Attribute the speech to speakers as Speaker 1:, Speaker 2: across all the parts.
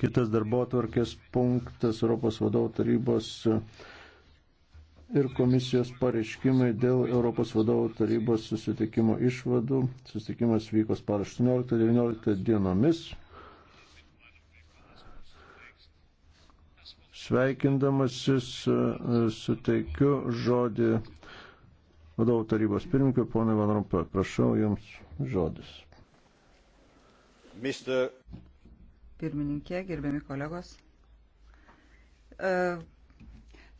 Speaker 1: Kitas darbo atvarkės punktas Europos vadovų tarybos e, ir komisijos pareiškimai dėl Europos vadovų tarybos susitikimo išvadų. Susitikimas vyko spalio 18-19 dienomis. Sveikindamasis e, suteikiu žodį vadovų tarybos pirmininkui, ponai Van Rompuy. Prašau jums žodis. Mister...
Speaker 2: Pirmininkė, gerbiami kolegos. E,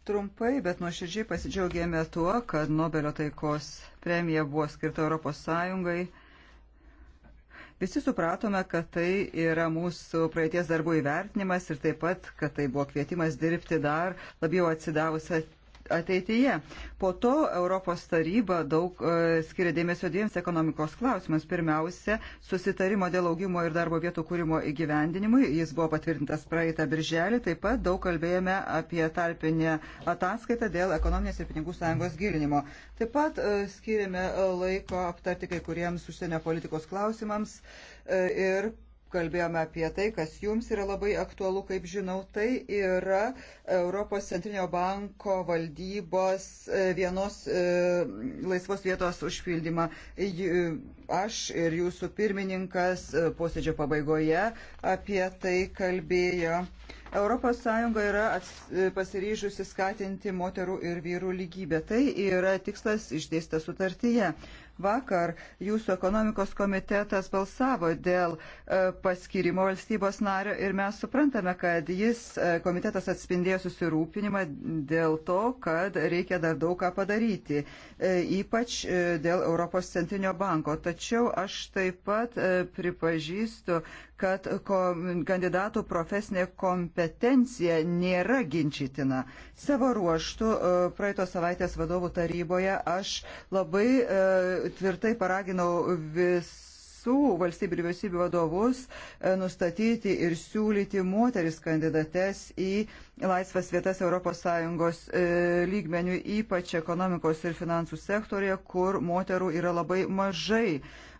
Speaker 2: trumpai, bet nuoširdžiai pasidžiaugėme tuo, kad Nobelio taikos premija buvo skirta Europos Sąjungai. Visi supratome, kad tai yra mūsų praeities darbų įvertinimas ir taip pat, kad tai buvo kvietimas dirbti dar labiau atsidavusią ateityje. Po to Europos taryba daug e, skiria dėmesio dviems ekonomikos klausimams. Pirmiausia, susitarimo dėl augimo ir darbo vietų kūrimo įgyvendinimui. Jis buvo patvirtintas praeitą birželį. Taip pat daug kalbėjome apie tarpinę ataskaitą dėl ekonominės ir pinigų sąjungos gilinimo. Taip pat e, skiriame e, laiko aptarti kai kuriems užsienio politikos klausimams ir kalbėjome apie tai, kas jums yra labai aktualu, kaip žinau, tai yra Europos centrinio banko valdybos e, vienos e, laisvos vietos užpildymą. Aš ir jūsų pirmininkas e, posėdžio pabaigoje apie tai kalbėjo. ES yra pasiryžusi skatinti moterų ir vyrų lygybę. Tai yra tikslas išdėstas sutartyje. Vakar jūsų ekonomikos komitetas balsavo dėl e, paskirimo valstybos nario ir mes suprantame, kad jis e, komitetas atspindėjo susirūpinimą dėl to, kad reikia dar daug ką padaryti, e, ypač dėl Europos centrinio banko. Tačiau aš taip pat pripažįstu, kad kandidatų profesinė kompetencija nėra ginčytina. Savo ruoštų e, praeitos savaitės vadovų taryboje aš labai e, tvirtai paraginau vis visų valstybių ir vyriausybių vadovus e, nustatyti ir siūlyti moteris kandidates į laisvas vietas ES e, lygmenių, ypač ekonomikos ir finansų sektorėje, kur moterų yra labai mažai.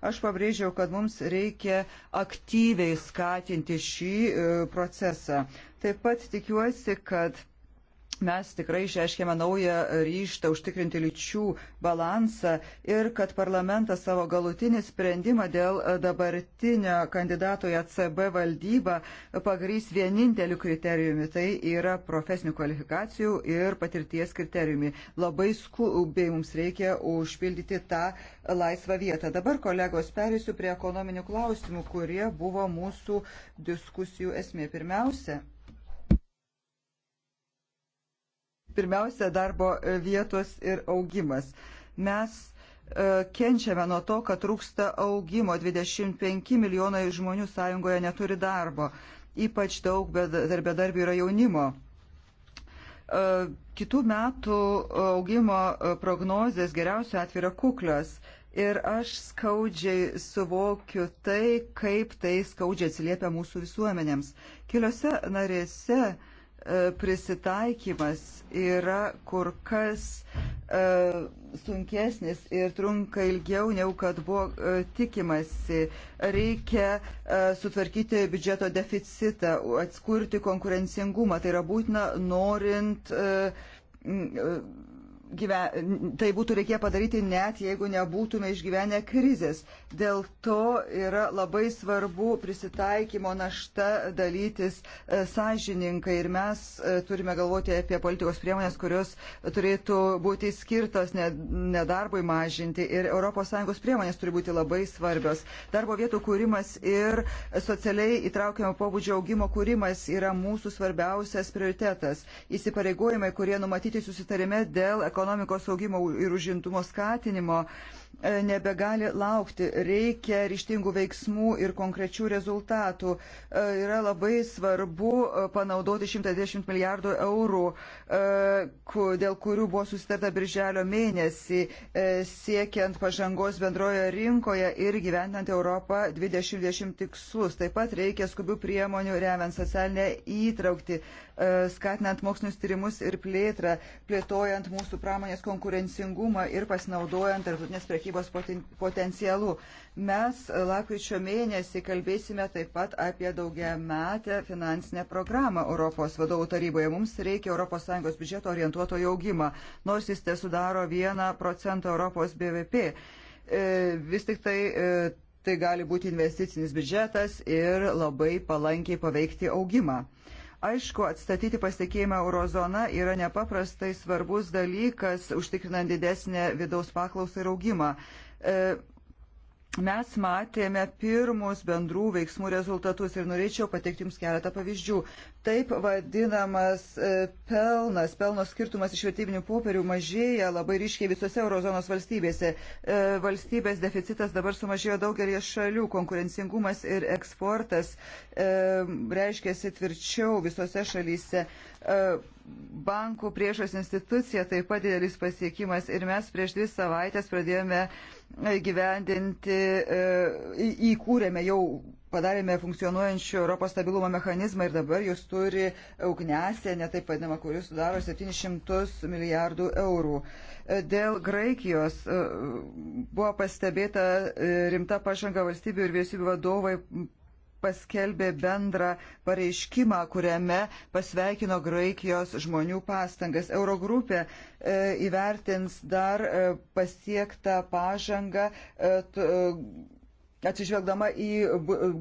Speaker 2: Aš pabrėžiau, kad mums reikia aktyviai skatinti šį e, procesą. Taip pat tikiuosi, kad mes tikrai išreiškėme naują ryštą užtikrinti lyčių balansą ir kad parlamentas savo galutinį sprendimą dėl dabartinio kandidato į ACB valdybą pagrys vieninteliu kriterijumi. Tai yra profesinių kvalifikacijų ir patirties kriterijumi. Labai skubiai mums reikia užpildyti tą laisvą vietą. Dabar, kolegos, perėsiu prie ekonominių klausimų, kurie buvo mūsų diskusijų esmė. Pirmiausia, pirmiausia darbo vietos ir augimas. Mes e, kenčiame nuo to, kad trūksta augimo. 25 milijonai žmonių sąjungoje neturi darbo. Ypač daug bedarbių yra jaunimo. E, kitų metų augimo e, prognozijas geriausiu atveju yra kuklios. Ir aš skaudžiai suvokiu tai, kaip tai skaudžiai atsiliepia mūsų visuomenėms. Keliose narėse uh, E, prisitaikymas yra kur kas e, sunkesnis ir trunka ilgiau, negu kad buvo e, tikimasi. Reikia e, sutvarkyti biudžeto deficitą, atskurti konkurencingumą. Tai yra būtina norint e, e, gyven... tai būtų reikėję padaryti net jeigu nebūtume išgyvenę krizės. Dėl to yra labai svarbu prisitaikymo našta dalytis e, sąžininkai ir mes e, turime galvoti apie politikos priemonės, kurios turėtų būti skirtos nedarbui mažinti ir ES priemonės turi būti labai svarbios. Darbo vietų kūrimas ir socialiai įtraukiamo pobūdžio augimo kūrimas yra mūsų svarbiausias prioritetas. Įsipareigojimai, kurie numatyti susitarime dėl ekonomikos ekonomikos augimo ir užimtumo skatinimo. E, E, nebegali laukti, reikia ryštingų veiksmų ir konkrečių rezultatų. E, yra labai svarbu e, panaudoti 110 milijardų eurų, dėl kurių buvo susitarta birželio mėnesį, siekiant pažangos bendroje rinkoje ir gyvenant Europą 2020 tikslus. Taip pat reikia skubių priemonių remiant socialinę įtraukti, skatinant mokslinius tyrimus ir plėtrą, plėtojant mūsų pramonės konkurencingumą ir pasinaudojant tarptautinės prekybos prekybos potencialu. Mes lakryčio mėnesį kalbėsime taip pat apie daugia metę finansinę programą Europos vadovų taryboje. Mums reikia ES biudžeto orientuoto jaugimą, nors jis te sudaro 1 procentą Europos BVP. E, vis tik tai e, tai gali būti investicinis biudžetas ir labai palankiai paveikti augimą. Aišku, atstatyti pasitikėjimą eurozoną yra nepaprastai svarbus dalykas, užtikrinant didesnę vidaus paklausą ir augimą. E, mes matėme pirmus bendrų veiksmų rezultatus ir norėčiau pateikti Jums keletą pavyzdžių. Taip vadinamas e, pelnas, pelno skirtumas iš vertybinių popierių mažėja labai ryškiai visose eurozonos valstybėse. E, valstybės deficitas dabar sumažėjo daugelie šalių, konkurencingumas ir eksportas e, reiškia sitvirčiau visose šalyse bankų priešos institucija taip pat didelis pasiekimas ir mes prieš dvi savaitės pradėjome e, gyvendinti, e, įkūrėme jau padarėme funkcionuojančių Europos stabilumo mechanizmą ir dabar jis turi ugnesią, netaip vadinamą, kuris sudaro 700 milijardų eurų. E, dėl Graikijos buvo pastebėta rimta pažanga valstybių ir vyriausybių vadovai paskelbė bendrą pareiškimą, kuriame pasveikino Graikijos žmonių pastangas. Eurogrupė e, įvertins dar e, pasiektą pažangą e, atsižvelgdama į,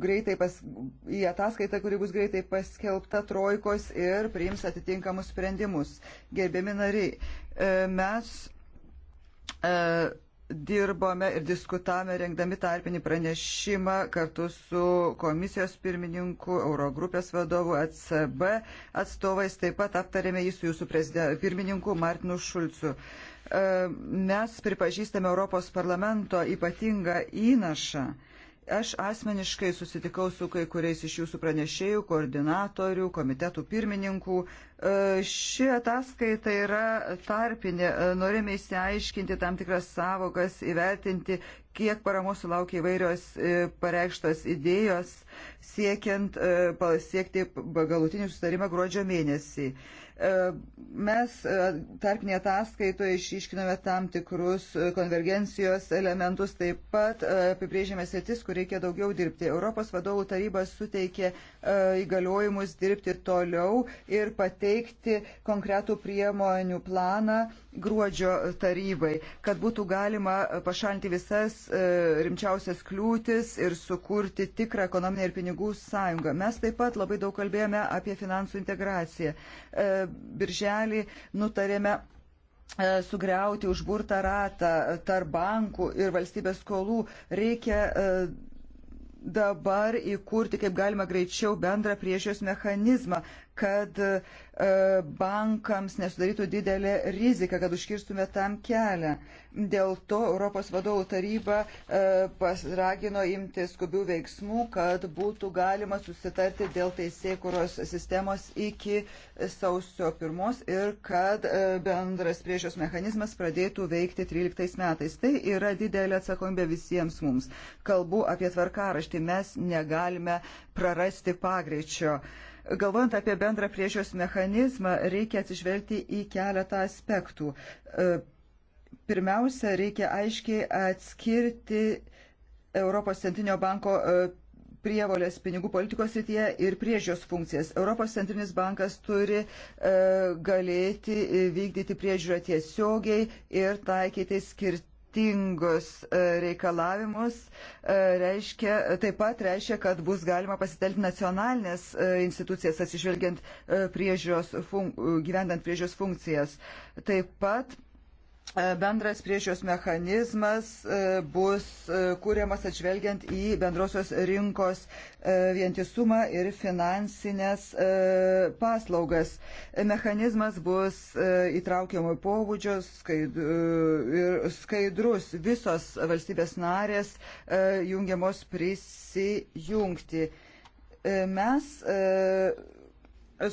Speaker 2: greitai pas, į ataskaitą, kuri bus greitai paskelbta trojkos ir priims atitinkamus sprendimus. Gerbiami nariai, mes. E, dirbome ir diskutavome rengdami tarpinį pranešimą kartu su komisijos pirmininku, Eurogrupės vadovu, ECB atstovais. Taip pat aptarėme jį su jūsų pirmininku Martinu Šulcu. E, mes pripažįstame Europos parlamento ypatingą įnašą Aš asmeniškai susitikau su kai kuriais iš jūsų pranešėjų, koordinatorių, komitetų pirmininkų. E, ši ataskaita yra tarpinė. E, norime įsiaiškinti tam tikras savokas, įvertinti, kiek paramos sulaukia įvairios e, pareikštos idėjos, siekiant pasiekti galutinį sustarimą gruodžio mėnesį. E, mes e, tarpinėje ataskaitoje išiškiname tam tikrus e, konvergencijos elementus, taip pat apibrėžėme sritis, kur reikia daugiau dirbti. Europos vadovų taryba suteikė įgaliojimus dirbti toliau ir pateikti konkretų priemonių planą gruodžio tarybai, kad būtų galima pašalinti visas rimčiausias kliūtis ir sukurti tikrą ekonominę ir pinigų sąjungą. Mes taip pat labai daug kalbėjome apie finansų integraciją birželį nutarėme e, sugriauti užburtą ratą tarp bankų ir valstybės skolų. Reikia e, dabar įkurti kaip galima greičiau bendrą priežios mechanizmą, kad E, bankams nesudarytų didelę riziką, kad užkirstume tam kelią. Dėl to Europos vadovų taryba e, pasragino imti skubių veiksmų, kad būtų galima susitarti dėl teisėkuros sistemos iki sausio pirmos ir kad e, bendras priežios mechanizmas pradėtų veikti 13 metais. Tai yra didelė atsakomybė visiems mums. Kalbu apie tvarkaraštį. Mes negalime prarasti pagreičio. Uh, Galvojant apie bendrą priežios mechanizmą, reikia atsižvelgti į keletą aspektų. E, pirmiausia, reikia aiškiai atskirti Europos centrinio banko e, prievolės pinigų politikos srityje ir priežios funkcijas. Europos centrinis bankas turi e, galėti vykdyti priežiūrą tiesiogiai ir taikyti skirti skirtingus e, reikalavimus, e, reiškia, taip pat reiškia, kad bus galima pasitelkti nacionalinės e, institucijas, atsižvelgiant priežios, gyvendant priežios funkcijas. Taip pat E, bendras priežios mechanizmas e, bus e, kūriamas atžvelgiant į bendrosios rinkos vientisumą ir finansinės paslaugas. Mechanizmas bus įtraukiamo pobūdžio ir skaidrus. Visos valstybės narės jungiamos prisijungti. Mes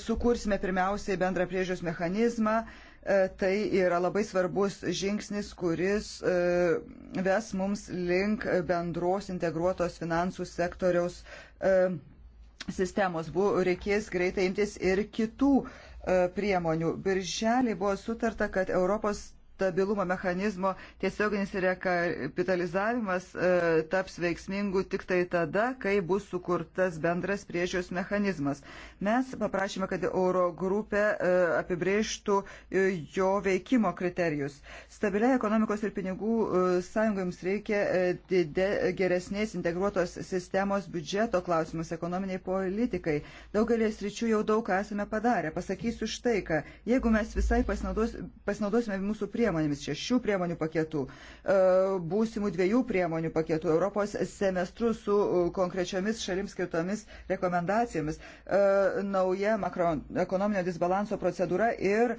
Speaker 2: sukursime pirmiausiai bendrą priežios mechanizmą, E, tai yra labai svarbus žingsnis, kuris e, ves mums link bendros integruotos finansų sektoriaus e, sistemos. Bu, reikės greitai imtis ir kitų priemonių. Birželį buvo sutarta, kad Europos stabilumo mechanizmo tiesioginis rekapitalizavimas e, taps veiksmingu tik tai tada, kai bus sukurtas bendras priežiūros mechanizmas. Mes paprašėme, kad euro grupė e, apibrėžtų e, jo veikimo kriterijus. Stabiliai ekonomikos ir pinigų sąjungai mums reikia didė, geresnės integruotos sistemos biudžeto klausimus ekonominiai politikai. Daugelės ryčių jau daug esame padarę. Pasakysiu štai ką. Jeigu mes visai pasinaudos, pasinaudosime mūsų priemonę, priemonėmis, šešių priemonių paketų, e, būsimų dviejų priemonių paketų, Europos semestrų su e, konkrečiomis šalims skirtomis rekomendacijomis, e, nauja makroekonominio disbalanso procedūra ir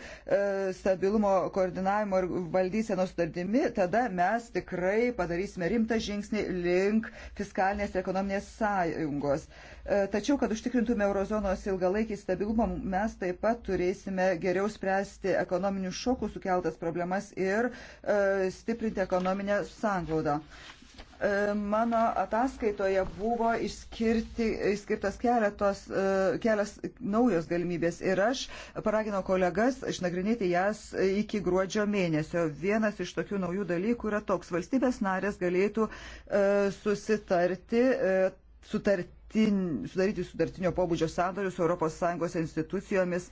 Speaker 2: stabilumo koordinavimo ir valdysenos sutartimi, tada mes tikrai padarysime rimtą žingsnį link fiskalinės ir ekonominės sąjungos. Tačiau, kad užtikrintume eurozonos ilgalaikį stabilumą, mes taip pat turėsime geriau spręsti ekonominių šokų sukeltas problemas reformas ir e, stiprinti ekonominę sanglaudą. E, mano ataskaitoje buvo išskirti, išskirtas keletos, e, kelias naujos galimybės ir aš paraginau kolegas išnagrinėti jas iki gruodžio mėnesio. Vienas iš tokių naujų dalykų yra toks. Valstybės narės galėtų susitarti sutart, sudaryti sudartinio pobūdžio sandorius su ES institucijomis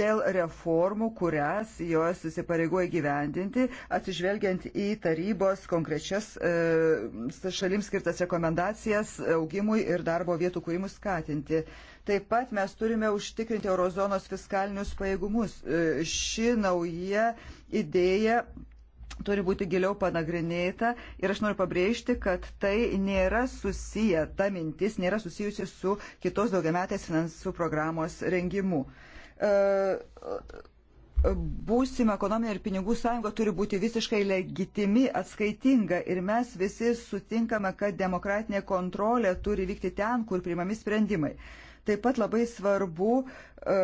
Speaker 2: dėl reformų, kurias jos įsipareigoja gyvendinti, atsižvelgiant į tarybos konkrečias e, šalims skirtas rekomendacijas augimui ir darbo vietų kūrimui skatinti. Taip pat mes turime užtikrinti eurozonos fiskalinius pajėgumus. E, ši nauja idėja turi būti giliau panagrinėta ir aš noriu pabrėžti, kad tai nėra susiję, ta mintis nėra susijusi su kitos daugiametės finansų programos rengimu. E, Būsima ekonominė ir pinigų sąjunga turi būti visiškai legitimi, atskaitinga ir mes visi sutinkame, kad demokratinė kontrolė turi vykti ten, kur priimami sprendimai. Taip pat labai svarbu e,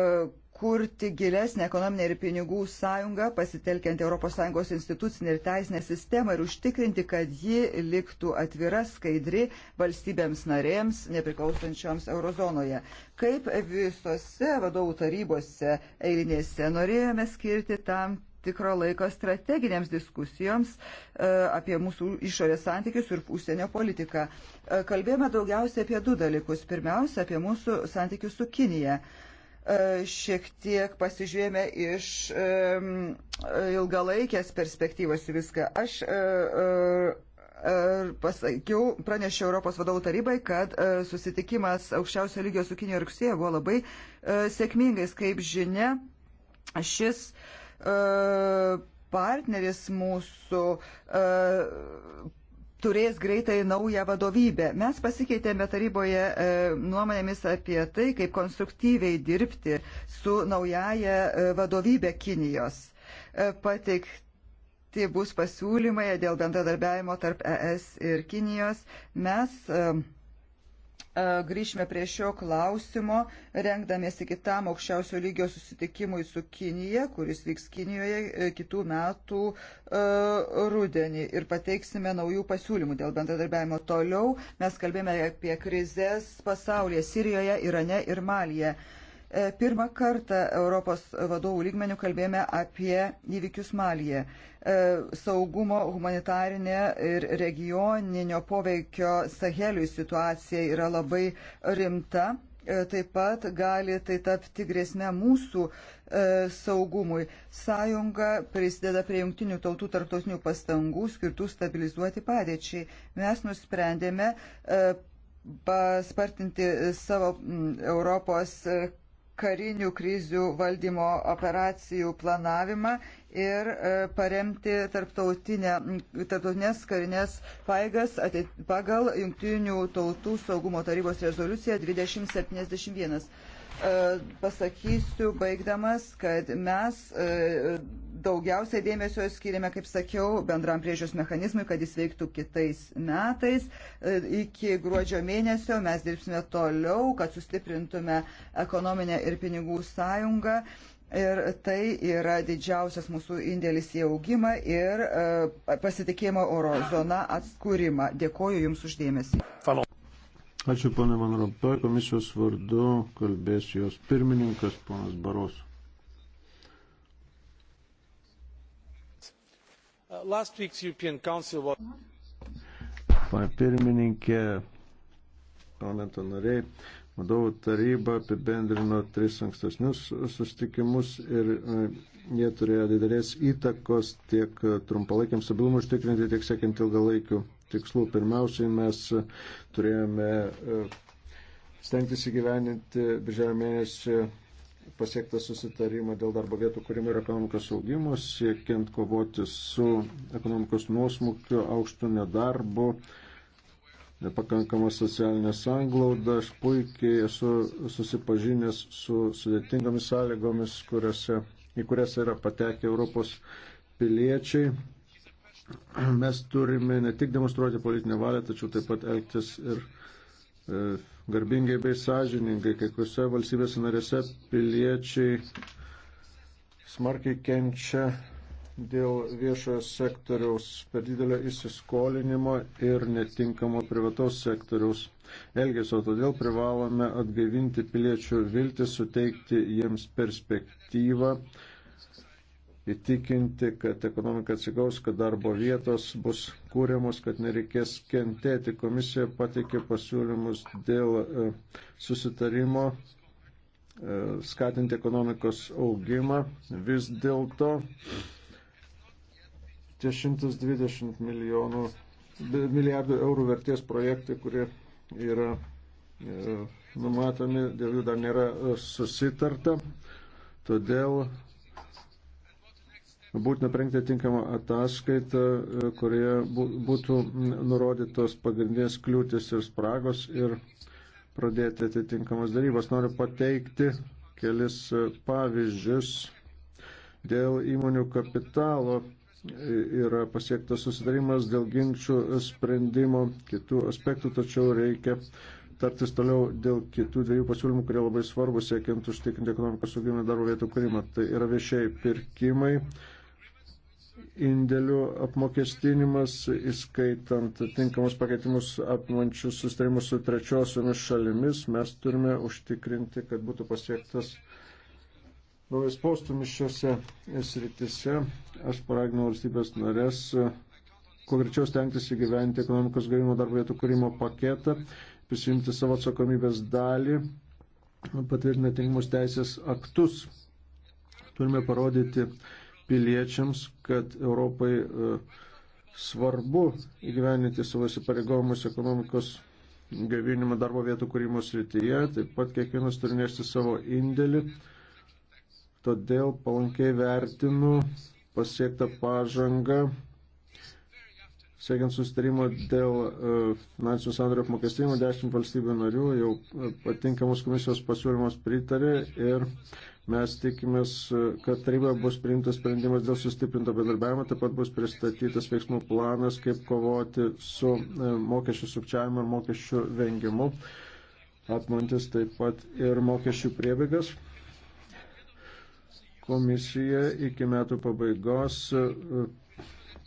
Speaker 2: kurti gilesnę ekonominę ir pinigų sąjungą, pasitelkiant ES institucinę ir teisinę sistemą ir užtikrinti, kad ji liktų atvira, skaidri valstybėms narėms, nepriklausančioms eurozonoje. Kaip visose vadovų tarybose eilinėse norėjome skirti tam tikro laiko strateginėms diskusijoms e, apie mūsų išorės santykius ir užsienio politiką. E, kalbėjome daugiausiai apie du dalykus. Pirmiausia, apie mūsų santykius su Kinija. E, šiek tiek pasižiūrėjome iš e, ilgalaikės perspektyvos į viską. Aš e, pasakiau, pranešė Europos vadovų tarybai, kad susitikimas aukščiausio lygio su Kinija rugsėje buvo labai sėkmingais, kaip žinia, šis partneris mūsų turės greitai naują vadovybę. Mes pasikeitėme taryboje e, nuomonėmis apie tai, kaip konstruktyviai dirbti su naujaja e, vadovybė Kinijos. E, pateikti bus pasiūlymai dėl bendradarbiavimo tarp ES ir Kinijos. Mes e, E, grįžime prie šio klausimo, rengdamėsi kitam aukščiausio lygio susitikimui su Kinija, kuris vyks Kinijoje e, kitų metų e, rudenį ir pateiksime naujų pasiūlymų dėl bendradarbiavimo toliau. Mes kalbėjome apie krizės pasaulyje, Sirijoje, Irane ir Malyje. E, pirmą kartą Europos vadovų lygmenių kalbėjome apie įvykius Malyje. E, saugumo, humanitarinė ir regioninio poveikio Saheliui situacija yra labai rimta e, taip pat gali tai tapti grėsme mūsų e, saugumui. Sąjunga prisideda prie jungtinių tautų tarptautinių pastangų skirtų stabilizuoti padėčiai. Mes nusprendėme e, paspartinti savo Europos karinių krizių valdymo operacijų planavimą ir e, paremti tarptautinę, tarptautinės karinės paėgas pagal Junktinių tautų saugumo tarybos rezoliuciją 2071 pasakysiu baigdamas, kad mes e, daugiausiai dėmesio skiriame, kaip sakiau, bendram priežiūros mechanizmui, kad jis veiktų kitais metais. E, iki gruodžio mėnesio mes dirbsime toliau, kad sustiprintume ekonominę ir pinigų sąjungą. Ir tai yra didžiausias mūsų indėlis į augimą ir e, pasitikėjimo euro zona atskūrimą. Dėkoju Jums uždėmesį. Falon.
Speaker 1: Ačiū, ponė Van Rompuy, komisijos vardu kalbės jos pirmininkas, ponas Baros. Pane pirmininkė, parlamento nariai, vadovų taryba apibendrino tris ankstesnius sustikimus ir e, jie turėjo didelės įtakos tiek trumpalaikiam stabilumui užtikrinti, tiek siekiant ilgalaikių tikslų. Pirmiausiai mes e, turėjome e, stengtis įgyveninti birželio mėnesį pasiektą susitarimą dėl darbo vietų kūrimo ir ekonomikos augimo, siekiant kovoti su ekonomikos nuosmukiu, aukštu nedarbu, nepakankama socialinė sanglauda. Aš puikiai esu susipažinęs su sudėtingomis sąlygomis, kuriuose, į kurias yra patekę Europos piliečiai mes turime ne tik demonstruoti politinę valią, tačiau taip pat elgtis ir e, garbingai bei sąžiningai. Kai kuriuose valstybės narėse piliečiai smarkiai kenčia dėl viešojo sektoriaus per didelio įsiskolinimo ir netinkamo privataus sektoriaus elgesio. Todėl privalome atgaivinti piliečių viltį, suteikti jiems perspektyvą įtikinti, kad ekonomika atsigaus, kad darbo vietos bus kūriamos, kad nereikės kentėti. Komisija pateikė pasiūlymus dėl e, susitarimo e, skatinti ekonomikos augimą. Vis dėlto tie 120 milijonų, milijardų eurų vertės projektai, kurie yra e, numatomi, dėl jų dar nėra susitarta. Todėl Būtina prengti tinkamą ataskaitą, e, kurioje būtų nurodytos pagrindinės kliūtis ir spragos ir pradėti atitinkamas darybas. Noriu pateikti kelis e, pavyzdžius dėl įmonių kapitalo e, yra pasiektas susidarimas dėl ginčių sprendimo kitų aspektų, tačiau reikia tartis toliau dėl kitų dviejų pasiūlymų, kurie labai svarbus siekiant užtikrinti ekonomikos augimą darbo vietų kūrimą. Tai yra viešiai pirkimai indėlių apmokestinimas, įskaitant tinkamus pakeitimus apimančius sustarimus su trečiosiomis šalimis, mes turime užtikrinti, kad būtų pasiektas naujas postumis šiuose sritise. Aš paraginau valstybės narės kuo greičiau stengtis įgyventi ekonomikos gavimo darbo vietų kūrimo paketą, prisimti savo atsakomybės dalį, patvirtinę tinkamus teisės aktus. Turime parodyti piliečiams, kad Europai e, svarbu įgyveninti savo įsipareigojimus ekonomikos gavinimo darbo vietų kūrimo srityje, taip pat kiekvienas turi nešti savo indėlį. Todėl palankiai vertinu pasiektą pažangą siekiant sustarimo dėl e, finansinių sandorio apmokestinimo, 10 valstybių narių jau e, patinkamus komisijos pasiūlymus pritarė ir mes tikimės, e, kad taryboje bus priimtas sprendimas dėl sustiprinto bedarbiavimo, taip pat bus pristatytas veiksmų planas, kaip kovoti su mokesčių sukčiavimu ir mokesčių vengimu, atmantis taip pat ir mokesčių priebėgas komisija iki metų pabaigos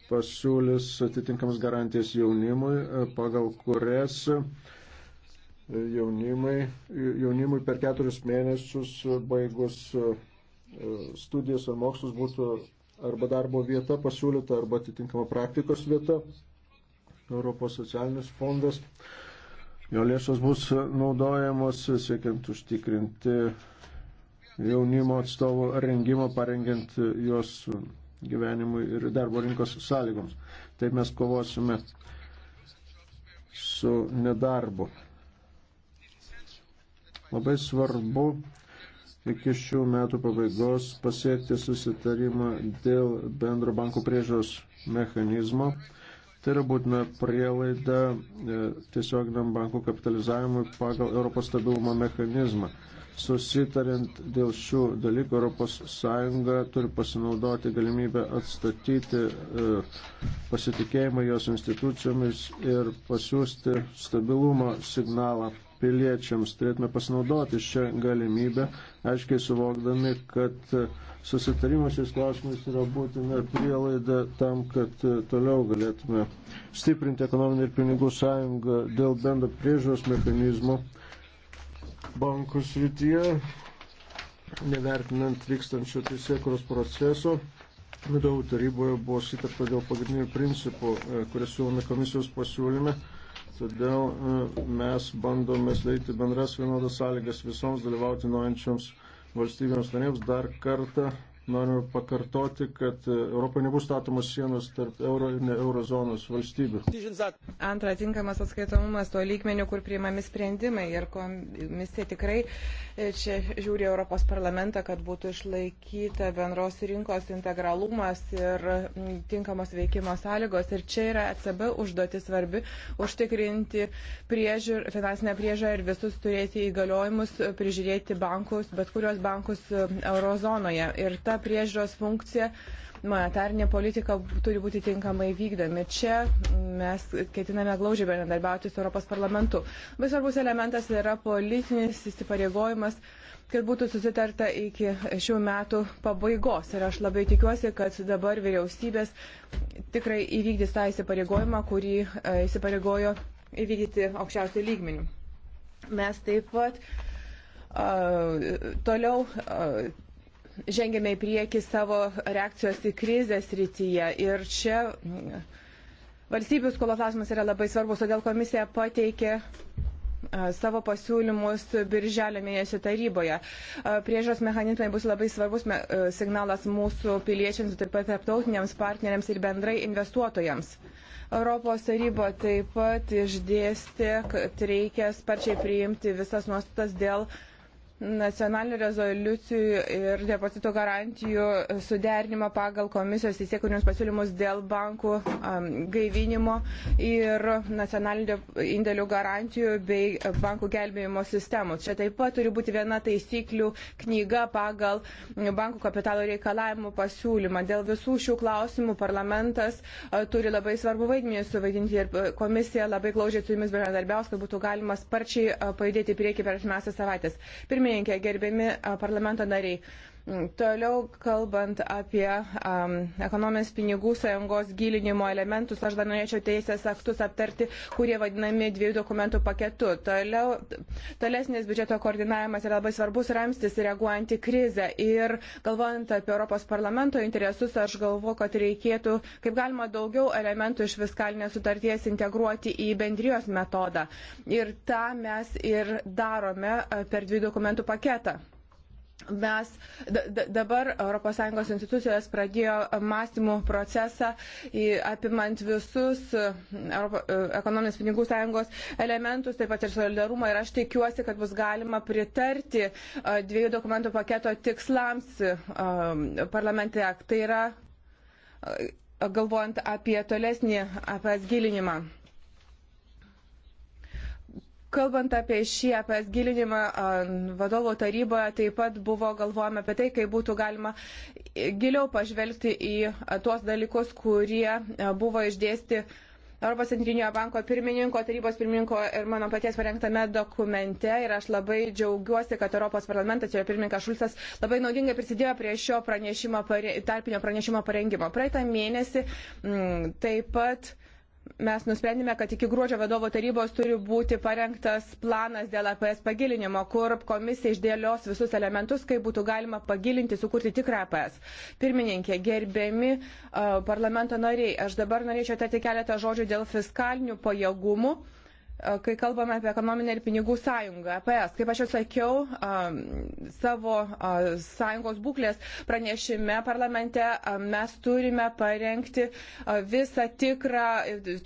Speaker 1: pasiūlys atitinkamas garantijas jaunimui, pagal kurias jaunimai, jaunimui per keturis mėnesius baigus e, studijas ar mokslus būtų arba darbo vieta pasiūlyta, arba atitinkama praktikos vieta. Europos socialinis fondas. Jo lėšos bus naudojamos siekiant užtikrinti jaunimo atstovų rengimą, parengiant juos gyvenimui ir darbo rinkos sąlygoms. Taip mes kovosime su nedarbu. Labai svarbu iki šių metų pabaigos pasiekti susitarimą dėl bendro bankų priežos mechanizmo. Tai yra būtina prielaida e, tiesioginiam bankų kapitalizavimui pagal Europos stabilumo mechanizmą. Susitarint dėl šių dalykų, ES turi pasinaudoti galimybę atstatyti e, pasitikėjimą jos institucijomis ir pasiūsti stabilumo signalą piliečiams. Turėtume pasinaudoti šią galimybę, aiškiai suvokdami, kad e, susitarimas šiais klausimais yra būtina prielaida tam, kad e, toliau galėtume stiprinti ekonominį ir pinigų sąjungą dėl bendro priežiūros mechanizmo bankų srityje, nevertinant vykstančio teisėkuros proceso. Vidau taryboje buvo sitarta dėl pagrindinių principų, e, kurias siūlome komisijos pasiūlyme. Todėl e, mes bandome sleiti bendras vienodas sąlygas visoms dalyvauti nojančioms valstybėms narėms dar kartą Noriu pakartoti, kad e, Europoje nebus statomos sienos tarp euro ir ne eurozonos valstybių.
Speaker 3: Antra, tinkamas atskaitomumas to lygmenių, kur priimami sprendimai ir komisija tikrai e, čia žiūri Europos parlamentą, kad būtų išlaikyta bendros rinkos integralumas ir tinkamos veikimo sąlygos. Ir čia yra ECB užduotis svarbi užtikrinti priežiūr, finansinę priežą ir visus turėti įgaliojimus prižiūrėti bankus, bet kurios bankus e, eurozonoje. Ir ta kitą priežiūros funkciją, monetarinė politika turi būti tinkamai vykdomi. Čia mes ketiname glaužiai bendradarbiauti su Europos parlamentu. Vis svarbus elementas yra politinis įsipareigojimas, kad būtų susitarta iki šių metų pabaigos. Ir aš labai tikiuosi, kad dabar vyriausybės tikrai įvykdys tą įsipareigojimą, kurį e, įsipareigojo įvykdyti aukščiausių lygmenių. Mes taip pat uh, toliau uh, žengėme į priekį savo reakcijos į krizės rytyje. Ir čia mm, valstybių skolos klausimas yra labai svarbus, todėl komisija pateikė savo pasiūlymus birželio mėnesio taryboje. Priežos mechanizmai bus labai svarbus signalas mūsų piliečiams, taip pat tarptautiniams partneriams ir bendrai investuotojams. Europos taryba taip pat išdėstė, kad reikia sparčiai priimti visas nuostatas dėl uh, nacionalinių rezoliucijų ir depozito garantijų suderinimą pagal komisijos įsiekūrinius pasiūlymus dėl bankų um, gaivinimo ir nacionalinių indėlių garantijų bei bankų gelbėjimo sistemų. Čia taip pat turi būti viena taisyklių knyga pagal bankų kapitalo reikalavimų pasiūlymą. Dėl visų šių klausimų parlamentas uh, turi labai svarbu vaidmenį suvaidinti ir komisija labai glaudžiai su jumis bendradarbiaus, kad būtų galima sparčiai uh, pajudėti į priekį per artimiausias savaitės. Pirmin pirmininkė, gerbiami parlamento nariai. Mm, toliau kalbant apie um, ekonomės pinigų sąjungos gilinimo elementus, aš dar norėčiau teisės aktus aptarti, kurie vadinami dviejų dokumentų paketu. Toliau, tolesnis biudžeto koordinavimas yra labai svarbus ramstis reaguojant į krizę. Ir galvojant apie Europos parlamento interesus, aš galvoju, kad reikėtų kaip galima daugiau elementų iš fiskalinės sutarties integruoti į bendrijos metodą. Ir tą mes ir darome e, per dviejų dokumentų paketą. Mes dabar ES institucijos pradėjo mąstymų procesą apimant visus e, e, ekonominės pinigų sąjungos elementus, taip pat ir solidarumą. Ir aš tikiuosi, kad bus galima pritarti e, dviejų dokumentų paketo tikslams parlamente. Tai yra galvojant apie tolesnį, apie atgilinimą. Kalbant apie šį, apie atgilinimą, vadovo taryboje taip pat buvo galvojama apie tai, kaip būtų galima giliau pažvelgti į e, tuos dalykus, kurie e, buvo išdėsti Europos centrinio banko pirmininko, tarybos pirmininko ir mano paties parengtame dokumente. Ir aš labai džiaugiuosi, kad Europos parlamentas ir pirmininkas Šulcas labai naudingai prisidėjo prie šio pranešimo, tarpinio pranešimo parengimo. Praeitą mėnesį m, mm, taip pat mes nusprendėme, kad iki gruodžio vadovo tarybos turi būti parengtas planas dėl APS pagilinimo, kur komisija išdėlios visus elementus, kaip būtų galima pagilinti, sukurti tikrą APS. Pirmininkė, gerbiami uh, parlamento nariai, aš dabar norėčiau tarti keletą žodžių dėl fiskalinių pajėgumų kai kalbame apie ekonominę ir pinigų sąjungą, EPS. Kaip aš jau sakiau, savo sąjungos būklės pranešime parlamente mes turime parengti visą tikrą,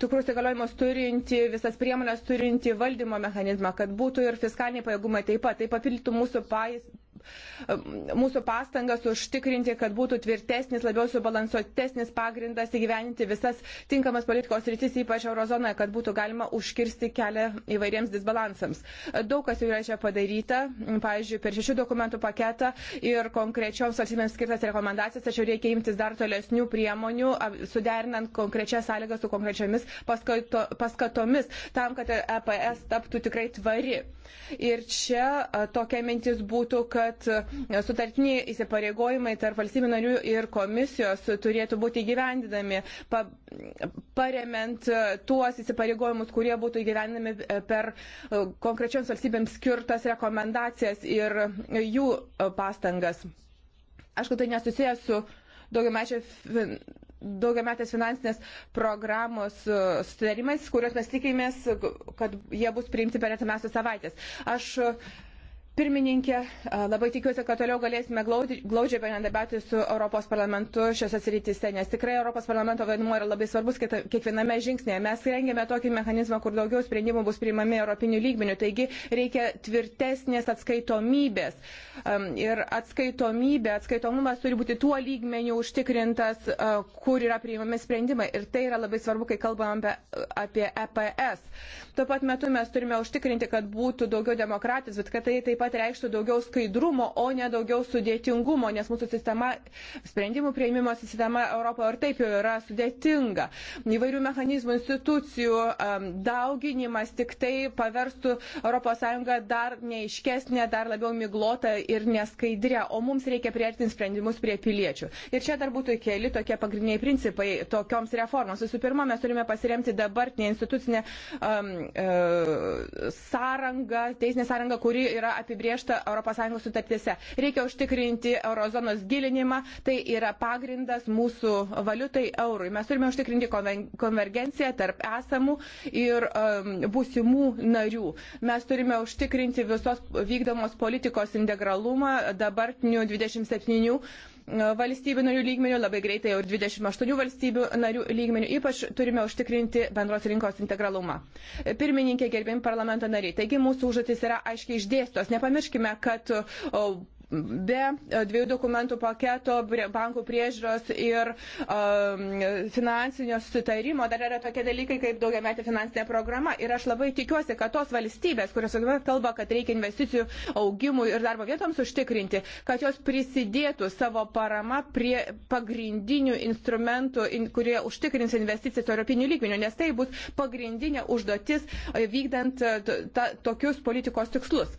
Speaker 3: tikrus įgaliojimus turinti, visas priemonės turinti valdymo mechanizmą, kad būtų ir fiskaliniai pajėgumai taip pat, tai papildytų mūsų mūsų pastangas užtikrinti, kad būtų tvirtesnis, labiau subalansuotesnis pagrindas įgyveninti visas tinkamas politikos rytis, ypač eurozonoje, kad būtų galima užkirsti kelią įvairiems disbalansams. Daug kas jau yra čia padaryta, pavyzdžiui, per šešių dokumentų paketą ir konkrečioms valstybėms skirtas rekomendacijas, tačiau reikia imtis dar tolesnių priemonių, suderinant konkrečias sąlygas su konkrečiomis paskato, paskatomis, tam, kad EPS taptų tikrai tvari. Ir čia tokia mintis būtų, kad kad e, sutartiniai įsipareigojimai tarp valstybių narių ir komisijos turėtų būti įgyvendinami, pa, paremant e, tuos įsipareigojimus, kurie būtų įgyvendinami e, per konkrečioms valstybėms skirtas rekomendacijas ir jų pastangas. Aišku, tai nesusijęs su daugiamečio daugiametės finansinės programos sutarimais, kuriuos mes tikimės, kad jie bus priimti per atimiausias savaitės. Aš pirmininkė, labai tikiuosi, kad toliau galėsime glaudžiai bendradarbiauti su Europos parlamentu šiose srityse, nes tikrai Europos parlamento vaidmuo yra labai svarbus kiekviename žingsnėje. Mes rengėme tokį mechanizmą, kur daugiau sprendimų bus priimami Europinių lygmenių, taigi reikia tvirtesnės atskaitomybės. Ir atskaitomybė, atskaitomumas turi būti tuo lygmeniu užtikrintas, kur yra priimami sprendimai. Ir tai yra labai svarbu, kai kalbame apie EPS. Tuo pat metu mes turime užtikrinti, kad būtų daugiau demokratijos, bet kad tai taip pat reikštų daugiau skaidrumo, o ne daugiau sudėtingumo, nes mūsų sistema, sprendimų prieimimo sistema Europoje ir taip jau yra sudėtinga. Įvairių mechanizmų, institucijų um, dauginimas tik tai paverstų ES dar neiškesnė, dar labiau miglota ir neskaidrė, o mums reikia priartinti sprendimus prie piliečių. Ir čia dar būtų keli tokie pagrindiniai principai tokioms reformoms. Visų pirma, mes turime pasiremti dabartinę institucinę um, E, sąranga, teisinė sąranga, kuri yra apibriešta ES sutartėse. Reikia užtikrinti eurozonos gilinimą, tai yra pagrindas mūsų valiutai eurui. Mes turime užtikrinti konvergenciją tarp esamų ir būsimų narių. Mes turime užtikrinti visos vykdomos politikos integralumą dabartinių 27 valstybių narių lygmenių, labai greitai jau ir 28 valstybių narių lygmenių. Ypač turime užtikrinti bendros rinkos integralumą. Pirmininkė, gerbėjim parlamento nariai. Taigi mūsų užduotis yra aiškiai išdėstos. Nepamirškime, kad o, be e, dviejų dokumentų paketo bankų priežiūros ir um, finansinio sutarimo dar yra tokie dalykai kaip daugiametė finansinė programa. Ir aš labai tikiuosi, kad tos valstybės, kurios kalba, kad reikia investicijų augimui ir darbo vietoms užtikrinti, kad jos prisidėtų savo parama prie pagrindinių instrumentų, kurie užtikrins investicijas europinių lygmenių, nes tai bus pagrindinė užduotis e, vykdant ta, tokius politikos tikslus.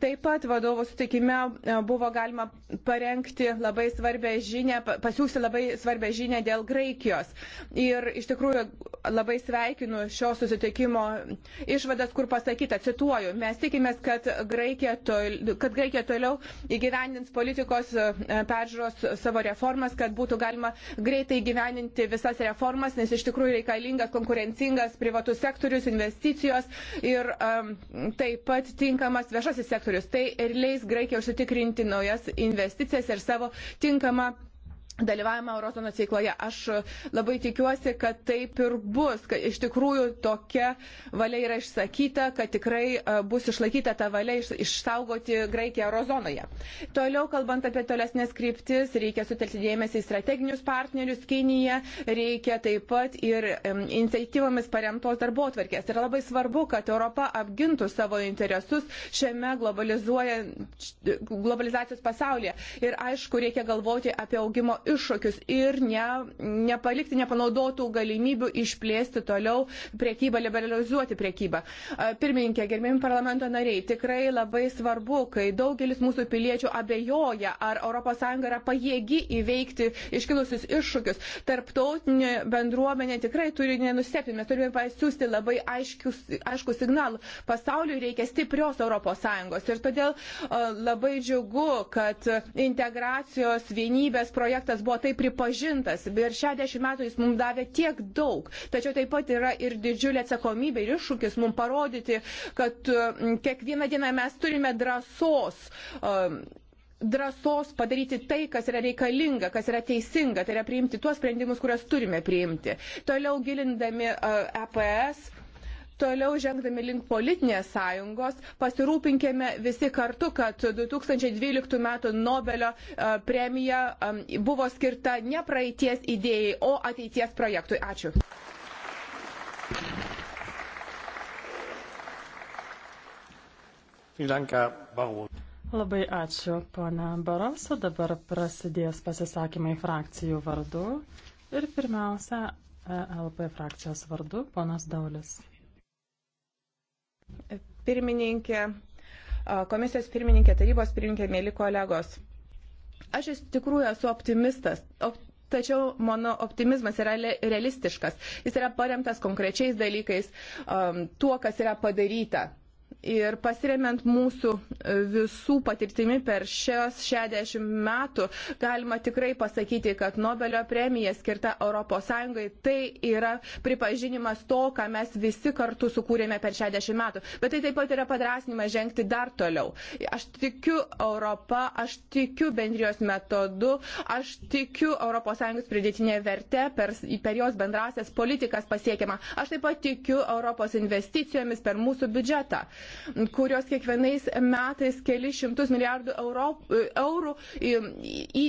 Speaker 3: Taip pat vadovų sutikime e, buvo galima parengti labai svarbę žinę, pasiūsti labai svarbę žinę dėl Graikijos. Ir iš tikrųjų labai sveikinu šio susitikimo išvadas, kur pasakyta, cituoju, mes tikimės, kad Graikija, tol, kad Graikija toliau įgyvendins politikos e, peržiūros savo reformas, kad būtų galima greitai įgyvendinti visas reformas, nes iš tikrųjų reikalingas konkurencingas privatus sektorius, investicijos ir um, taip pat tinka tinkamas viešasis sektorius. Tai ir leis Graikijai užsitikrinti naujas investicijas ir savo tinkamą dalyvavimą Eurozonos veikloje. Aš labai tikiuosi, kad taip ir bus, kad iš tikrųjų tokia valia yra išsakyta, kad tikrai e, bus išlaikyta ta valia išsaugoti Graikiją Eurozonoje. Toliau, kalbant apie tolesnės kryptis, reikia sutelkti dėmesį į strateginius partnerius Kiniją, reikia taip pat ir iniciatyvomis paremtos darbo atvarkės. Ir labai svarbu, kad Europa apgintų savo interesus šiame globalizacijos pasaulyje. Ir aišku, reikia galvoti apie augimo iššūkius ir ne, nepalikti nepanaudotų galimybių išplėsti toliau priekybą, liberalizuoti priekybą. Pirmininkė, gerbėjim parlamento nariai, tikrai labai svarbu, kai daugelis mūsų piliečių abejoja, ar ES yra pajėgi įveikti iškilusius iššūkius. Tarptautinė bendruomenė tikrai turi nenustepti, mes turime pasiūsti labai aiškius, aišku signalų. Pasauliui reikia stiprios ES ir todėl labai džiugu, kad integracijos vienybės projektas projektas buvo taip pripažintas. Ir 60 metų jis mums davė tiek daug. Tačiau taip pat yra ir didžiulė atsakomybė ir iššūkis mums parodyti, kad kiekvieną dieną mes turime drąsos. Um, drąsos padaryti tai, kas yra reikalinga, kas yra teisinga, tai yra priimti tuos sprendimus, kuriuos turime priimti. Toliau gilindami EPS toliau žengdami link politinės sąjungos, pasirūpinkime visi kartu, kad 2012 m. Nobelio e, premija buvo skirta ne praeities idėjai, o ateities projektui. Ačiū.
Speaker 4: Labai ačiū, pana Baroso. Dabar prasidės pasisakymai frakcijų vardu. Ir pirmiausia, e LP frakcijos
Speaker 3: vardu, ponas Daulis. Pirmininkė, komisijos pirmininkė, tarybos pirmininkė, mėly kolegos. Aš iš tikrųjų esu optimistas. Op Tačiau mano optimizmas yra realistiškas. Jis yra paremtas konkrečiais dalykais, um, tuo, kas yra padaryta. Ir pasiremiant mūsų e, visų patirtimi per šios 60 metų, galima tikrai pasakyti, kad Nobelio premija skirta ES tai yra pripažinimas to, ką mes visi kartu sukūrėme per 60 metų. Bet tai taip pat yra padrasnimas žengti dar toliau. Aš tikiu Europą, aš tikiu bendrijos metodu, aš tikiu ES pridėtinė vertė per, per jos bendrasias politikas pasiekiama. Aš taip pat tikiu Europos investicijomis per mūsų biudžetą kurios kiekvienais metais keli šimtus milijardų euro, e, eurų į, į,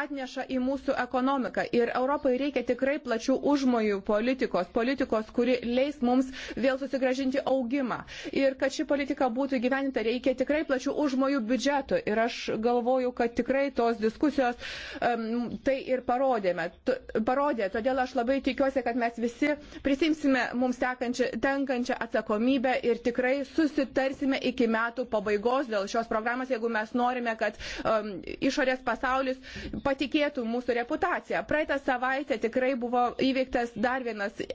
Speaker 3: atneša į mūsų ekonomiką. Ir Europai reikia tikrai plačių užmojų politikos, politikos, kuri leis mums vėl susigražinti augimą. Ir kad ši politika būtų gyveninta, reikia tikrai plačių užmojų biudžeto. Ir aš galvoju, kad tikrai tos diskusijos um, tai ir parodėme, t, parodė. Todėl aš labai tikiuosi, kad mes visi prisimsime mums tekančią, tenkančią atsakomybę ir tikrai susitikime susitarsime iki metų pabaigos dėl šios programos, jeigu mes norime, kad um, išorės pasaulis patikėtų mūsų reputaciją. Praeitą savaitę tikrai buvo įveiktas dar vienas e,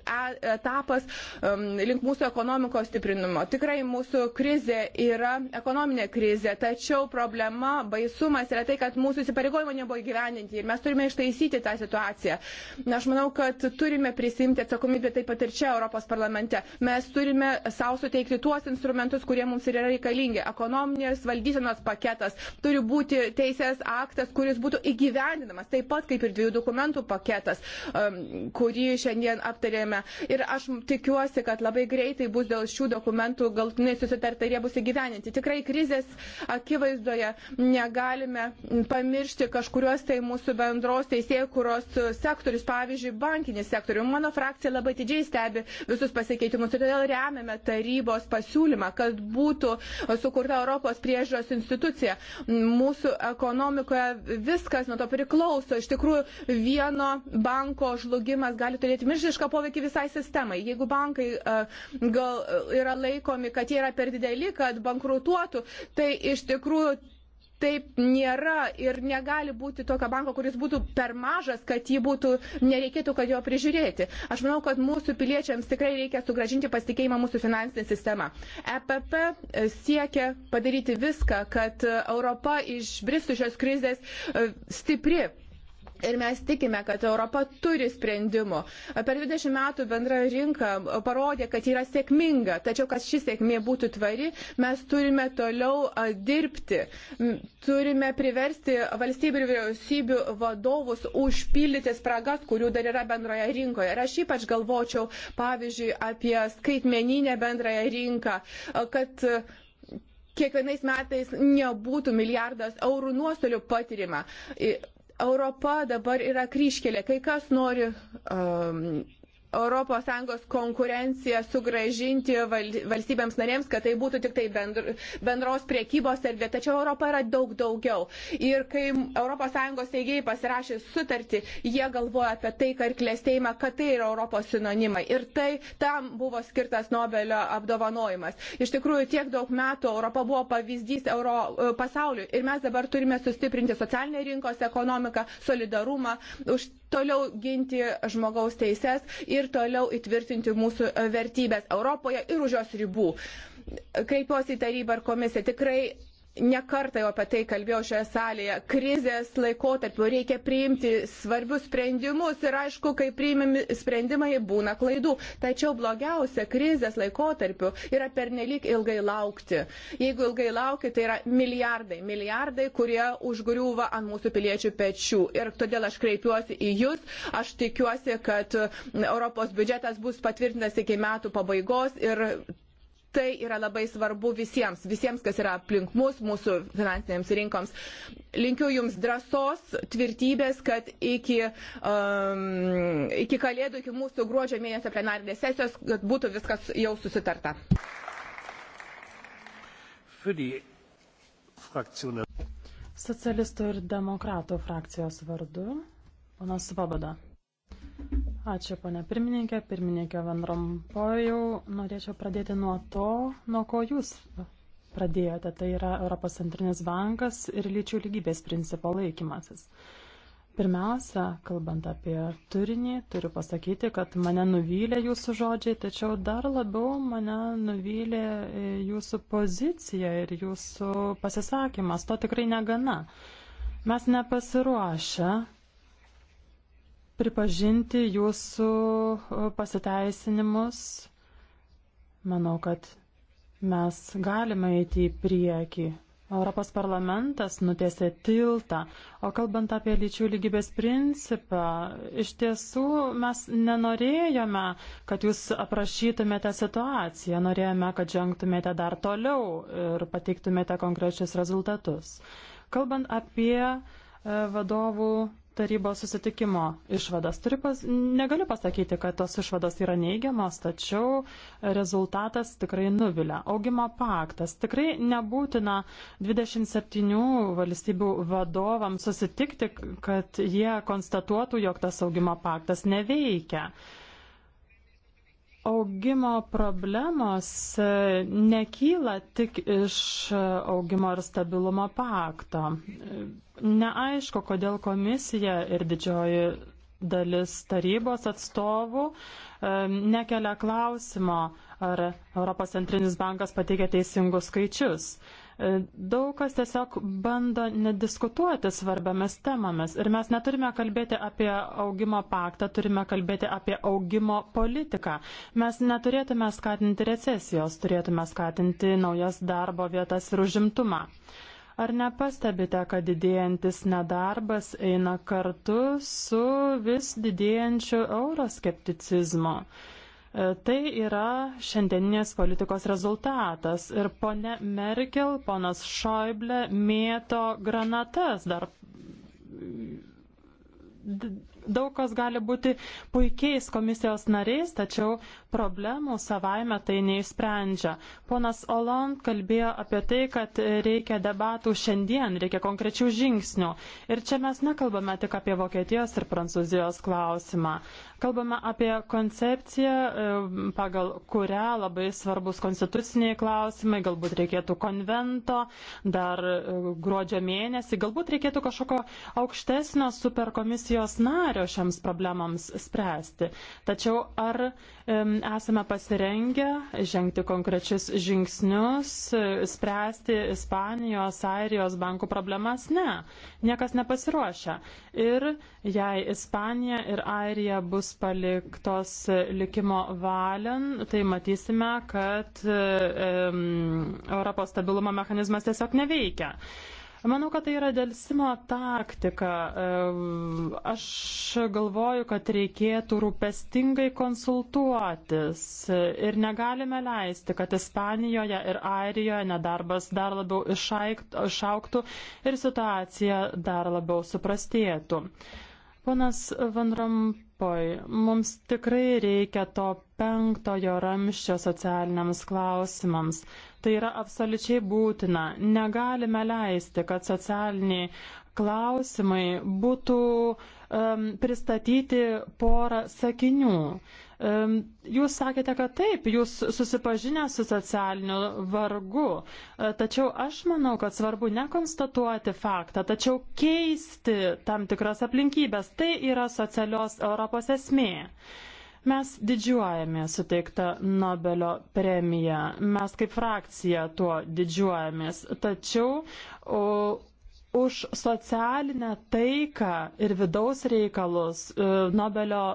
Speaker 3: etapas um, link mūsų ekonomikos stiprinimo. Tikrai mūsų krizė yra ekonominė krizė, tačiau problema, baisumas yra tai, kad mūsų įsipareigojimai nebuvo įgyveninti ir mes turime ištaisyti tą situaciją. Na, aš manau, kad turime prisimti atsakomybę taip pat ir čia Europos parlamente. Mes turime savo suteikti tuos instrumentus, instrumentus, kurie mums ir yra reikalingi. Ekonominės valdysenos paketas turi būti teisės aktas, kuris būtų įgyvendinamas, taip pat kaip ir dviejų dokumentų paketas, um, kurį šiandien aptarėme. Ir aš tikiuosi, kad labai greitai bus dėl šių dokumentų galtinai susitarta ir jie bus įgyveninti. Tikrai krizės akivaizdoje negalime pamiršti kažkurios tai mūsų bendros teisėjų, kurios sektorius, pavyzdžiui, bankinis sektorius. Mano frakcija labai didžiai stebi visus pasikeitimus ir todėl remiame tarybos pasiūlymą, kad būtų sukurta Europos priežiūros institucija. Mūsų ekonomikoje viskas nuo to priklauso. Iš tikrųjų, vieno banko žlugimas gali turėti milžinišką poveikį visai sistemai. Jeigu bankai e, gal yra laikomi, kad jie yra per dideli, kad bankrutuotų, tai iš tikrųjų taip nėra ir negali būti tokio banko, kuris būtų per mažas, kad jį būtų, nereikėtų, kad jo prižiūrėti. Aš manau, kad mūsų piliečiams tikrai reikia sugražinti pasitikėjimą mūsų finansinę sistemą. EPP e, siekia padaryti viską, kad Europa išbristų šios krizės e, stipri Ir mes tikime, kad Europa turi sprendimų. Per 20 metų bendra rinka parodė, kad yra sėkminga. Tačiau, kad ši sėkmė būtų tvari, mes turime toliau dirbti. Turime priversti valstybių ir vyriausybių vadovus užpildyti spragas, kurių dar yra bendroje rinkoje. Ir aš ypač galvočiau, pavyzdžiui, apie skaitmeninę bendrąją rinką, kad kiekvienais metais nebūtų milijardas eurų nuostolių patirima. Europa dabar yra kryškelė. Kai kas nori um, ES konkurenciją sugražinti valstybėms narėms, kad tai būtų tik tai bendros priekybos erdvė. Tačiau Europa yra daug daugiau. Ir kai ES teigėjai pasirašė sutartį, jie galvoja apie taiką ir klėstėjimą, kad tai yra Europos sinonimai. Ir tai tam buvo skirtas Nobelio apdovanojimas. Iš tikrųjų, tiek daug metų Europa buvo pavyzdys Euro, e, pasauliu ir mes dabar turime sustiprinti socialinę rinkos ekonomiką, solidarumą, už toliau ginti žmogaus teises ir toliau įtvirtinti mūsų vertybės Europoje ir už jos ribų. Kreipiuosi į tarybą ar komisiją. Tikrai nekartą jau apie tai kalbėjau šioje salėje, krizės laikotarpiu reikia priimti svarbius sprendimus ir aišku, kai priimami sprendimai būna klaidų. Tačiau blogiausia krizės laikotarpiu yra pernelik ilgai laukti. Jeigu ilgai lauki, tai yra milijardai, milijardai, kurie užgriūva ant mūsų piliečių pečių. Ir todėl aš kreipiuosi į Jūs, aš tikiuosi, kad Europos biudžetas bus patvirtintas iki metų pabaigos ir Tai yra labai svarbu visiems, visiems, kas yra aplink mus, mūsų finansinėms rinkoms. Linkiu Jums drąsos, tvirtybės, kad iki, um, iki kalėdų, iki mūsų gruodžio mėnesio plenarinės sesijos, kad būtų viskas jau susitarta.
Speaker 4: Socialistų ir demokratų frakcijos vardu, ponas Svoboda. Ačiū, ponė pirmininkė. Pirmininkė Vandrompojau, norėčiau pradėti nuo to, nuo ko jūs pradėjote. Tai yra Europos centrinis bankas ir lyčių lygybės principo laikymasis. Pirmiausia, kalbant apie turinį, turiu pasakyti, kad mane nuvylė jūsų žodžiai, tačiau dar labiau mane nuvylė e, jūsų pozicija ir jūsų pasisakymas. To tikrai negana. Mes nepasiruošę pripažinti jūsų e, pasiteisinimus. Manau, kad mes galime eiti į priekį. Europos parlamentas nutėsė tiltą, o kalbant apie lyčių lygybės principą, iš tiesų mes nenorėjome, kad jūs aprašytumėte situaciją, norėjome, kad žengtumėte dar toliau ir pateiktumėte konkrečius rezultatus. Kalbant apie e, vadovų tarybos susitikimo išvadas. Turiu pas, negaliu pasakyti, kad tos išvados yra neigiamos, tačiau rezultatas tikrai nuvilia. Augimo paktas. Tikrai nebūtina 27 valstybių vadovams susitikti, kad jie konstatuotų, jog tas augimo paktas neveikia augimo problemos e, nekyla tik iš e, augimo ir stabilumo pakto. E, neaišku, kodėl komisija ir didžioji dalis tarybos atstovų nekelia klausimo, ar Europos centrinis bankas pateikia teisingus skaičius. E, daug kas tiesiog bando nediskutuoti svarbiamis temomis. Ir mes neturime kalbėti apie augimo paktą, turime kalbėti apie augimo politiką. Mes neturėtume skatinti recesijos, turėtume skatinti naujas darbo vietas ir užimtumą. Ar nepastebite, kad didėjantis nedarbas eina kartu su vis didėjančiu euroskepticizmu? Tai yra šiandieninės politikos rezultatas. Ir ponė Merkel, ponas Šoible mėto granatas. Dar daug kas gali būti puikiais komisijos nariais, tačiau problemų savaime tai neišsprendžia. Ponas Oland kalbėjo apie tai, kad reikia debatų šiandien, reikia konkrečių žingsnių. Ir čia mes nekalbame tik apie Vokietijos ir Prancūzijos klausimą. Kalbame apie koncepciją, e, pagal kurią labai svarbus konstituciniai klausimai, galbūt reikėtų konvento dar e, gruodžio mėnesį, galbūt reikėtų kažkokio aukštesnio superkomisijos nario šiams problemams spręsti. Tačiau ar e, esame pasirengę žengti konkrečius žingsnius, spręsti Ispanijos, Airijos bankų problemas? Ne, niekas nepasiruošia. Ir jei Ispanija ir Airija bus paliktos likimo valian, tai matysime, kad um, Europos stabilumo mechanizmas tiesiog neveikia. Manau, kad tai yra dėlsimo taktika. Aš galvoju, kad reikėtų rūpestingai konsultuotis ir negalime leisti, kad Ispanijoje ir Airijoje nedarbas dar labiau išauktų ir situacija dar labiau suprastėtų. Ponas Van Rompuy Europoje mums tikrai reikia to penktojo ramščio socialiniams klausimams. Tai yra absoliučiai būtina. Negalime leisti, kad socialiniai klausimai būtų um, pristatyti porą sakinių. Uh, Jūs sakėte, kad taip, jūs susipažinę su socialiniu vargu, e, tačiau aš manau, kad svarbu nekonstatuoti faktą, tačiau keisti tam tikras aplinkybės. Tai yra socialios Europos esmė. Mes didžiuojame suteikta Nobelio premija, mes kaip frakcija tuo didžiuojamės, tačiau o, už socialinę taiką ir vidaus reikalus e, Nobelio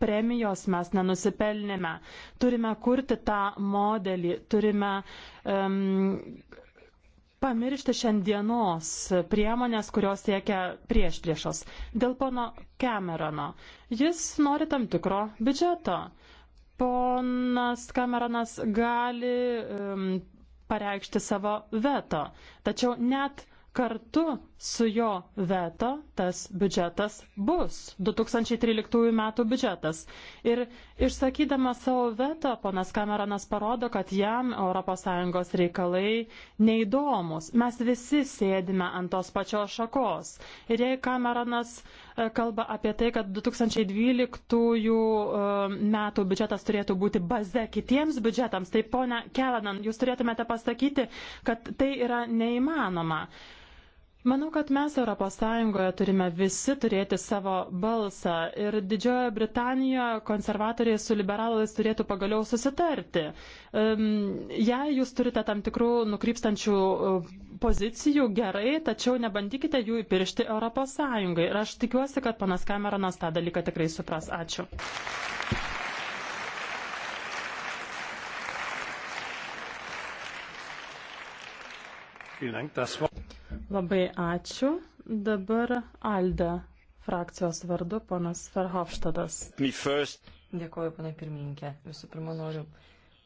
Speaker 4: premijos mes nenusipelnėme. Turime kurti tą modelį, turime um, pamiršti šiandienos priemonės, kurios siekia prieš priešos. Dėl pono Camerono. Jis nori tam tikro biudžeto. Ponas Cameronas gali um, pareikšti savo veto. Tačiau net kartu su jo veto tas biudžetas bus 2013 metų biudžetas. Ir išsakydamas savo veto, ponas Kameronas parodo, kad jam ES reikalai neįdomus. Mes visi sėdime ant tos pačios šakos. Ir jei Kameronas e, kalba apie tai, kad 2012 e, metų biudžetas turėtų būti baze kitiems biudžetams, tai ponia Kelanan, jūs turėtumėte pasakyti, kad tai yra neįmanoma. Manau, kad mes ES turime visi turėti savo balsą ir Didžiojo Britanijoje konservatoriai su liberalais turėtų pagaliau susitarti. Jei jūs turite tam tikrų nukrypstančių e, pozicijų, gerai, tačiau nebandykite jų įpiršti ES. Ir aš tikiuosi, kad panas Cameronas tą dalyką tikrai supras. Ačiū. Labai ačiū. Dabar Alda frakcijos
Speaker 5: vardu ponas Ferhofštadas. Dėkuoju, pana pirmininkė. Visų pirma, noriu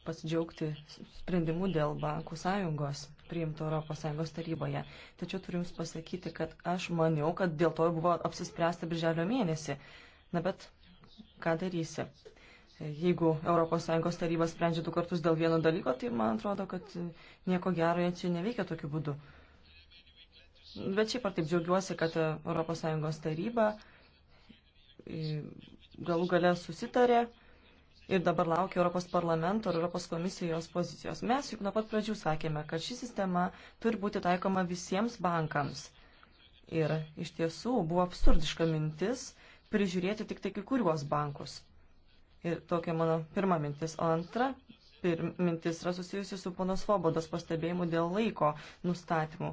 Speaker 5: pasidžiaugti sprendimu dėl bankų sąjungos priimto ES taryboje. Tačiau turiu Jums pasakyti, kad aš maniau, kad dėl to buvo apsispręsta birželio mėnesį. Na bet ką darysi? jeigu ES taryba sprendžia du kartus dėl vieno dalyko, tai man atrodo, kad e, nieko gero jie čia neveikia tokiu būdu. Bet šiaip ar taip džiaugiuosi, kad ES taryba e, galų gale susitarė ir dabar laukia Europos parlamento ir Europos komisijos pozicijos. Mes juk nuo pat pradžių sakėme, kad ši sistema turi būti taikoma visiems bankams. Ir iš tiesų buvo absurdiška mintis prižiūrėti tik tai kai kuriuos bankus. Ir tokia mano pirma mintis. O antra pir, mintis yra susijusi su ponos Svobodos pastebėjimu dėl laiko nustatymų.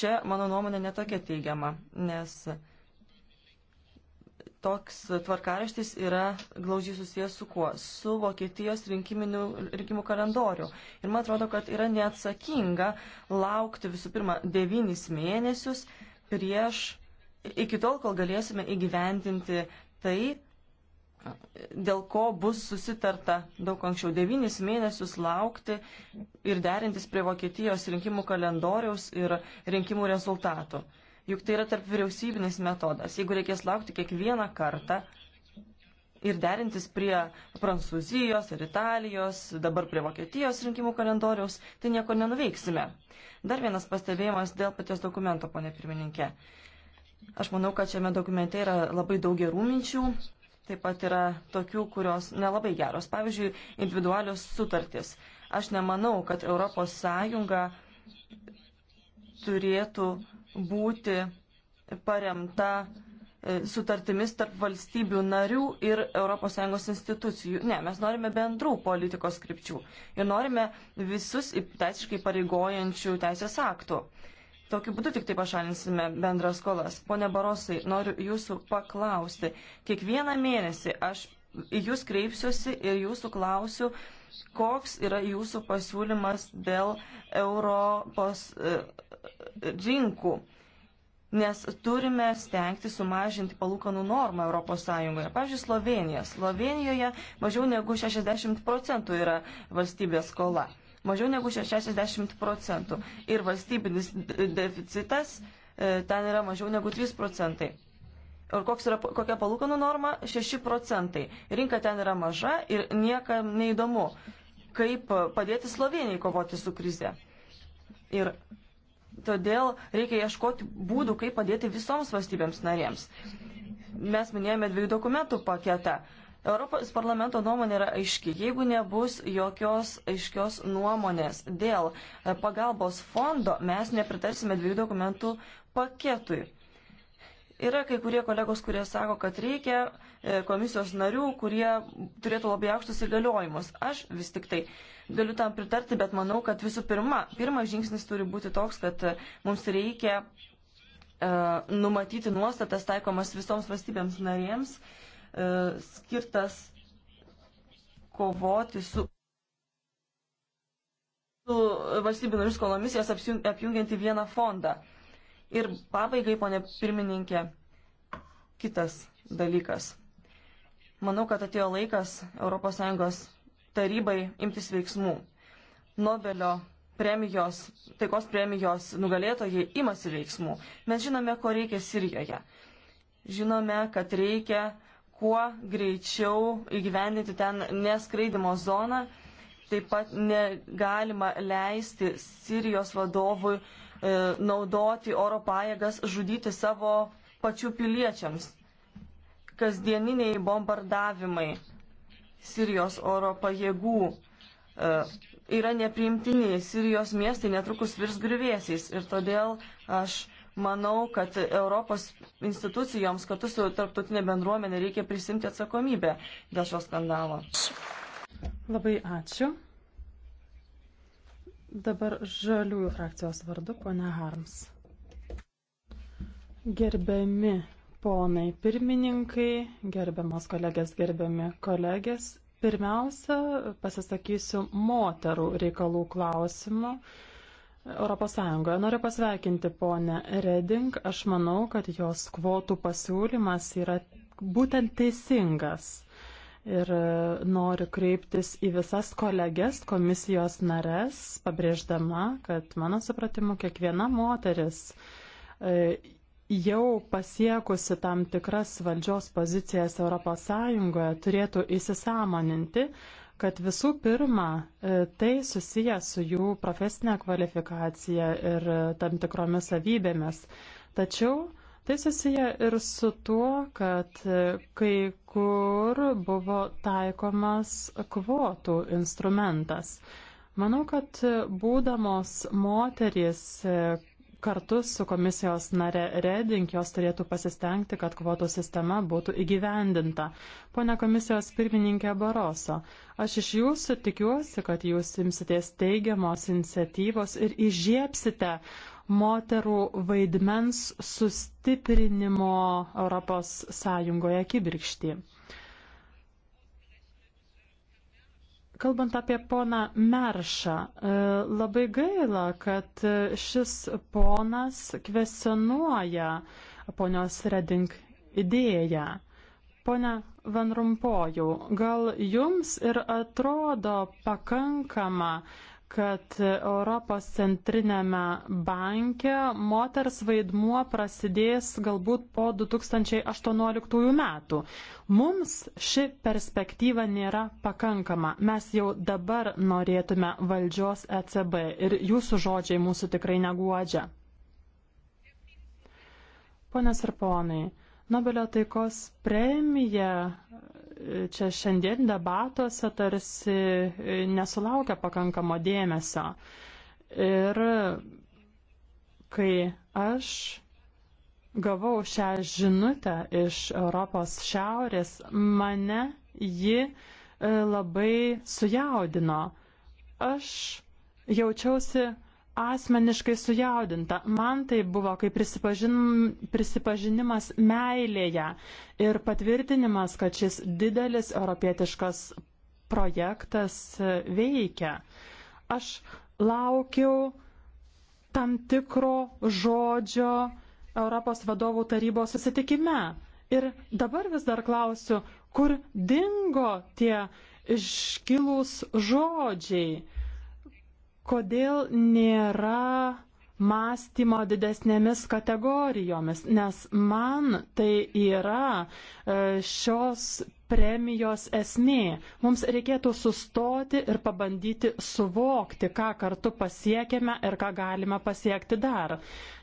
Speaker 5: Čia mano nuomonė netokia teigiama, nes toks tvarkaraštis yra glaužiai susijęs su kuo? Su Vokietijos rinkimų kalendoriu. Ir man atrodo, kad yra neatsakinga laukti visų pirma devynis mėnesius prieš iki tol, kol galėsime įgyvendinti tai, dėl ko bus susitarta daug anksčiau. Devynis mėnesius laukti ir derintis prie Vokietijos rinkimų kalendoriaus ir rinkimų rezultatų. Juk tai yra tarp vyriausybinis metodas. Jeigu reikės laukti kiekvieną kartą ir derintis prie Prancūzijos ar Italijos, dabar prie Vokietijos rinkimų kalendoriaus, tai nieko nenuveiksime. Dar vienas pastebėjimas dėl paties dokumento, ponė pirmininkė. Aš manau, kad šiame dokumente yra labai daug gerų minčių, Taip pat yra tokių, kurios nelabai geros. Pavyzdžiui, individualios sutartys. Aš nemanau, kad ES turėtų būti paremta e, sutartimis tarp valstybių narių ir ES institucijų. Ne, mes norime bendrų politikos skripčių ir norime visus teisiškai pareigojančių teisės aktų. Tokiu būdu tik tai pašalinsime bendras skolas. Pone Barosai, noriu jūsų paklausti. Kiekvieną mėnesį aš į jūs kreipsiuosi ir jūsų klausiu, koks yra jūsų pasiūlymas dėl Europos e, e, rinkų. Nes turime stengti sumažinti palūkanų normą Europos Sąjungoje. Pavyzdžiui, Slovenija. Slovenijoje mažiau negu 60 procentų yra valstybės skola mažiau negu 60 procentų. Ir valstybinis deficitas e, ten yra mažiau negu 3 procentai. Ir yra, kokia palūkanų norma? 6 procentai. Rinka ten yra maža ir niekam neįdomu, kaip padėti Slovenijai kovoti su krize. Ir todėl reikia ieškoti būdų, kaip padėti visoms valstybėms narėms. Mes minėjome dviejų dokumentų paketą. Europos parlamento nuomonė yra aiški. Jeigu nebus jokios aiškios nuomonės dėl e, pagalbos fondo, mes nepritarsime dviejų dokumentų paketui. Yra kai kurie kolegos, kurie sako, kad reikia e, komisijos narių, kurie turėtų labai aukštus įgaliojimus. Aš vis tik tai galiu tam pritarti, bet manau, kad visų pirma, pirmas žingsnis turi būti toks, kad e, mums reikia numatyti nuostatas taikomas visoms valstybėms narėms E, skirtas kovoti su su valstybių narių skolomis jas apjungianti vieną fondą. Ir pabaigai, ponė pirmininkė, kitas dalykas. Manau, kad atėjo laikas ES tarybai imtis veiksmų. Nobelio premijos, taikos premijos nugalėtojai imasi veiksmų. Mes žinome, ko reikia Sirijoje. Žinome, kad reikia kuo greičiau įgyvendinti ten neskraidimo zoną. Taip pat negalima leisti Sirijos vadovui e, naudoti oro pajėgas žudyti savo pačių piliečiams. Kasdieniniai bombardavimai Sirijos oro pajėgų e, yra nepriimtini. Sirijos miestai netrukus virs grįvėsiais ir todėl aš manau, kad Europos institucijoms kartu su tarptautinė bendruomenė reikia prisimti atsakomybę dėl šio skandalo. Labai
Speaker 4: ačiū. Dabar žaliųjų frakcijos vardu ponia Harms. Gerbiami ponai pirmininkai, gerbiamos kolegės, gerbiami kolegės, pirmiausia pasisakysiu moterų reikalų klausimu. Europos Sąjungoje. Noriu pasveikinti ponę Reding. Aš manau, kad jos kvotų pasiūlymas yra būtent teisingas. Ir e, noriu kreiptis į visas kolegės komisijos nares, pabrėždama, kad mano supratimu kiekviena moteris e, jau pasiekusi tam tikras valdžios pozicijas Europos Sąjungoje turėtų įsisamoninti, kad visų pirma e, tai susiję su jų profesinė kvalifikacija ir e, tam tikromis savybėmis. Tačiau tai susiję ir su tuo, kad e, kai kur buvo taikomas kvotų instrumentas. Manau, kad būdamos moterys kartu su komisijos nare Reding jos turėtų pasistengti, kad kvotų sistema būtų įgyvendinta. Pone komisijos pirmininkė Baroso, aš iš jūsų tikiuosi, kad jūs imsitės teigiamos iniciatyvos ir įžiepsite moterų vaidmens sustiprinimo ES kibirkštį. Kalbant apie poną Meršą, e, labai gaila, kad e, šis ponas kvesionuoja ponios Reding idėją. Pone Van Rumpojų, gal jums ir atrodo pakankama kad Europos centrinėme banke moters vaidmuo prasidės galbūt po 2018 metų. Mums ši perspektyva nėra pakankama. Mes jau dabar norėtume valdžios ECB ir jūsų žodžiai mūsų tikrai neguodžia. Ponas ir ponai, Nobelio taikos premija čia šiandien debatuose tarsi nesulaukia pakankamo dėmesio. Ir kai aš gavau šią žinutę iš Europos šiaurės, mane ji e, labai sujaudino. Aš jaučiausi asmeniškai sujaudinta. Man tai buvo kaip prisipažin, prisipažinimas meilėje ir patvirtinimas, kad šis didelis europietiškas projektas veikia. Aš laukiau tam tikro žodžio Europos vadovų tarybos susitikime. Ir dabar vis dar klausiu, kur dingo tie iškilūs žodžiai kodėl nėra mąstymo didesnėmis kategorijomis, nes man tai yra e, šios premijos esmė. Mums reikėtų sustoti ir pabandyti suvokti, ką kartu pasiekėme ir ką galime pasiekti dar.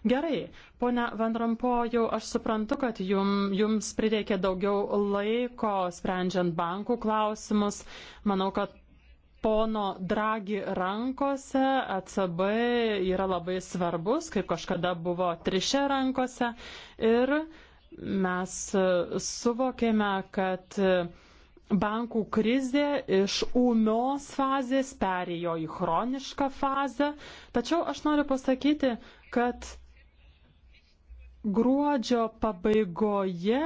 Speaker 4: Gerai, ponia Vandrompojau, aš suprantu, kad jum, jums prireikė daugiau laiko sprendžiant bankų klausimus. Manau, kad pono Dragi rankose, ECB yra labai svarbus, kaip kažkada buvo trišė rankose. Ir mes suvokėme, kad bankų krizė iš ūmios fazės perėjo į chronišką fazę. Tačiau aš noriu pasakyti, kad gruodžio pabaigoje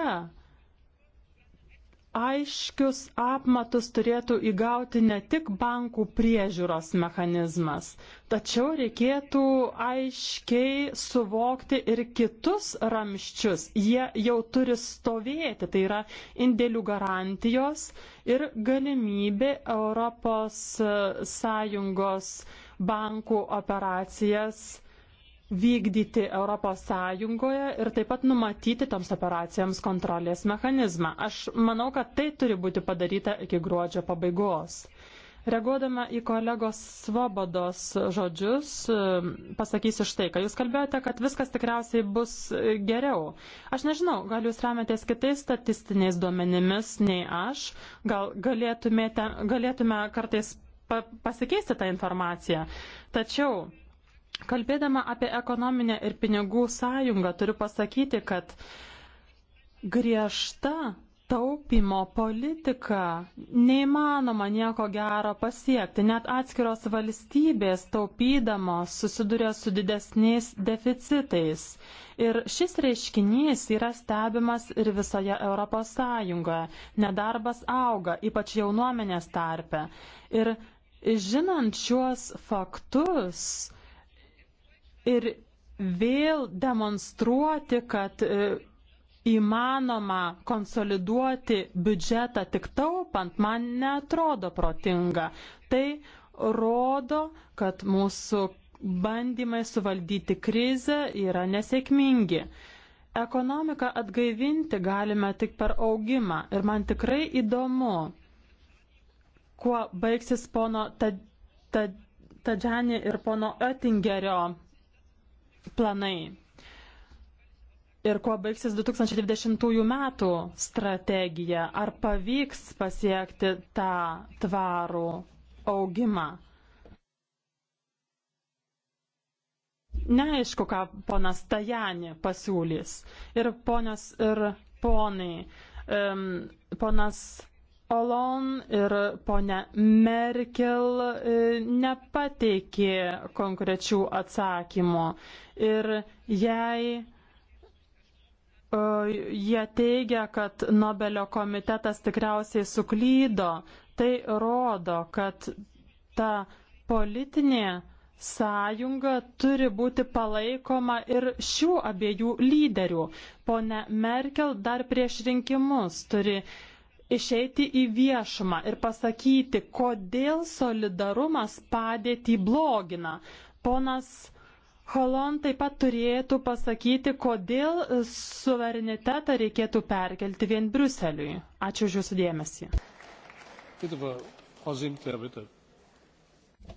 Speaker 4: aiškius apmatus turėtų įgauti ne tik bankų priežiūros mechanizmas, tačiau reikėtų aiškiai suvokti ir kitus ramščius. Jie jau turi stovėti, tai yra indėlių garantijos ir galimybė Europos Sąjungos bankų operacijas vykdyti Europos Sąjungoje ir taip pat numatyti toms operacijoms kontrolės mechanizmą. Aš manau, kad tai turi būti padaryta iki gruodžio pabaigos. Reaguodama į kolegos Svobodos žodžius, pasakysiu štai, kad jūs kalbėjote, kad viskas tikriausiai bus geriau. Aš nežinau, gal jūs remiatės kitais statistiniais duomenimis nei aš, gal galėtume kartais pa pasikeisti tą informaciją. Tačiau Kalbėdama apie ekonominę ir pinigų sąjungą, turiu pasakyti, kad griežta taupimo politika neįmanoma nieko gero pasiekti. Net atskiros valstybės taupydamos susiduria su didesniais deficitais. Ir šis reiškinys yra stebimas ir visoje Europos Sąjungoje. Nedarbas auga, ypač jaunuomenės tarpe. Ir žinant šiuos faktus, ir vėl demonstruoti, kad e, įmanoma konsoliduoti biudžetą tik taupant, man netrodo protinga. Tai rodo, kad mūsų bandymai suvaldyti krizę yra nesėkmingi. Ekonomiką atgaivinti galime tik per augimą ir man tikrai įdomu, kuo baigsis pono Tadžiani ir pono Oettingerio planai ir kuo baigsis 2020 metų strategija? Ar pavyks pasiekti tą tvarų augimą? Neaišku, ką ponas Tajani pasiūlys. Ir ponas ir ponai, um, ponas Olon ir ponia Merkel e, nepateikė konkrečių atsakymų. Ir jei e, jie teigia, kad Nobelio komitetas tikriausiai suklydo, tai rodo, kad ta politinė sąjunga turi būti palaikoma ir šių abiejų lyderių. Pone Merkel dar prieš rinkimus turi išeiti į viešumą ir pasakyti, kodėl solidarumas padėtį blogina. Ponas Holon taip pat turėtų pasakyti, kodėl suverenitetą reikėtų perkelti vien Bruseliui. Ačiū už Jūsų dėmesį.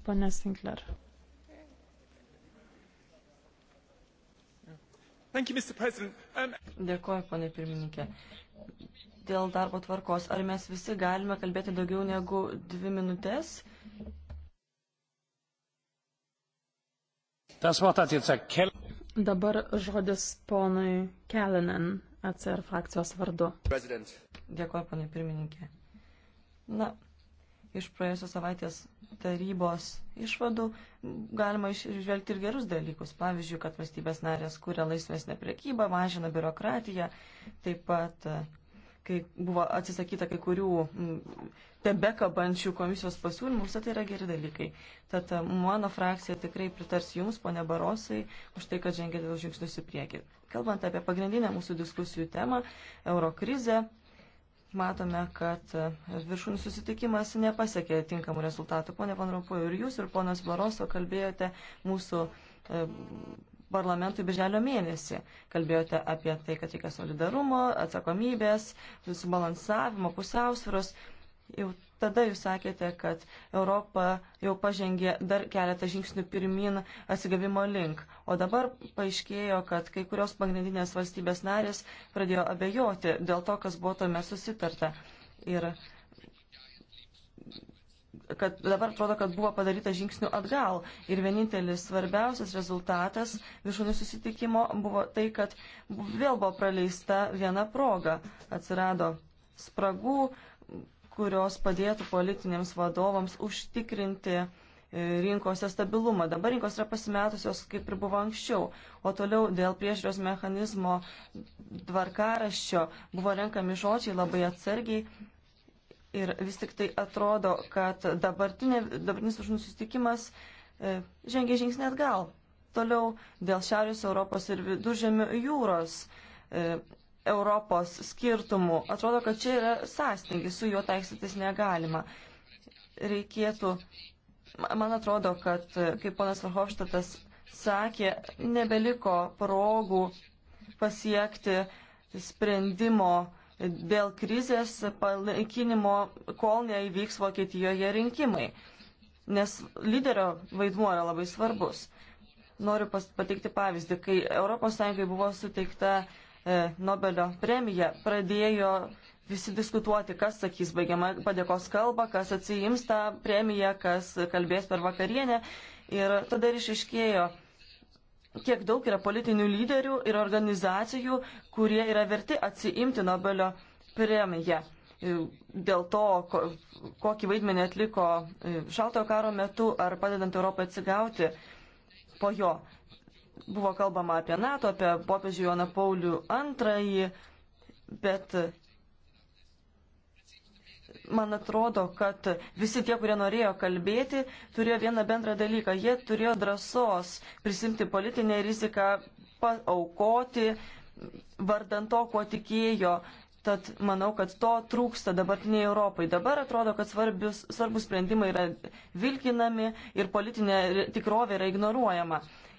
Speaker 4: Pane Sinclair.
Speaker 5: Um, Dėkuoju, ponė pirmininkė dėl darbo tvarkos. Ar mes visi galime kalbėti daugiau negu dvi minutės? Dabar žodis ponui Kelinen ACR frakcijos vardu. President. Dėkuoju, ponai pirmininkė. Na, iš praėjusios savaitės tarybos išvadų galima išžvelgti ir gerus dalykus. Pavyzdžiui, kad valstybės narės kūrė laisvesnę priekybą, mažina biurokratiją, taip pat uh, kai buvo atsisakyta kai kurių tebe kabančių komisijos pasiūlymų, visą tai yra geri dalykai. Tad e, mano frakcija tikrai pritars Jums, ponė Barosai, už tai, kad žengėte žingsnius į priekį. Kalbant apie pagrindinę mūsų diskusijų temą - eurokrizę, matome, kad e, viršūnų susitikimas nepasiekė tinkamų rezultatų. Pone Van Rompuoju, ir Jūs, ir ponas Baroso kalbėjote mūsų e, parlamentui birželio mėnesį. Kalbėjote apie tai, kad reikia solidarumo, atsakomybės, subalansavimo, pusiausvėros. Jau tada jūs sakėte, kad Europa jau pažengė dar keletą žingsnių pirmin atsigavimo link. O dabar paaiškėjo, kad kai kurios pagrindinės valstybės narės pradėjo abejoti dėl to, kas buvo tome susitarta. Ir uh, kad dabar atrodo, kad buvo padaryta žingsnių atgal. Ir vienintelis svarbiausias rezultatas viršūnių susitikimo buvo tai, kad vėl buvo praleista viena proga. Atsirado spragų, kurios padėtų politiniams vadovams užtikrinti e, rinkose stabilumą. Dabar rinkos yra pasimetusios, kaip ir buvo anksčiau. O toliau dėl priežiūros mechanizmo tvarkaraščio buvo renkami žodžiai labai atsargiai Ir vis tik tai atrodo, kad dabartinis viršūnų susitikimas e, žengia žingsnį atgal. Toliau dėl Šiaurės Europos ir Viduržėmio jūros e, Europos skirtumų. Atrodo, kad čia yra sąstingis, su juo taikstytis negalima. Reikėtų, man atrodo, kad, e, kaip ponas Verhofštatas sakė, nebeliko progų pasiekti sprendimo dėl krizės panaikinimo, kol neįvyks Vokietijoje rinkimai. Nes lyderio vaidmuo yra labai svarbus. Noriu pateikti pavyzdį, kai ES buvo suteikta e, Nobelio premija, pradėjo visi diskutuoti, kas sakys baigiamą padėkos kalbą, kas atsijims tą premiją, kas kalbės per vakarienę. Ir tada išaiškėjo, kiek daug yra politinių lyderių ir organizacijų, kurie yra verti atsiimti Nobelio premiją. Dėl to, kokį vaidmenį atliko e, šaltojo karo metu ar padedant Europai atsigauti po jo. Buvo kalbama apie NATO, apie popiežių Joną Paulių II, bet man atrodo, kad visi tie, kurie norėjo kalbėti, turėjo vieną bendrą dalyką. Jie turėjo drąsos prisimti politinę riziką, paaukoti vardan to, kuo tikėjo. Tad manau, kad to trūksta dabartiniai Europai. Dabar atrodo, kad svarbius, svarbus sprendimai yra vilkinami ir politinė tikrovė yra ignoruojama.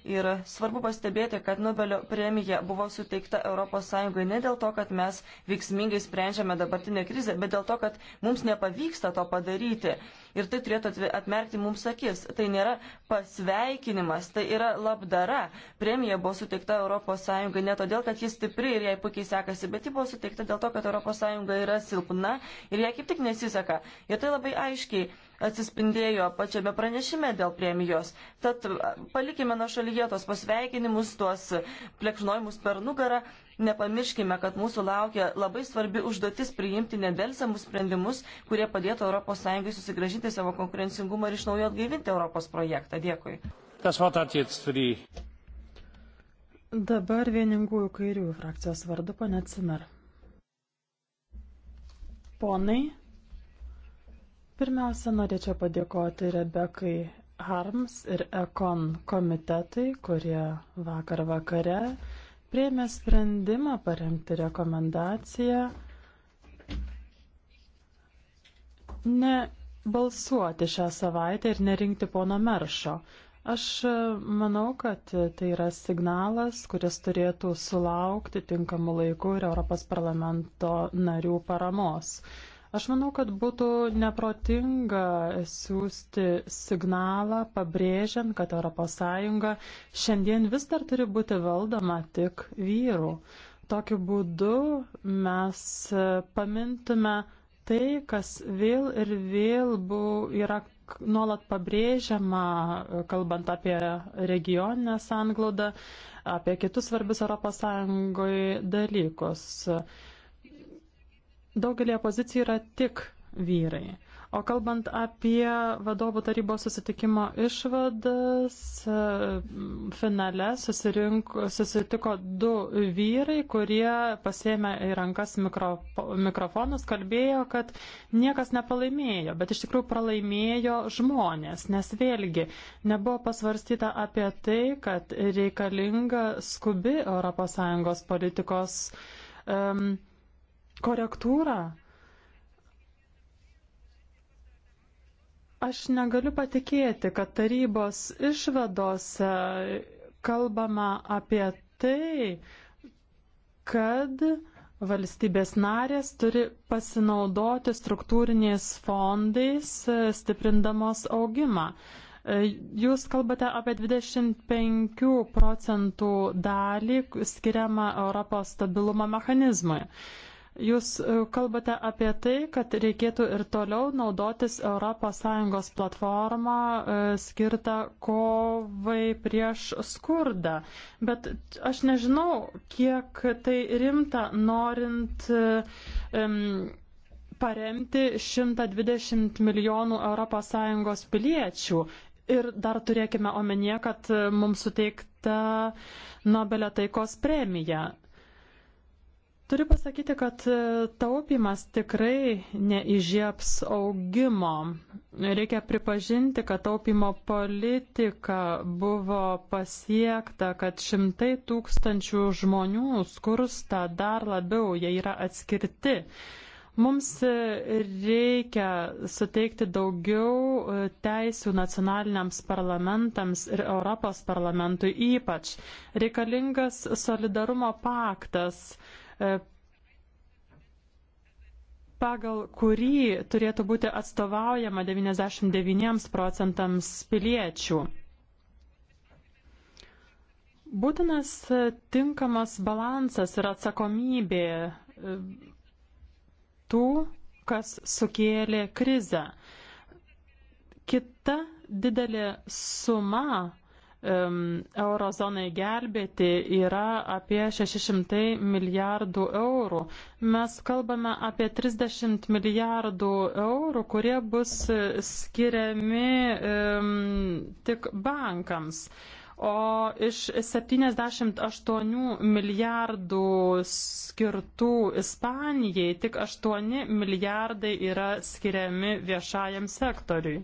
Speaker 5: Ir svarbu pastebėti, kad Nobelio premija buvo suteikta ES ne dėl to, kad mes veiksmingai sprendžiame dabartinę krizę, bet dėl to, kad mums nepavyksta to padaryti. Ir tai turėtų atmerkti mums akis. Tai nėra pasveikinimas, tai yra labdara. Premija buvo suteikta ES ne todėl, kad jis stipri ir jai puikiai sekasi, bet ji buvo suteikta dėl to, kad ES yra silpna ir jai kaip tik nesiseka. Ir tai labai aiškiai atsispindėjo pačiame pranešime dėl premijos. Tad palikime nuo šalyje tos pasveikinimus, tuos plekšnojimus per nugarą. Nepamirškime, kad mūsų laukia labai svarbi užduotis priimti nedelsiamus sprendimus, kurie padėtų ES susigražinti savo konkurencingumą ir iš naujo atgaivinti Europos projektą. Dėkui.
Speaker 4: Dabar vieningųjų kairių frakcijos vardu, pane Cimer. Ponai, Pirmiausia, norėčiau padėkoti Rebekai Harms ir Ekon komitetai, kurie vakar vakare prieimė sprendimą paremti rekomendaciją nebalsuoti šią savaitę ir nerinkti pono Meršo. Aš e, manau, kad tai yra signalas, kuris turėtų sulaukti tinkamų laikų ir Europos parlamento narių paramos. Aš manau, kad būtų neprotinga siūsti signalą, pabrėžiant, kad ES šiandien vis dar turi būti valdoma tik vyrų. Tokiu būdu mes pamintume tai, kas vėl ir vėl buvo, yra nuolat pabrėžiama, kalbant apie regioninę sanglaudą, apie kitus svarbius ES dalykus daugelie pozicijų yra tik vyrai. O kalbant apie vadovų tarybos susitikimo išvadas, finale susirinko, susitiko du vyrai, kurie pasėmė į rankas mikro, mikrofonus, kalbėjo, kad niekas nepalaimėjo, bet iš tikrųjų pralaimėjo žmonės, nes vėlgi nebuvo pasvarstyta apie tai, kad reikalinga skubi ES politikos. Um, korektūrą. Aš negaliu patikėti, kad tarybos išvadose kalbama apie tai, kad valstybės narės turi pasinaudoti struktūriniais fondais, e, stiprindamos augimą. E, jūs kalbate apie 25 procentų dalį skiriamą Europos stabilumo mechanizmui. Jūs e, kalbate apie tai, kad reikėtų ir toliau naudotis ES platformą e, skirtą kovai prieš skurdą. Bet aš nežinau, kiek tai rimta, norint um, paremti 120 milijonų ES piliečių. Ir dar turėkime omenyje, kad mums suteikta Nobelio taikos premija. Turiu pasakyti, kad e, taupimas tikrai neižieps augimo. Reikia pripažinti, kad taupimo politika buvo pasiekta, kad šimtai tūkstančių žmonių skursta dar labiau, jie yra atskirti. Mums e, reikia suteikti daugiau e, teisių nacionaliniams parlamentams ir Europos parlamentui ypač. Reikalingas solidarumo paktas E, pagal kurį turėtų būti atstovaujama 99 procentams piliečių. Būtinas tinkamas balansas ir atsakomybė e, tų, kas sukėlė krizę. Kita didelė suma eurozonai gelbėti yra apie 600 milijardų eurų. Mes kalbame apie 30 milijardų eurų, kurie bus skiriami um, tik bankams. O iš 78 milijardų skirtų Ispanijai tik 8 milijardai yra skiriami viešajam sektoriui.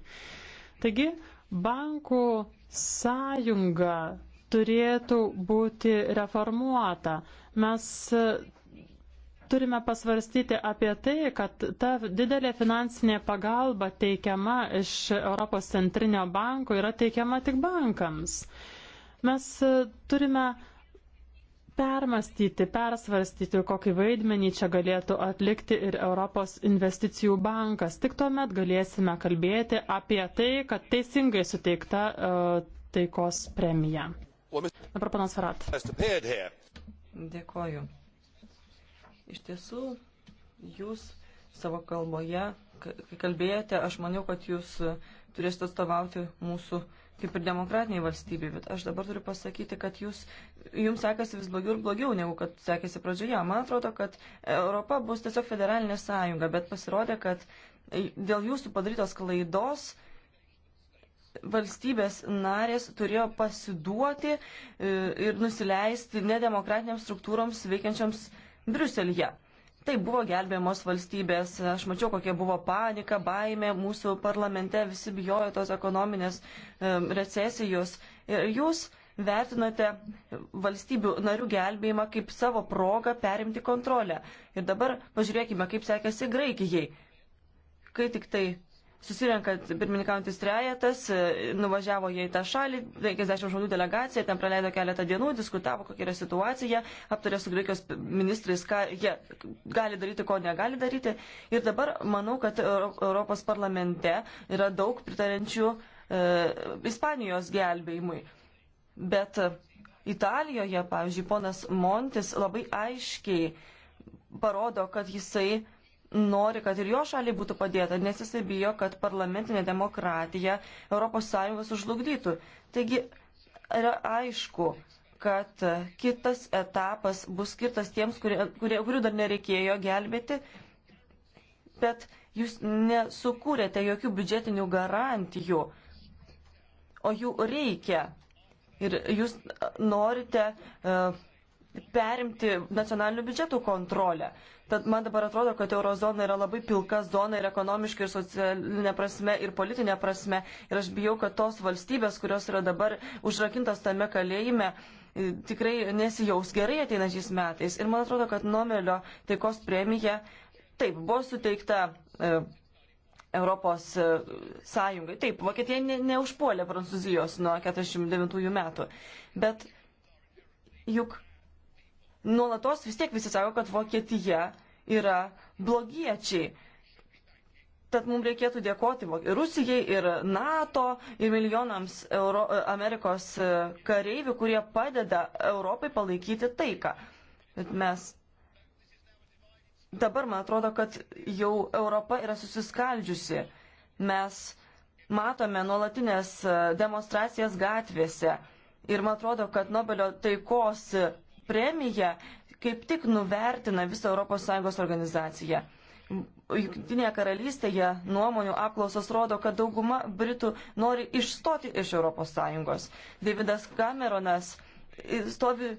Speaker 4: Taigi, bankų sąjunga turėtų būti reformuota. Mes e, turime pasvarstyti apie tai, kad ta didelė finansinė pagalba teikiama iš Europos centrinio banko yra teikiama tik bankams. Mes e, turime permastyti, persvarstyti, kokį vaidmenį čia galėtų atlikti ir Europos investicijų bankas. Tik tuomet galėsime kalbėti apie tai, kad teisingai suteikta uh, taikos premija. Dabar panas Ferat.
Speaker 5: Dėkoju. Iš tiesų, jūs savo kalboje, kai kalbėjote, aš maniau, kad jūs turėsite atstovauti mūsų uh, kaip ir demokratiniai valstybė, bet aš dabar turiu pasakyti, kad jūs, jums sekasi vis blogiau ir blogiau, negu kad sekėsi pradžioje. Man atrodo, kad Europa bus tiesiog federalinė sąjunga, bet pasirodė, kad dėl jūsų padarytos klaidos valstybės narės turėjo pasiduoti e, ir nusileisti nedemokratiniams struktūroms veikiančiams Briuselyje. Taip buvo gelbėjamos valstybės, aš mačiau, kokia buvo panika, baime, mūsų parlamente visi bijojo tos ekonominės recesijos. Ir jūs vertinote valstybių narių gelbėjimą kaip savo progą perimti kontrolę. Ir dabar pažiūrėkime, kaip sekėsi Graikijai. Kai tik tai susirenkat pirmininkaujantis trejetas, e, nuvažiavo jie į tą šalį, 50 žmonių delegacija, ten praleido keletą dienų, diskutavo, kokia yra situacija, aptarė su greikijos ministrais, ką jie gali daryti, ko negali daryti. Ir dabar manau, kad Europos parlamente yra daug pritarančių e, Ispanijos gelbėjimui. Bet Italijoje, pavyzdžiui, ponas Montis labai aiškiai parodo, kad jisai nori, kad ir jo šaliai būtų padėta, nes jisai bijo, kad parlamentinė demokratija ES užlugdytų. Taigi yra aišku, kad kitas etapas bus skirtas tiems, kurie, kurie, kurių dar nereikėjo gelbėti, bet jūs nesukūrėte jokių biudžetinių garantijų, o jų reikia. Ir jūs norite uh, perimti nacionalinių biudžetų kontrolę. Uh, Tad man dabar atrodo, kad eurozona yra labai pilka zona ir ekonomiškai, ir socialinė prasme, ir politinė prasme. Ir aš bijau, kad tos valstybės, kurios yra dabar užrakintos tame kalėjime, tikrai nesijaus gerai ateinačiais metais. Ir man atrodo, kad Nomelio taikos premija taip buvo suteikta. E, Europos e, Sąjungai. Taip, Vokietija ne, neužpuolė Prancūzijos nuo 49 metų, bet juk nuolatos vis tiek visi sako, kad Vokietija yra blogiečiai. Tad mums reikėtų dėkoti Rusijai ir NATO ir milijonams Euro Amerikos e, kareivių, kurie padeda Europai palaikyti taiką. Bet mes dabar, man atrodo, kad jau Europa yra susiskaldžiusi. Mes matome nuolatinės e, demonstracijas gatvėse. Ir man atrodo, kad Nobelio taikos premija kaip tik nuvertina visą ES organizaciją. Junktinėje karalystėje nuomonių apklausos rodo, kad dauguma Britų nori išstoti iš ES. Davidas Cameronas stovi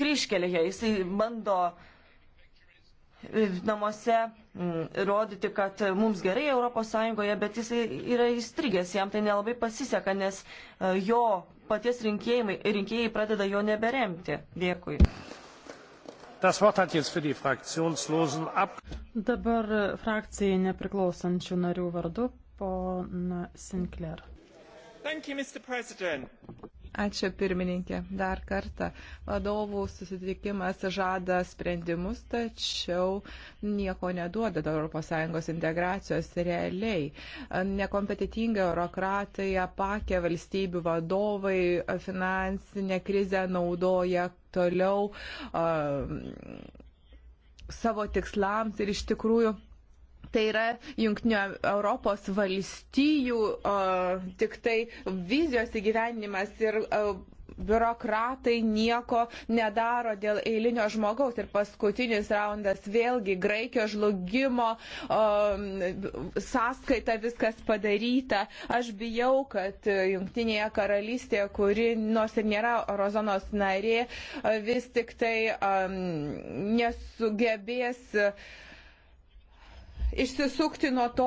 Speaker 5: kryškelėje, jisai bando e, namuose mm, rodyti, kad mums gerai ES, bet jis yra įstrigęs, jam tai nelabai pasiseka, nes e, jo paties rinkėjai, rinkėjai pradeda jo neberemti. Dėkui.
Speaker 4: Dabar frakcijai nepriklausančių narių vardu, pona Sinclair.
Speaker 5: You,
Speaker 3: Ačiū pirmininkė. Dar kartą. Vadovų susitikimas žada sprendimus, tačiau nieko neduoda ES integracijos realiai. Nekompetitingi eurokratai, apakė valstybių vadovai finansinę krizę naudoja toliau uh, savo tikslams ir iš tikrųjų Tai yra jungtinio Europos valstijų o, tik tai vizijos įgyvenimas ir o, biurokratai nieko nedaro dėl eilinio žmogaus. Ir paskutinis raundas vėlgi Graikijos žlugimo o, sąskaita viskas padaryta. Aš bijau, kad Junktinėje karalystėje, kuri nors ir nėra Eurozonos narė, vis tik tai o, nesugebės. O, išsisukti nuo to,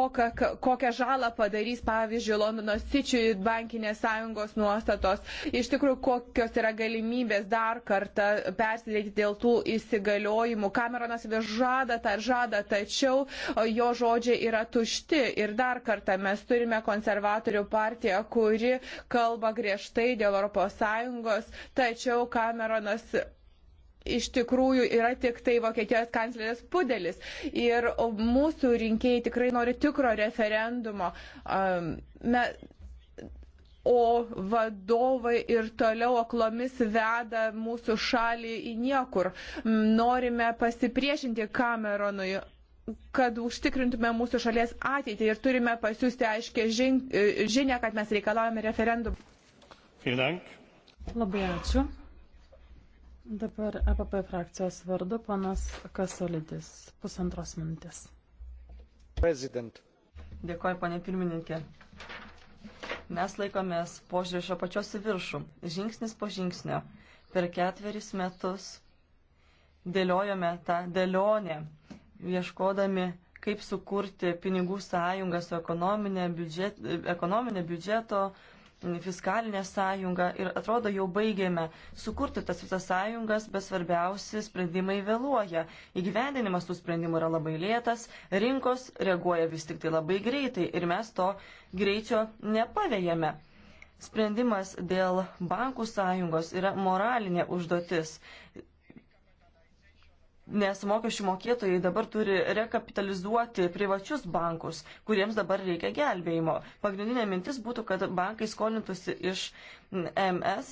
Speaker 3: kokią žalą padarys, pavyzdžiui, Londono sičiui bankinės sąjungos nuostatos, iš tikrųjų, kokios yra galimybės dar kartą persidėti dėl tų įsigaliojimų. Kameronas vis žada tą ir žada, tačiau jo žodžiai yra tušti. Ir dar kartą mes turime konservatorių partiją, kuri kalba griežtai dėl Europos Sąjungos, tačiau Kameronas iš tikrųjų yra tik tai Vokietijos kanclerės pudelis. Ir mūsų rinkėjai tikrai nori tikro referendumo. Me, o vadovai ir toliau aklomis veda mūsų šalį į niekur. Norime pasipriešinti Kameronui kad užtikrintume mūsų šalies ateitį ir turime pasiūsti aiškę žin, žinę, kad mes reikalavome referendumą. Labai ačiū.
Speaker 4: Dabar APP e frakcijos vardu panas Kasolidis. Pusantros minutės.
Speaker 1: President.
Speaker 5: Dėkoju, panė pirmininkė. Mes laikomės požiūrį iš apačios į viršų, žingsnis po žingsnio. Per ketveris metus dėliojome tą dėlionę, ieškodami, kaip sukurti pinigų sąjungą su ekonominė, biudžet, ekonominė biudžeto, biudžeto fiskalinę sąjungą ir atrodo jau baigėme sukurti tas visas sąjungas, bet svarbiausi sprendimai vėluoja. Įgyvendinimas tų sprendimų yra labai lėtas, rinkos reaguoja vis tik tai labai greitai ir mes to greičio nepavėjame. Sprendimas dėl bankų sąjungos yra moralinė užduotis nes mokesčių mokėtojai dabar turi rekapitalizuoti privačius bankus, kuriems dabar reikia gelbėjimo. Pagrindinė mintis būtų, kad bankai skolintųsi iš MS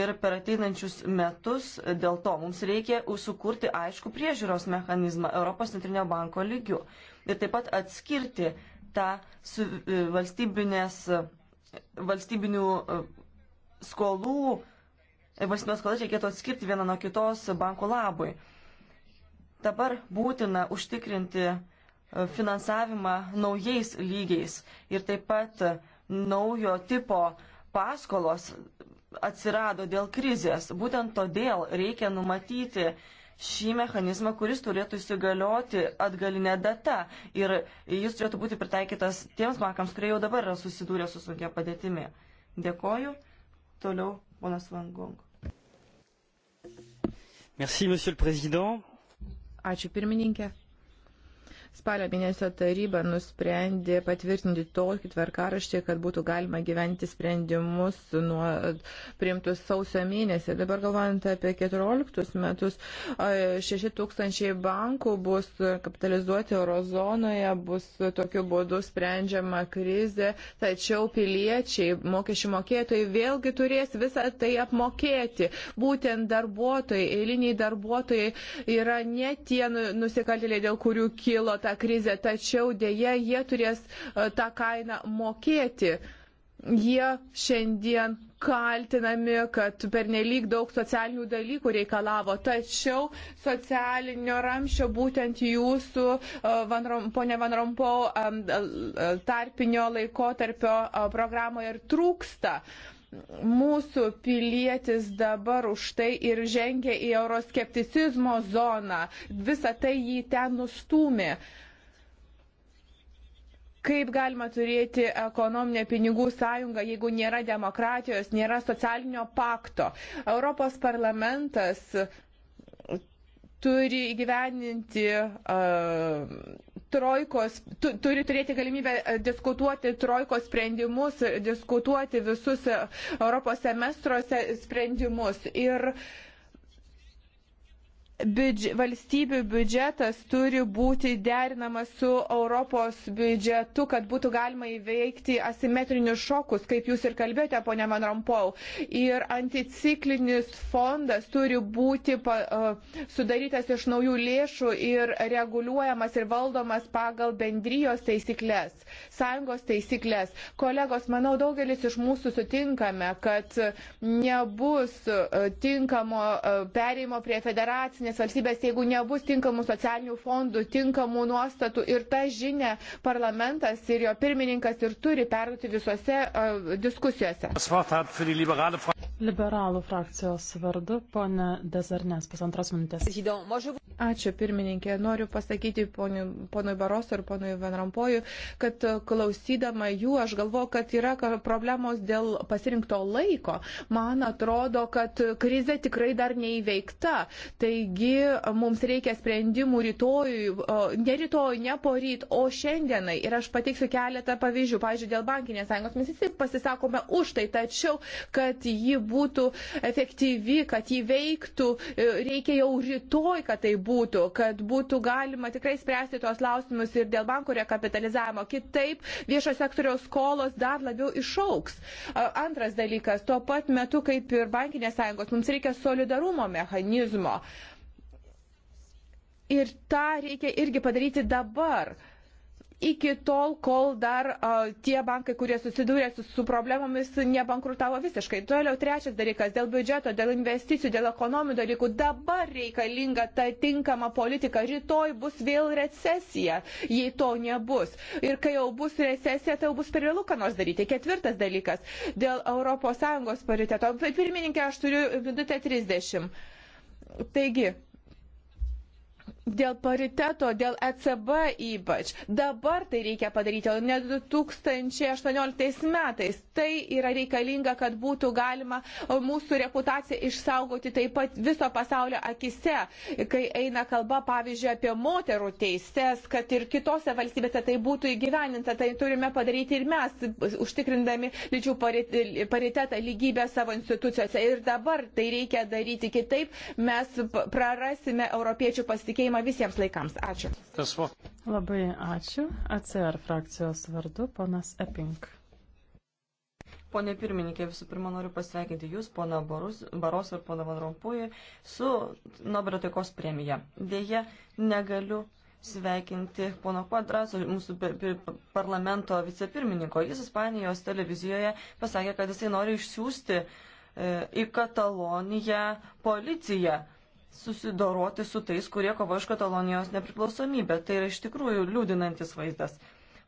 Speaker 5: ir per ateinančius metus dėl to mums reikia sukurti aišku priežiūros mechanizmą Europos centrinio banko lygių ir taip pat atskirti tą su, e, valstybinės, e, valstybinių e, skolų, valstybinės skolas reikėtų atskirti vieną nuo kitos bankų labui. Dabar būtina užtikrinti e, finansavimą naujais lygiais ir taip pat naujo tipo paskolos atsirado dėl krizės. Būtent todėl reikia numatyti šį mechanizmą, kuris turėtų įsigalioti atgalinę datą ir jis turėtų būti pritaikytas tiems bankams, kurie jau dabar yra susidūrę su sunkia padėtimi. Dėkoju. Toliau, ponas Vangong.
Speaker 4: Merci, monsieur le président.
Speaker 3: Ačiū pirmininkė. Spalio mėnesio taryba nusprendė patvirtinti tokį tvarkaraštį, kad būtų galima gyventi sprendimus nuo priimtus sausio mėnesį. Dabar galvojant apie 14 metus, 6 tūkstančiai bankų bus kapitalizuoti eurozonoje, bus tokiu būdu sprendžiama krizė, tačiau piliečiai, mokesčių mokėtojai vėlgi turės visą tai apmokėti. Būtent darbuotojai, eiliniai darbuotojai yra ne tie nu, nusikaltėliai, dėl kurių kilo ta tą krizę, tačiau dėje jie turės e, tą kainą mokėti. Jie šiandien kaltinami, kad pernelyg daug socialinių dalykų reikalavo, tačiau socialinio ramščio būtent jūsų, e, ponė Van Rompo, e, tarpinio laiko tarpio programoje ir trūksta mūsų pilietis dabar už tai ir žengia į euroskepticizmo zoną. Visą tai jį ten nustūmė. Kaip galima turėti ekonominę pinigų sąjungą, jeigu nėra demokratijos, nėra socialinio pakto? Europos parlamentas turi įgyveninti uh, trojkos, tu, turi turėti galimybę e, diskutuoti trojkos sprendimus, diskutuoti visus e, Europos semestruose sprendimus. Ir uh, biudž valstybių biudžetas turi būti derinamas su Europos biudžetu, kad būtų galima įveikti asimetrinius šokus, kaip jūs ir kalbėjote, ponė Van Rompau. Ir anticiklinis fondas turi būti pa, uh, sudarytas iš naujų lėšų ir reguliuojamas ir valdomas pagal bendrijos taisyklės, sąjungos taisyklės. Kolegos, manau, daugelis iš mūsų sutinkame, kad nebus e, tinkamo e, perėjimo prie federacinės teisinės valstybės, jeigu nebus tinkamų socialinių fondų, tinkamų nuostatų. Ir tą žinę parlamentas ir jo pirmininkas ir turi perduoti visose uh, diskusijose.
Speaker 4: Liberalų frakcijos vardu, ponė Dezarnės, pusantros minutės.
Speaker 3: Ačiū pirmininkė. Noriu pasakyti ponui Baroso ir ponui Venrampoju, kad e, klausydama jų aš galvoju, kad yra problemos dėl pasirinkto laiko. Man atrodo, kad krizė tikrai dar neįveikta. Taigi, Taigi mums reikia sprendimų rytoj, ne rytoj, ne poryt, o šiandienai. Ir aš pateiksiu keletą pavyzdžių. Pavyzdžiui, dėl bankinės sąjungos mes visi pasisakome už tai, tačiau, kad ji būtų efektyvi, kad ji veiktų, e, reikia jau rytoj, kad tai būtų, kad būtų galima tikrai spręsti tuos klausimus ir dėl bankų rekapitalizavimo. Kitaip viešo sektoriaus skolos dar labiau išauks. Antras dalykas, tuo pat metu kaip ir bankinės sąjungos, mums reikia solidarumo mechanizmo. Ir tą reikia irgi padaryti dabar. Iki tol, kol dar a, tie bankai, kurie susidūrė su, su problemomis, nebankrutavo visiškai. Toliau trečias dalykas - dėl biudžeto, dėl investicijų, dėl ekonominių dalykų. Dabar reikalinga ta tinkama politika. Rytoj bus vėl recesija, jei to nebus. Ir kai jau bus recesija, tai jau bus per vėlų ką nors daryti. Ketvirtas dalykas - dėl ES pariteto. Pirmininkė, aš turiu minutę 30. Taigi, Dėl pariteto, dėl ECB ypač. Dabar tai reikia padaryti, o ne 2018 metais. Tai yra reikalinga, kad būtų galima mūsų reputaciją išsaugoti taip pat viso pasaulio akise, kai eina kalba, pavyzdžiui, apie moterų teises, kad ir kitose valstybėse tai būtų įgyveninta. Tai turime padaryti ir mes, užtikrindami lyčių paritetą, lygybę savo institucijose. Ir dabar tai reikia daryti kitaip, mes prarasime europiečių pasitikėjimą sistemą visiems laikams. Ačiū. Labai
Speaker 4: ačiū. ACR frakcijos vardu ponas Epink.
Speaker 5: Pone pirmininkė, visų pirma noriu pasveikinti Jūs, pona Barus, Baros ir pona Van Rompujai, su Nobelio taikos premija. Deja, negaliu sveikinti pono Kvadraso, mūsų parlamento vicepirmininko. Jis Ispanijos televizijoje pasakė, kad jisai nori išsiųsti e, į Kataloniją policiją susidoroti su tais, kurie kovoja už Katalonijos nepriklausomybę. Tai yra iš tikrųjų liūdinantis vaizdas.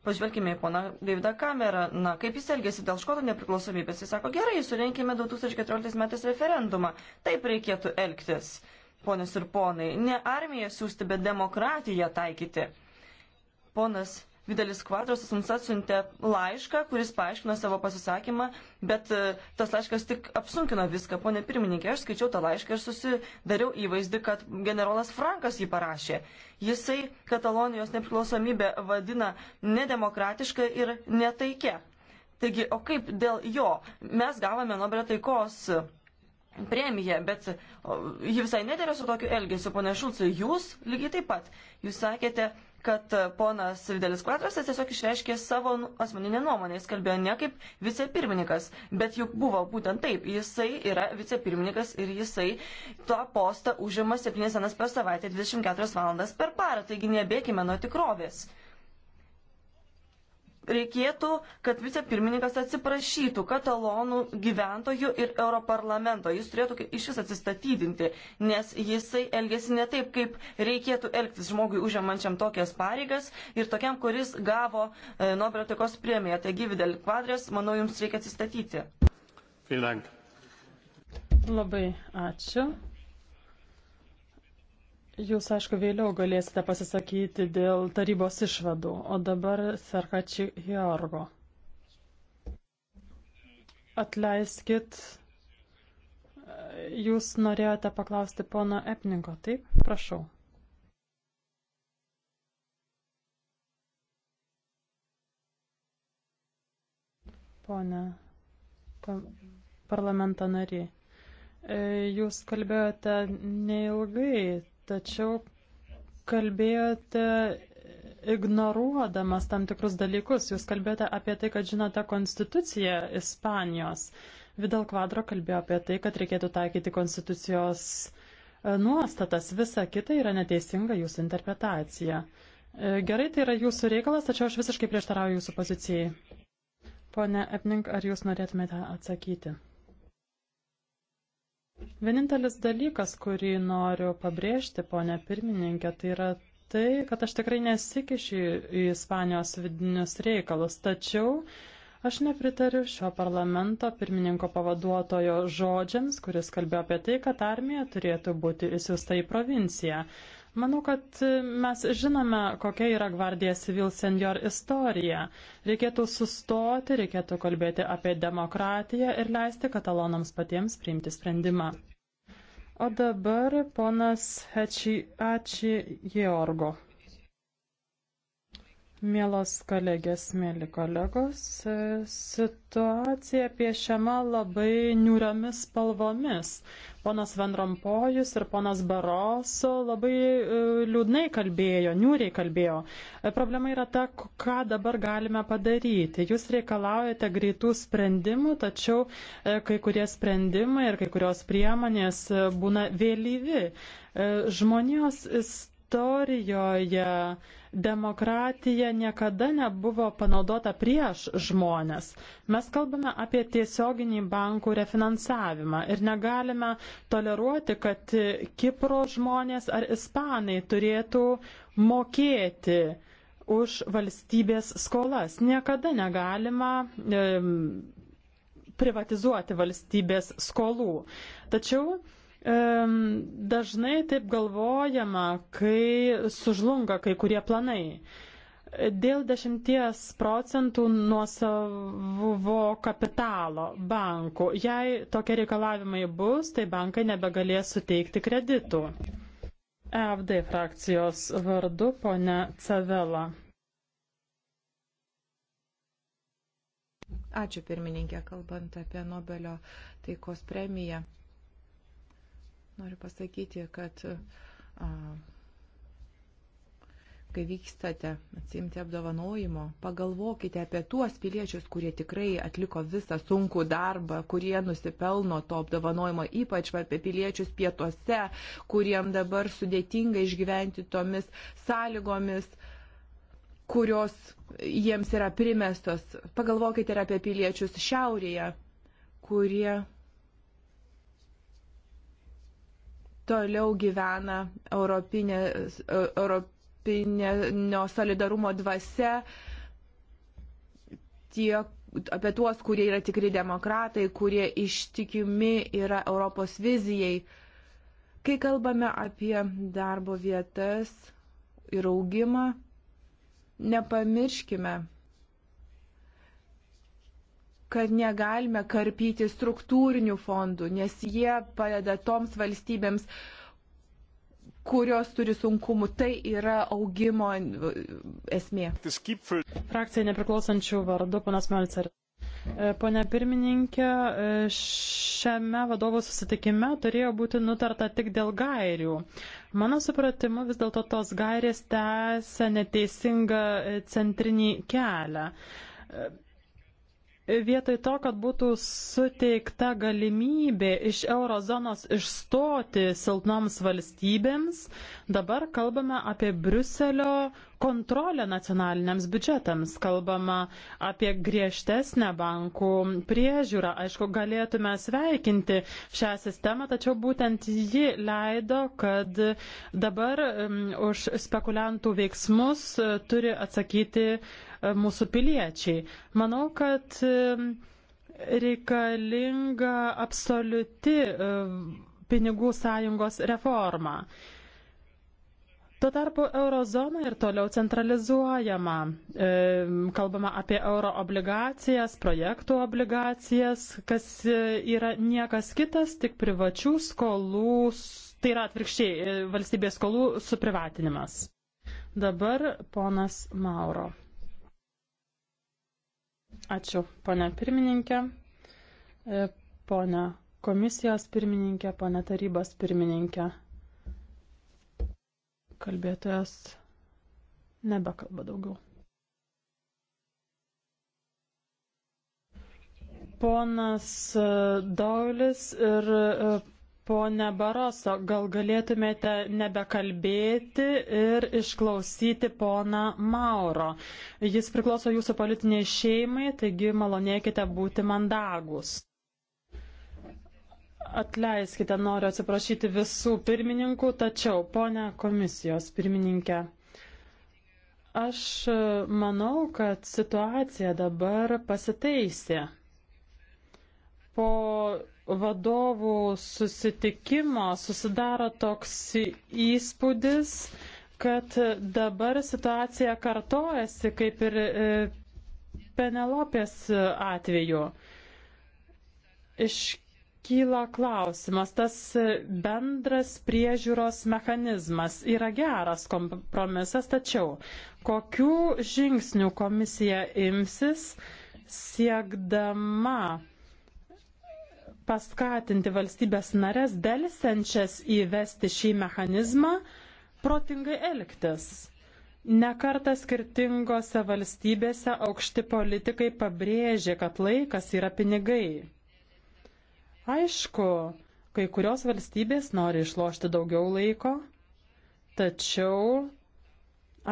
Speaker 5: Pažvelkime į poną Davidą Kamerą. Na, kaip jis elgėsi dėl škotų nepriklausomybės? Jis sako, gerai, surenkime 2014 metais referendumą. Taip reikėtų elgtis, ponios ir ponai. Ne armiją siūsti, bet demokratiją taikyti. Ponas Videlis Kvadrosas mums atsiuntė laišką, kuris paaiškino savo pasisakymą, bet e, tas laiškas tik apsunkino viską. Pone pirmininkė, aš skaičiau tą laišką ir susidariau įvaizdį, kad generolas Frankas jį parašė. Jisai Katalonijos nepriklausomybę vadina nedemokratišką ir netaikę. Taigi, o kaip dėl jo? Mes gavome Nobelio taikos premiją, bet ji visai nedėra su tokiu elgesiu. Pone Šulcai, jūs lygiai taip pat. Jūs sakėte, kad ponas Videlis Kvadrasas tiesiog išreiškė savo nu, asmeninę nuomonę. Jis kalbėjo ne kaip vicepirmininkas, bet juk buvo būtent taip. Jisai yra vicepirmininkas ir jisai tą postą užima 7 dienas per savaitę, 24 valandas per parą. Taigi nebėkime nuo tikrovės reikėtų, kad vicepirmininkas atsiprašytų katalonų gyventojų ir Europarlamento. Jis turėtų iš vis atsistatydinti, nes jisai elgesi ne taip, kaip reikėtų elgtis žmogui užimančiam tokias pareigas ir tokiam, kuris gavo e, Nobelio taikos premiją. Taigi, Videl Kvadrės, manau, jums reikia atsistatyti.
Speaker 1: Vielen Dank.
Speaker 4: Labai ačiū. Jūs, aišku, vėliau galėsite pasisakyti dėl tarybos išvadų, o dabar Serkači Jorgo. Atleiskit, jūs norėjote paklausti pono Epninko, taip? Prašau. Pone parlamento nariai. E, jūs kalbėjote neilgai, Tačiau kalbėjote ignoruodamas tam tikrus dalykus. Jūs kalbėjote apie tai, kad žinote konstituciją Ispanijos. Vidal Kvadro kalbėjo apie tai, kad reikėtų taikyti konstitucijos e, nuostatas. Visa kita yra neteisinga jūsų interpretacija. E, gerai, tai yra jūsų reikalas, tačiau aš visiškai prieštarauju jūsų pozicijai. Pone Epnink, ar jūs norėtumėte atsakyti? Vienintelis dalykas, kurį noriu pabrėžti, ponė pirmininkė, tai yra tai, kad aš tikrai nesikišiu į Ispanijos vidinius reikalus, tačiau Aš nepritariu šio parlamento pirmininko pavaduotojo žodžiams, kuris kalbėjo apie tai, kad armija turėtų būti įsiusta į provinciją. Manau, kad mes žinome, kokia yra Gvardija Civil Senior istorija. Reikėtų sustoti, reikėtų kalbėti apie demokratiją ir leisti katalonams patiems priimti sprendimą. O dabar ponas Hečiači Georgo. Mielos kolegės, mėly kolegos, e, situacija piešiama labai niūriamis spalvomis. Ponas Vendrompojus ir ponas Baroso labai e, liūdnai kalbėjo, niūriai kalbėjo. E, problema yra ta, ką dabar galime padaryti. Jūs reikalaujate greitų sprendimų, tačiau kai kurie sprendimai ir kai kurios priemonės būna vėlyvi. Žmonijos istorijoje Demokratija niekada nebuvo panaudota prieš žmonės. Mes kalbame apie tiesioginį bankų refinansavimą ir negalime toleruoti, kad Kipro žmonės ar Ispanai turėtų mokėti už valstybės skolas. Niekada negalima e, privatizuoti valstybės skolų. Tačiau Dažnai taip galvojama, kai sužlunga kai kurie planai. Dėl 10 procentų nuo savo kapitalo bankų, jei tokie reikalavimai bus, tai bankai nebegalės suteikti kreditų. EFD frakcijos vardu ponia Cavela.
Speaker 3: Ačiū pirmininkė, kalbant apie Nobelio taikos premiją. Noriu pasakyti, kad a, kai vykstate atsimti apdovanojimo, pagalvokite apie tuos piliečius, kurie tikrai atliko visą sunkų darbą, kurie nusipelno to apdovanojimo, ypač apie piliečius pietuose, kuriem dabar sudėtinga išgyventi tomis sąlygomis kurios jiems yra primestos. Pagalvokite ir apie piliečius šiaurėje, kurie toliau gyvena europinė, e, europinio solidarumo dvasia, tie, apie tuos, kurie yra tikri demokratai, kurie ištikimi yra Europos vizijai. Kai kalbame apie darbo vietas ir augimą, nepamirškime kad negalime karpyti struktūrinių fondų, nes jie padeda toms valstybėms, kurios turi sunkumų. Tai yra augimo e,
Speaker 4: esmė.
Speaker 1: Frakcija
Speaker 4: nepriklausančių vardu, panas Melcer. E, pone pirmininkė, e, šiame vadovo susitikime turėjo būti nutarta tik dėl gairių. Mano supratimu, vis dėlto tos gairės tęsia neteisingą centrinį kelią vietoj to, kad būtų suteikta galimybė iš eurozonos išstoti silpnoms valstybėms, dabar kalbame apie Bruselio kontrolę nacionaliniams biudžetams, kalbama apie griežtesnę bankų priežiūrą. Aišku, galėtume sveikinti šią sistemą, tačiau būtent ji leido, kad dabar um, už spekuliantų veiksmus uh, turi atsakyti uh, mūsų piliečiai. Manau, kad um, reikalinga absoliuti uh, pinigų sąjungos reforma. Uh, Tuo tarpu eurozona ir toliau centralizuojama. E, kalbama apie euro obligacijas, projektų obligacijas, kas e, yra niekas kitas, tik privačių skolų, tai yra atvirkščiai e, valstybės skolų suprivatinimas. Dabar ponas Mauro. Ačiū, ponia pirmininkė, e, ponia komisijos pirmininkė, ponia tarybos pirmininkė kalbėtojas nebekalba daugiau. Ponas e, Daulis ir e, ponė Baroso, gal galėtumėte nebekalbėti ir išklausyti poną Mauro. Jis priklauso jūsų politiniai šeimai, taigi malonėkite būti mandagus. Atleiskite, noriu atsiprašyti visų pirmininkų, tačiau, ponia komisijos pirmininkė, aš e, manau, kad situacija dabar pasiteisė. Po vadovų susitikimo susidaro toks įspūdis, kad dabar situacija kartojasi kaip ir e, Penelopės atveju. Iš kyla klausimas, tas bendras priežiūros mechanizmas yra geras kompromisas, tačiau kokių žingsnių komisija imsis siekdama paskatinti valstybės narės delsenčias įvesti šį mechanizmą protingai elgtis. Nekarta skirtingose valstybėse aukšti politikai pabrėžė, kad laikas yra pinigai. Aišku, kai kurios valstybės nori išlošti daugiau laiko, tačiau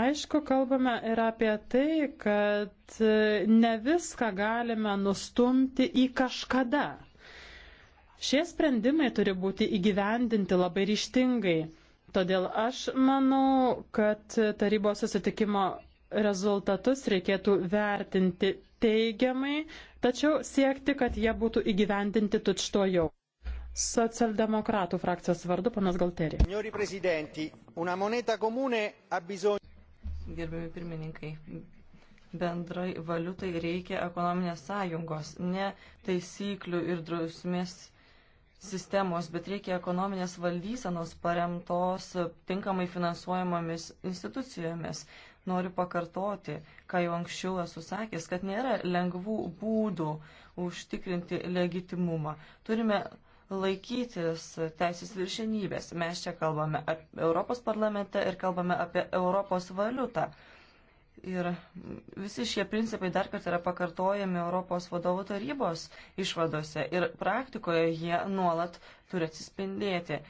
Speaker 4: aišku, kalbame ir apie tai, kad ne viską galime nustumti į kažkada. Šie sprendimai turi būti įgyvendinti labai ryštingai. Todėl aš manau, kad tarybos susitikimo rezultatus reikėtų vertinti teigiamai, tačiau siekti, kad jie būtų įgyvendinti tučtojau. Socialdemokratų frakcijos vardu, panas Galterį.
Speaker 2: Gerbiami pirmininkai,
Speaker 5: bendrai valiutai reikia ekonominės sąjungos, ne taisyklių ir drausmės sistemos, bet reikia ekonominės valdysenos paremtos tinkamai finansuojamomis institucijomis. Noriu pakartoti, ką jau anksčiau esu sakęs, kad nėra lengvų būdų užtikrinti legitimumą. Turime laikytis teisės viršenybės. Mes čia kalbame apie Europos parlamente ir kalbame apie Europos valiutą. Ir visi šie principai dar kartą yra pakartojami Europos vadovų tarybos išvadose ir praktikoje jie nuolat turi atsispindėti.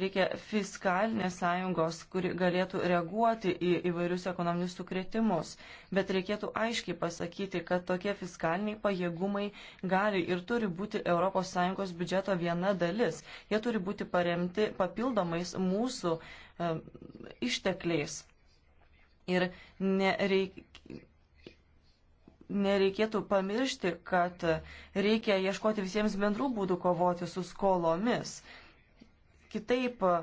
Speaker 5: Reikia fiskalinės sąjungos, kuri galėtų reaguoti į įvairius ekonominius sukretimus. Bet reikėtų aiškiai pasakyti, kad tokie fiskaliniai pajėgumai gali ir turi būti ES biudžeto viena dalis. Jie turi būti paremti papildomais mūsų e, ištekliais. Ir nereikia nereikėtų pamiršti, kad reikia ieškoti visiems bendrų būdų kovoti su skolomis. Kitaip e,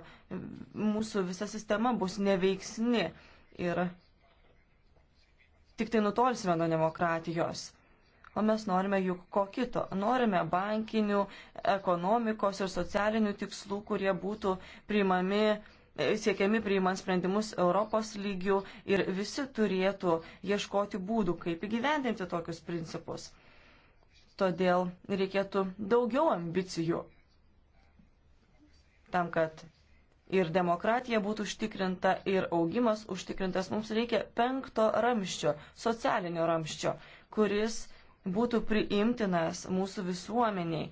Speaker 5: mūsų visa sistema bus neveiksni ir tik tai nutolsime nuo demokratijos. O mes norime juk ko kito. Norime bankinių, ekonomikos ir socialinių tikslų, kurie būtų priimami e, siekiami priimant sprendimus Europos lygių ir visi turėtų ieškoti būdų, kaip įgyvendinti tokius principus. Todėl reikėtų daugiau ambicijų tam, kad ir demokratija būtų užtikrinta, ir augimas užtikrintas, mums reikia penkto ramščio, socialinio ramščio, kuris būtų priimtinas mūsų visuomeniai.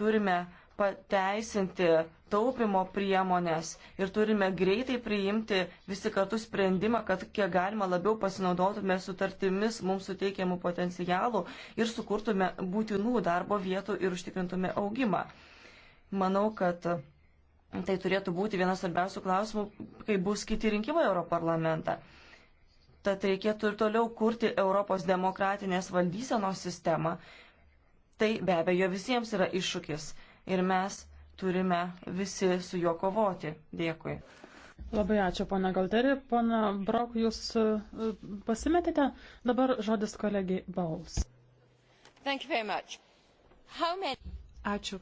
Speaker 5: Turime pateisinti taupimo priemonės ir turime greitai priimti visi kartu sprendimą, kad kiek galima labiau pasinaudotume sutartimis mums suteikiamų potencialų ir sukurtume būtinų darbo vietų ir užtikrintume augimą. Manau, kad tai turėtų būti vienas svarbiausių klausimų, kai bus kiti rinkimai Europarlamentą. Tad reikėtų ir toliau kurti Europos demokratinės valdysenos sistemą. Tai be abejo visiems yra iššūkis ir mes turime visi su juo kovoti. Dėkui.
Speaker 4: Labai ačiū, pana Galderi. Pana Brok, jūs e, pasimetėte. Dabar žodis kolegiai Bauls.
Speaker 2: Many...
Speaker 3: Ačiū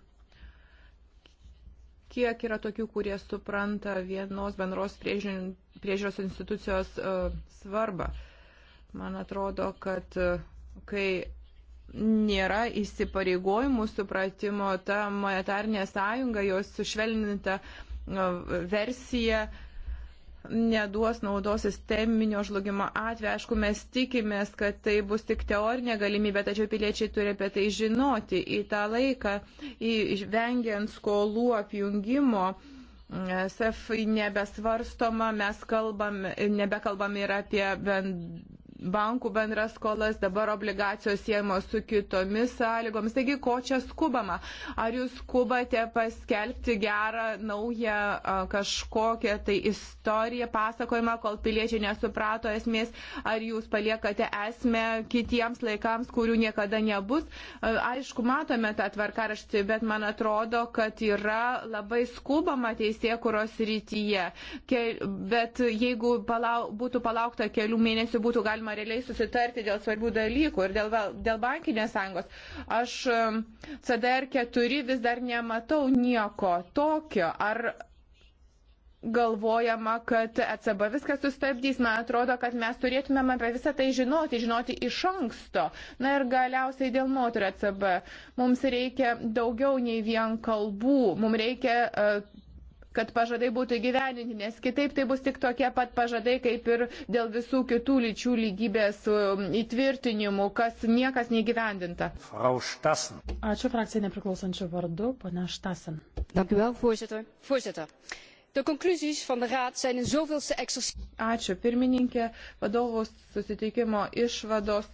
Speaker 3: kiek yra tokių, kurie supranta vienos bendros priežiūros institucijos e, svarbą. Man atrodo, kad e, kai nėra įsipareigojimų supratimo, ta monetarinė sąjunga, jos sušvelninta e, versija neduos naudos sisteminio žlugimo atveju. Aišku, mes tikimės, kad tai bus tik teorinė galimybė, tačiau piliečiai turi apie tai žinoti. Į tą laiką, vengiant skolų apjungimo, SF nebesvarstoma, mes kalbam, nebekalbam ir apie bend bankų bendras skolas, dabar obligacijos siejamos su kitomis sąlygomis. Taigi, ko čia skubama? Ar jūs skubate paskelbti gerą, naują kažkokią tai istoriją, pasakojimą, kol piliečiai nesuprato esmės, ar jūs paliekate esmę kitiems laikams, kurių niekada nebus? Aišku, matome tą tvarkaraštį, bet man atrodo, kad yra labai skubama teisėkuros rytyje. Bet jeigu palau, būtų palaukta kelių mėnesių, būtų galima negalima realiai susitarti dėl svarbių dalykų ir dėl, dėl bankinės sąjungos. Aš CDR 4 vis dar nematau nieko tokio. Ar galvojama, kad ECB viską sustabdys. Man atrodo, kad mes turėtumėm apie visą tai žinoti, žinoti iš anksto. Na ir galiausiai dėl moterų ECB. Mums reikia daugiau nei vien kalbų. Mums reikia uh, kad pažadai būtų įgyveninti, nes kitaip tai bus tik tokie pat pažadai, kaip ir dėl visų kitų lyčių lygybės um, įtvirtinimų, kas niekas neįgyvendinta.
Speaker 1: Ačiū
Speaker 3: frakcijai nepriklausančių vardu,
Speaker 4: pana Štasen.
Speaker 3: Voorzitter. Voorzitter. De conclusies van de Raad zijn in zoveelste exercitie. Ačiū pirmininkė, vadovų susitikimo išvados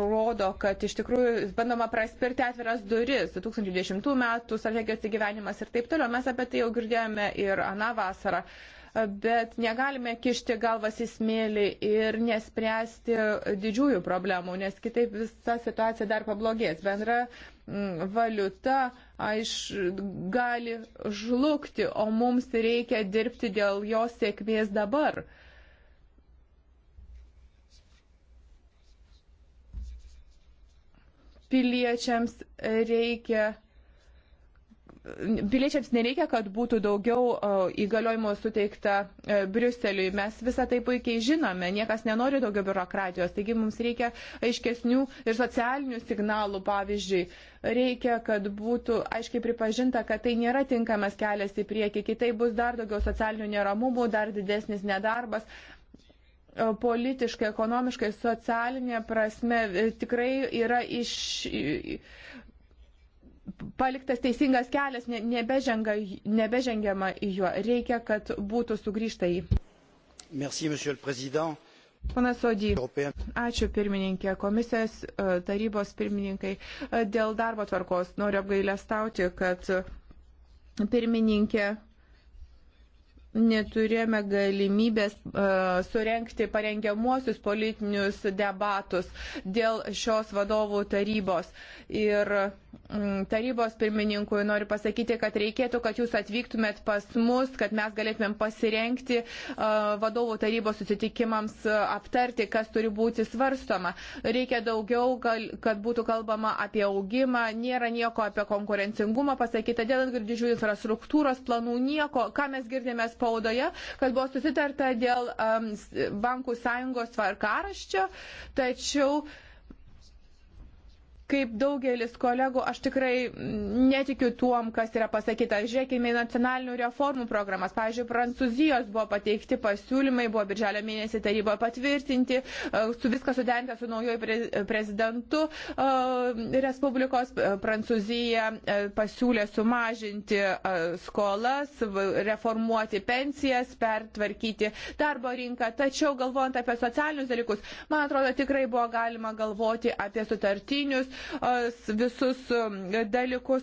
Speaker 3: rodo, kad iš tikrųjų bandoma praspirti atviras duris 2010 metų strategijos įgyvenimas ir taip toliau. Mes apie tai jau girdėjome ir aną vasarą, bet negalime kišti galvas į smėlį ir nespręsti didžiųjų problemų, nes kitaip visa situacija dar pablogės. Bendra mm, valiuta aiš, gali žlugti, o mums reikia dirbti dėl jos sėkmės dabar. piliečiams reikia. Piliečiams nereikia, kad būtų daugiau įgaliojimų suteikta e, Briuseliui. Mes visą tai puikiai žinome. Niekas nenori daugiau biurokratijos. Taigi mums reikia aiškesnių ir socialinių signalų. Pavyzdžiui, reikia, kad būtų aiškiai pripažinta, kad tai nėra tinkamas kelias į priekį. Kitai bus dar daugiau socialinių neramumų, dar didesnis nedarbas. E, politiškai, ekonomiškai, socialinė prasme e, tikrai yra iš, paliktas teisingas kelias, ne, nebežengia, nebežengiama į juo. Reikia, kad būtų sugrįžta į. Merci, Panas Sodį, ačiū pirmininkė, komisijos e, tarybos pirmininkai. Dėl darbo tvarkos noriu apgailę stauti, kad pirmininkė neturėjome galimybės uh, surenkti parengiamuosius politinius debatus dėl šios vadovų tarybos. Ir mm, tarybos pirmininkui noriu pasakyti, kad reikėtų, kad jūs atvyktumėt pas mus, kad mes galėtumėm pasirengti uh, e, vadovų tarybos susitikimams uh, aptarti, kas turi būti svarstoma. Reikia daugiau, gal, kad būtų kalbama apie augimą, nėra nieko apie konkurencingumą pasakyta, dėl didžiųjų infrastruktūros planų nieko, ką mes girdėmės spaudoje, kad buvo susitarta dėl um, bankų sąjungos tvarkaraščio, tačiau uh, kaip daugelis kolegų, aš tikrai netikiu tuom, kas yra pasakyta. Žiūrėkime į nacionalinių reformų programas. Pavyzdžiui, Prancūzijos buvo pateikti pasiūlymai, buvo birželio mėnesį taryba patvirtinti, e, su viskas suderinta su naujoju prezidentu e, Respublikos. E, Prancūzija pasiūlė sumažinti skolas, reformuoti pensijas, pertvarkyti darbo rinką. Tačiau galvojant apie socialinius dalykus, man atrodo, tikrai buvo galima galvoti apie sutartinius visus um, dalykus.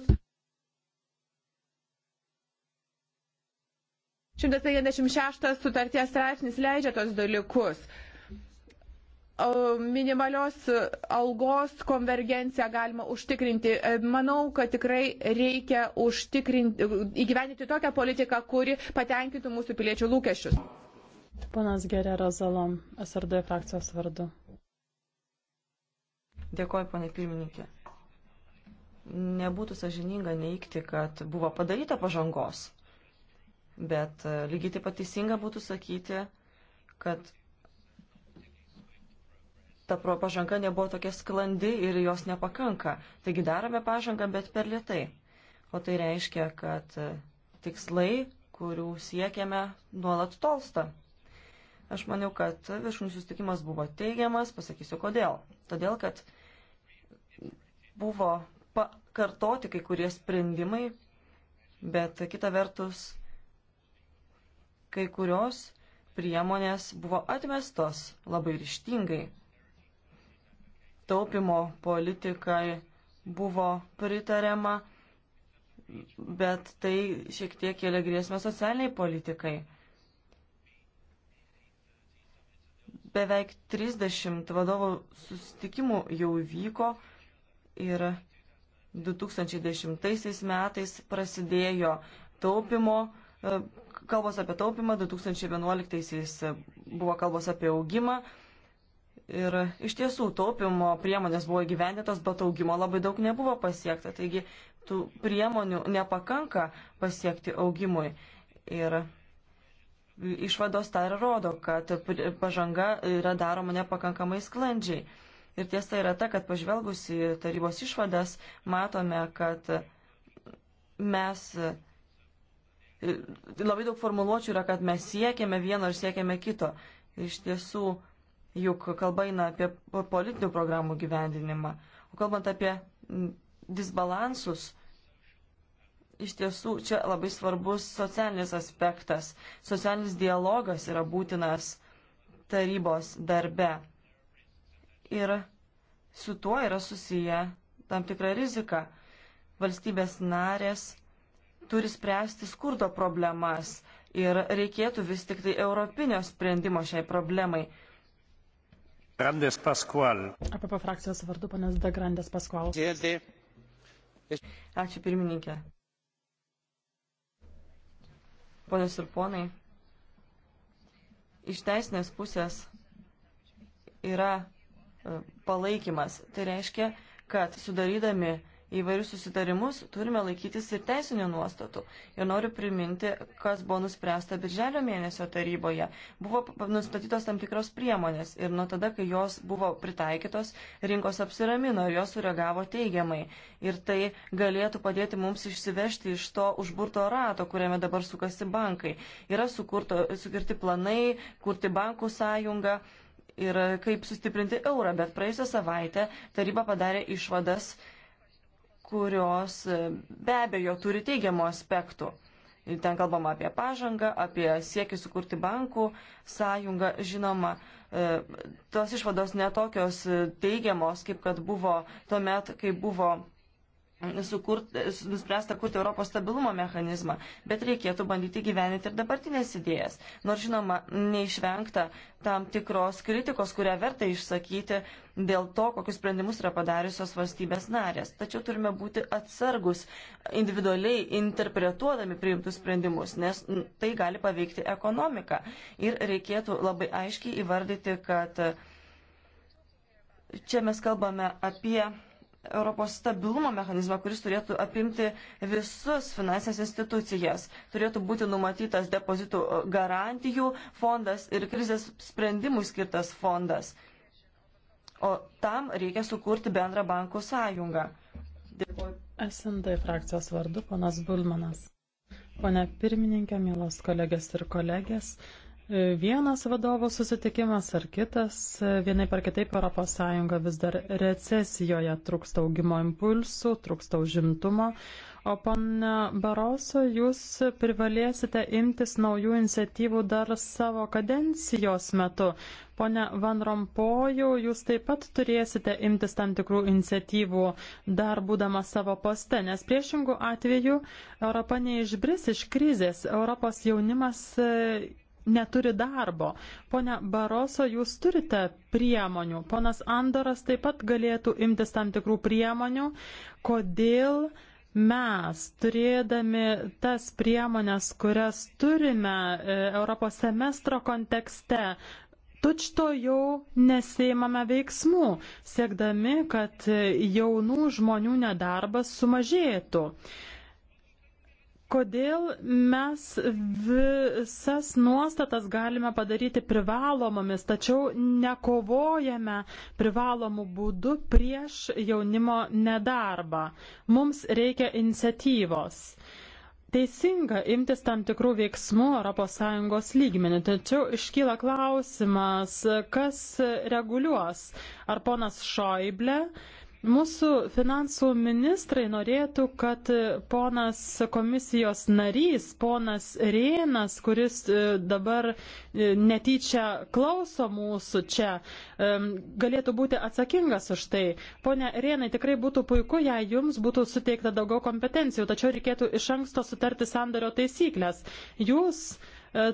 Speaker 3: 156 sutarties straipsnis leidžia tos dalykus minimalios algos konvergenciją galima užtikrinti. Manau, kad tikrai reikia įgyveninti tokią politiką, kuri patenkintų mūsų piliečių lūkesčius.
Speaker 4: Ponas Gerė Razalom,
Speaker 5: SRD frakcijos vardu. Dėkoju, ponė pirmininkė. Nebūtų sažininga neikti, kad buvo padaryta pažangos, bet e, lygiai taip pat teisinga būtų sakyti, kad ta pažanga nebuvo tokia sklandi ir jos nepakanka. Taigi darome pažangą, bet per lietai. O tai reiškia, kad e, tikslai, kurių siekiame, nuolat tolsta. Aš maniau, kad viršūnų sustikimas buvo teigiamas, pasakysiu kodėl. Todėl, kad buvo pakartoti kai kurie sprendimai, bet kita vertus kai kurios priemonės buvo atmestos labai ryštingai. Taupimo politikai buvo pritariama, bet tai šiek tiek kėlė grėsmę socialiniai politikai. Beveik 30 vadovų susitikimų jau vyko ir 2010 metais prasidėjo taupimo, e, kalbos apie taupimą, 2011 buvo kalbos apie augimą. Ir iš tiesų taupimo priemonės buvo įgyvendintos, bet augimo labai daug nebuvo pasiekta. Taigi tų priemonių nepakanka pasiekti augimui. Ir išvados tą ir rodo, kad pažanga yra daroma nepakankamai sklandžiai. Ir tiesa yra ta, kad pažvelgus į tarybos išvadas, matome, kad mes labai daug formuluočių yra, kad mes siekiame vieno ir siekiame kito. Iš tiesų, juk kalba eina apie politinių programų gyvendinimą. O kalbant apie disbalansus, iš tiesų čia labai svarbus socialinis aspektas. Socialinis dialogas yra būtinas tarybos darbe ir su tuo yra susiję tam tikra rizika. Valstybės narės turi spręsti skurdo problemas ir reikėtų vis tik tai europinio sprendimo šiai problemai.
Speaker 1: Grandes Pascual.
Speaker 5: APP
Speaker 4: frakcijos vardu panas De Grandes Pascual.
Speaker 5: Ačiū pirmininkė. Ponios ir ponai, iš teisinės pusės yra E, palaikymas. Tai reiškia, kad sudarydami įvairius susitarimus turime laikytis ir teisinių nuostatų. Ir noriu priminti, kas buvo nuspręsta birželio mėnesio taryboje. Buvo nustatytos tam tikros priemonės ir nuo tada, kai jos buvo pritaikytos, rinkos apsiramino ir jos sureagavo teigiamai. Ir tai galėtų padėti mums išsivežti iš to užburto rato, kuriame dabar sukasi bankai. Yra sukurto, sukurti planai, kurti bankų sąjungą ir e, kaip sustiprinti eurą, bet praėjusią savaitę taryba padarė išvadas, kurios e, be abejo turi teigiamų aspektų. Ten kalbama apie pažangą, apie siekį sukurti bankų sąjungą. Žinoma, e, tos išvados netokios teigiamos, kaip kad buvo tuomet, kai buvo sukurt, nuspręsta kurti Europos stabilumo mechanizmą, bet reikėtų bandyti gyveninti ir dabartinės idėjas. Nors žinoma, neišvengta tam tikros kritikos, kurią verta išsakyti dėl to, kokius sprendimus yra padariusios valstybės narės. Tačiau turime būti atsargus individualiai interpretuodami priimtus sprendimus, nes tai gali paveikti ekonomiką. Ir reikėtų labai aiškiai įvardyti, kad čia mes kalbame apie Europos stabilumo mechanizmą, kuris turėtų apimti visus finansinės institucijas. Turėtų būti numatytas depozitų e, garantijų fondas ir krizės sprendimų skirtas fondas. O tam reikia sukurti bendrą bankų sąjungą. Dėkuoju.
Speaker 4: SND frakcijos vardu, panas Bulmanas. Pone pirmininkė, mielos kolegės ir kolegės, vienas vadovų susitikimas ar kitas, vienai par kitaip ES vis dar recesijoje trūksta augimo impulsų, trūksta užimtumo, o pana Baroso, jūs privalėsite imtis naujų iniciatyvų dar savo kadencijos metu. Pone Van Rompoju, jūs taip pat turėsite imtis tam tikrų iniciatyvų dar būdama savo poste, nes priešingų atveju Europa neišbris iš krizės, Europos jaunimas neturi darbo. Pone Baroso, jūs turite priemonių. Ponas Andoras taip pat galėtų imtis tam tikrų priemonių. Kodėl mes, turėdami tas priemonės, kurias turime e, Europos semestro kontekste, tučto jau nesėmame veiksmų, siekdami, kad jaunų žmonių nedarbas sumažėtų? Kodėl mes visas nuostatas galime padaryti privalomomis, tačiau nekovojame privalomų būdų prieš jaunimo nedarbą? Mums reikia iniciatyvos. Teisinga imtis tam tikrų veiksmų ES lygmenį, tačiau iškyla klausimas, kas reguliuos, ar ponas Šoiblė, Mūsų finansų ministrai norėtų, kad ponas komisijos narys, ponas Rėnas, kuris e, dabar e, netyčia klauso mūsų čia, e, galėtų būti atsakingas už tai. Pone Rėnai, tikrai būtų puiku, jei jums būtų suteikta daugiau kompetencijų, tačiau reikėtų iš anksto sutarti sandario taisyklės. Jūs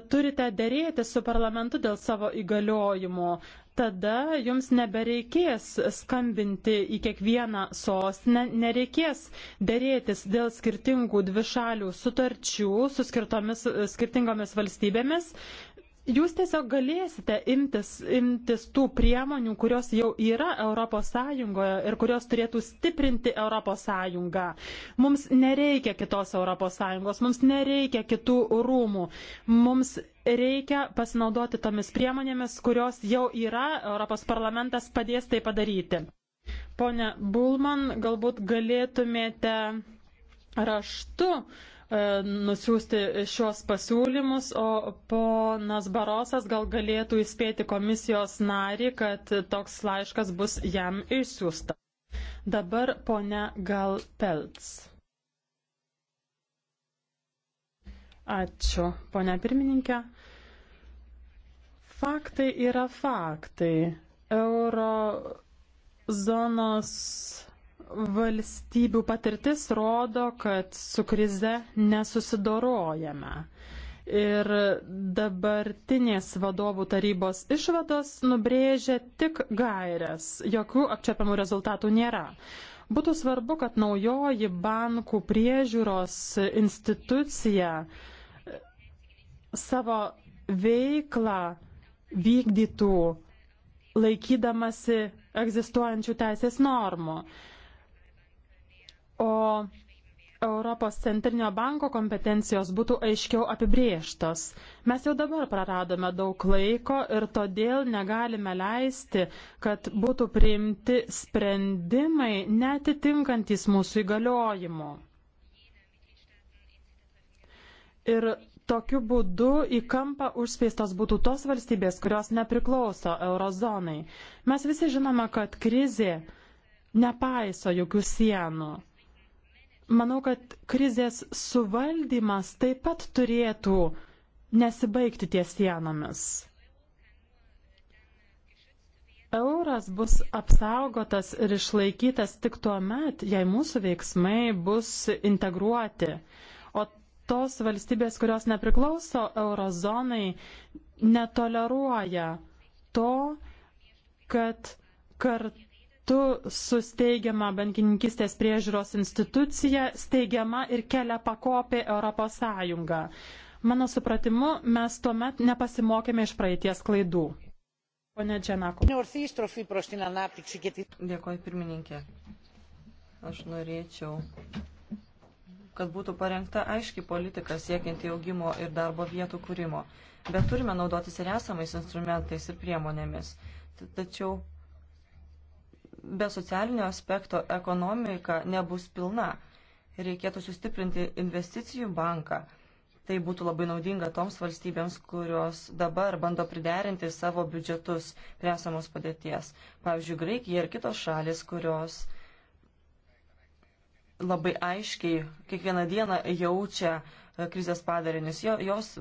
Speaker 4: turite dėrėti su parlamentu dėl savo įgaliojimų tada jums nebereikės skambinti į kiekvieną sostinę, nereikės dėrėtis dėl skirtingų dvišalių sutarčių su skirtomis, skirtingomis valstybėmis, Jūs tiesiog galėsite imtis, imtis tų priemonių, kurios jau yra ES ir kurios turėtų stiprinti ES. Mums nereikia kitos ES, mums nereikia kitų rūmų, mums reikia pasinaudoti tomis priemonėmis, kurios jau yra, Europos parlamentas padės tai padaryti. Pone Bulman, galbūt galėtumėte raštu uh, E, nusiųsti šios pasiūlymus, o ponas Barosas gal galėtų įspėti komisijos narį, kad toks laiškas bus jam išsiųsta. Dabar ponia Gal Pelts. Ačiū, ponia pirmininkė. Faktai yra faktai. Euro zonos valstybių patirtis rodo, kad su krize nesusidorojame. Ir dabartinės vadovų tarybos išvados nubrėžia tik gairias, jokių apčiapiamų rezultatų nėra. Būtų svarbu, kad naujoji bankų priežiūros institucija savo veiklą vykdytų laikydamasi egzistuojančių teisės normų o Europos centrinio banko kompetencijos būtų aiškiau apibrėžtos. Mes jau dabar praradome daug laiko ir todėl negalime leisti, kad būtų priimti sprendimai netitinkantis mūsų įgaliojimų. Ir tokiu būdu į kampą užspeistos būtų tos valstybės, kurios nepriklauso eurozonai. Mes visi žinome, kad krizė nepaiso jokių sienų manau, kad krizės suvaldymas taip pat turėtų nesibaigti ties sienomis. Euras bus apsaugotas ir išlaikytas tik tuo met, jei mūsų veiksmai bus integruoti. O tos valstybės, kurios nepriklauso eurozonai, netoleruoja to, kad kartu kartu su steigiama bankininkistės priežiūros institucija steigiama ir kelia pakopė Europos Sąjunga. Mano supratimu, mes tuomet nepasimokėme iš praeities klaidų. Pone
Speaker 5: Dženako. Dėkoju pirmininkė. Aš norėčiau, kad būtų parengta aiški politika siekianti augimo ir darbo vietų kūrimo. Bet turime naudotis ir esamais instrumentais ir priemonėmis. Tačiau be socialinio aspekto ekonomika nebus pilna. Reikėtų sustiprinti investicijų banką. Tai būtų labai naudinga toms valstybėms, kurios dabar bando priderinti savo biudžetus prie esamos padėties. Pavyzdžiui, Graikija ir kitos šalis, kurios labai aiškiai kiekvieną dieną jaučia e, krizės padarinius, jos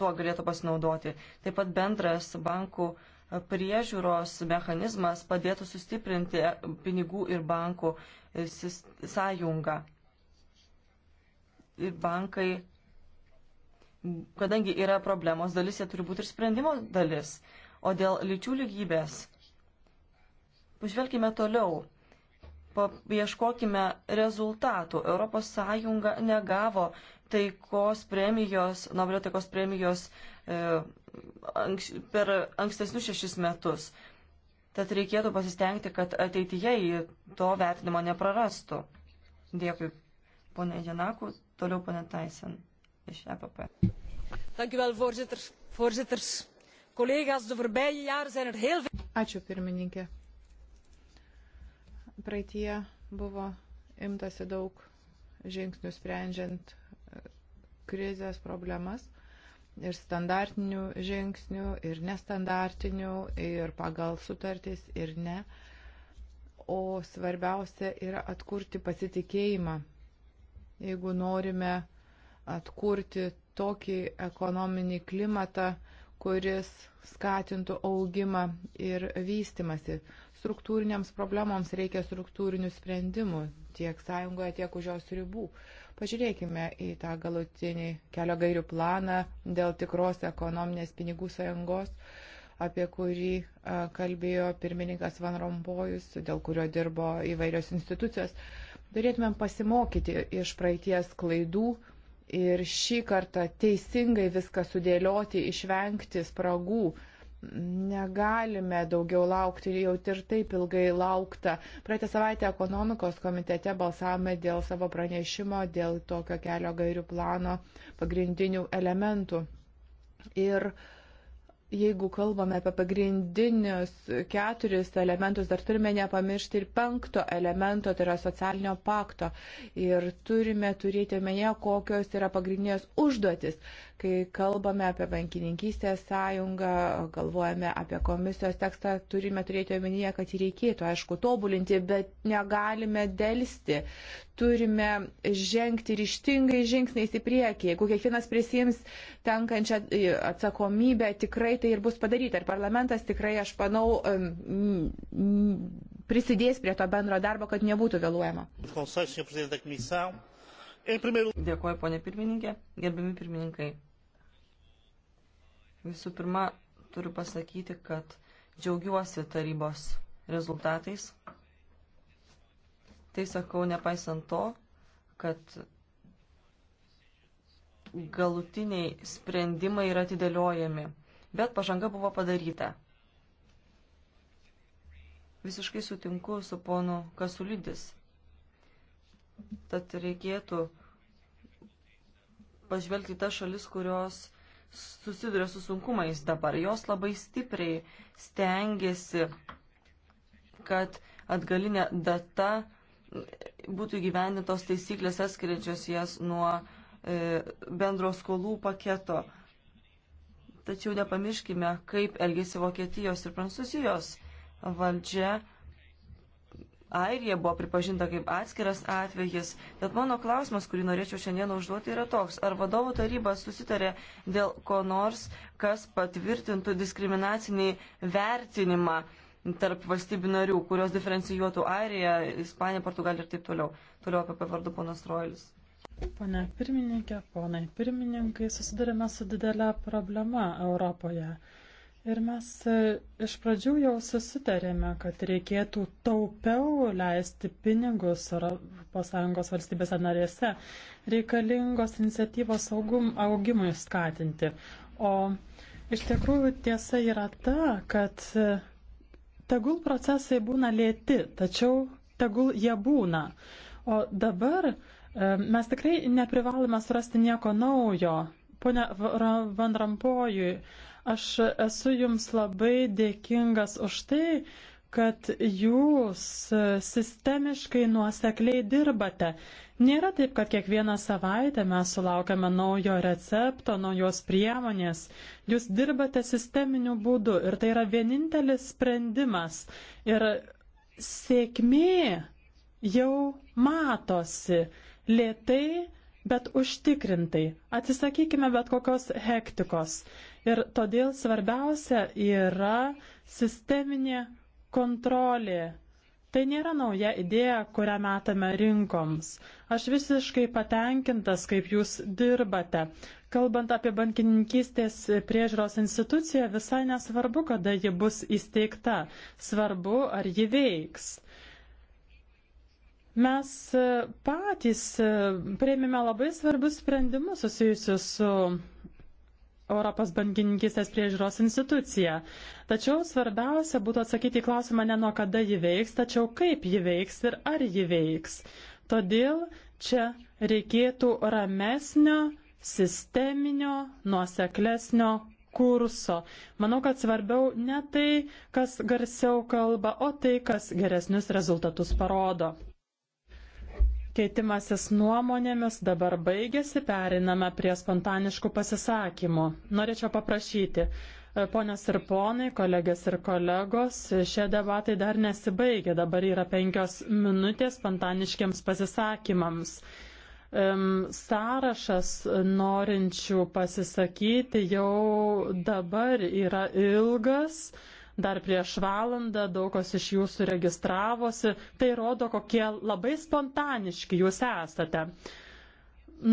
Speaker 5: tuo galėtų pasinaudoti. Taip pat bendras bankų uh, priežiūros mechanizmas padėtų sustiprinti pinigų ir bankų e, sąjungą. Ir bankai, kadangi yra problemos dalis, jie turi būti ir sprendimo dalis. O dėl lyčių lygybės, pažvelkime toliau, paieškokime rezultatų. ES negavo taikos premijos, Nobelio taikos premijos e, anks, per ankstesnius šešis metus. Tad reikėtų pasistengti, kad ateityje jį to vertinimo neprarastų. Dėkui, ponė Janaku, toliau ponė Tyson iš EPP. Er
Speaker 3: Ačiū pirmininkė. Praeitie buvo imtasi daug žingsnių sprendžiant e, krizės problemas ir standartinių žingsnių, ir nestandartinių, ir pagal sutartys, ir ne. O svarbiausia yra atkurti pasitikėjimą. Jeigu norime atkurti tokį ekonominį klimatą, kuris skatintų augimą ir vystimasi. Struktūriniams problemams reikia struktūrinių sprendimų tiek sąjungoje, tiek už jos ribų. Uh, Pažiūrėkime į tą galutinį kelio gairių planą dėl tikros ekonominės pinigų sąjungos apie kurį kalbėjo pirmininkas Van Rompojus, dėl kurio dirbo įvairios institucijos. Turėtumėm pasimokyti iš praeities klaidų ir šį kartą teisingai viską sudėlioti, išvengti spragų, uh, Negalime daugiau laukti, jau ir taip ilgai laukta. Praeitą savaitę ekonomikos komitete balsavome dėl savo pranešimo, dėl tokio kelio gairių plano pagrindinių elementų. Ir jeigu kalbame apie pagrindinius keturis elementus, dar turime nepamiršti ir penkto elemento, tai yra socialinio pakto. Ir turime turėti omenyje, kokios yra pagrindinės užduotis. Kai kalbame apie bankininkystės sąjungą, galvojame apie komisijos tekstą, turime turėti omenyje, kad jį reikėtų, aišku, tobulinti, bet negalime dėlsti. Turime žengti ryštingai žingsniais į priekį. Jeigu kiekvienas prisims tenkančią atsakomybę, tikrai tai ir bus padaryta. Ir parlamentas tikrai, aš manau, prisidės prie to bendro darbo, kad nebūtų vėluojama.
Speaker 5: Dėkuoju, ponė pirmininkė, gerbiami pirmininkai. Visų pirma, turiu pasakyti, kad džiaugiuosi tarybos rezultatais. Tai sakau nepaisant to, kad galutiniai sprendimai yra atidėliojami, bet pažanga buvo padaryta. Visiškai sutinku su ponu Kasulidis. Tad reikėtų pažvelgti tą šalis, kurios susiduria su sunkumais dabar. Jos labai stipriai stengiasi, kad atgalinė data būtų gyvenintos taisyklės atskiriančios jas nuo e, bendro skolų paketo. Tačiau nepamirškime, kaip elgėsi Vokietijos ir Prancūzijos valdžia Airija buvo pripažinta kaip atskiras atvejis, bet mano klausimas, kurį norėčiau šiandien užduoti, yra toks. Ar vadovų taryba susitarė dėl ko nors, kas patvirtintų diskriminacinį vertinimą tarp valstybių narių, kurios diferencijuotų Airiją, Ispaniją, Portugaliją ir taip toliau. Toliau apie pavardų ponas Roilis.
Speaker 4: Pane pirmininkė, ponai pirmininkai, susidurime su didelė problema Europoje. Ir mes e, iš pradžių jau susitarėme, kad reikėtų taupiau leisti pinigus ES valstybėse narėse, reikalingos iniciatyvos augum, augimui skatinti. O iš tikrųjų tiesa yra ta, kad e, tegul procesai būna lėti, tačiau tegul jie būna. O dabar e, mes tikrai neprivalome surasti nieko naujo. Pone Van Rampojui, Aš esu jums labai dėkingas už tai, kad jūs sistemiškai nuosekliai dirbate. Nėra taip, kad kiekvieną savaitę mes sulaukiame naujo recepto, naujos priemonės. Jūs dirbate sisteminiu būdu ir tai yra vienintelis sprendimas. Ir sėkmė jau matosi lėtai, bet užtikrintai. Atsisakykime bet kokios hektikos. Ir todėl svarbiausia yra sisteminė kontrolė. Tai nėra nauja idėja, kurią metame rinkoms. Aš visiškai patenkintas, kaip jūs dirbate. Kalbant apie bankininkystės priežiūros instituciją, visai nesvarbu, kada ji bus įsteigta. Svarbu, ar ji veiks. Mes patys e, prieimėme labai svarbius sprendimus susijusius su Europos bankininkistės priežiūros institucija. Tačiau svarbiausia būtų atsakyti į klausimą ne nuo kada ji veiks, tačiau kaip ji veiks ir ar ji veiks. Todėl čia reikėtų ramesnio, sisteminio, nuoseklesnio kurso. Manau, kad svarbiau ne tai, kas garsiau kalba, o tai, kas geresnius rezultatus parodo. Keitimasis nuomonėmis dabar baigėsi, periname prie spontaniškų pasisakymų. Norėčiau paprašyti, e, ponios ir ponai, kolegės ir kolegos, šie debatai dar nesibaigė, dabar yra penkios minutės spontaniškiams pasisakymams. Sąrašas norinčių pasisakyti jau dabar yra ilgas. Dar prieš valandą daugos iš jūsų registravosi. Tai rodo, kokie labai spontaniški jūs esate.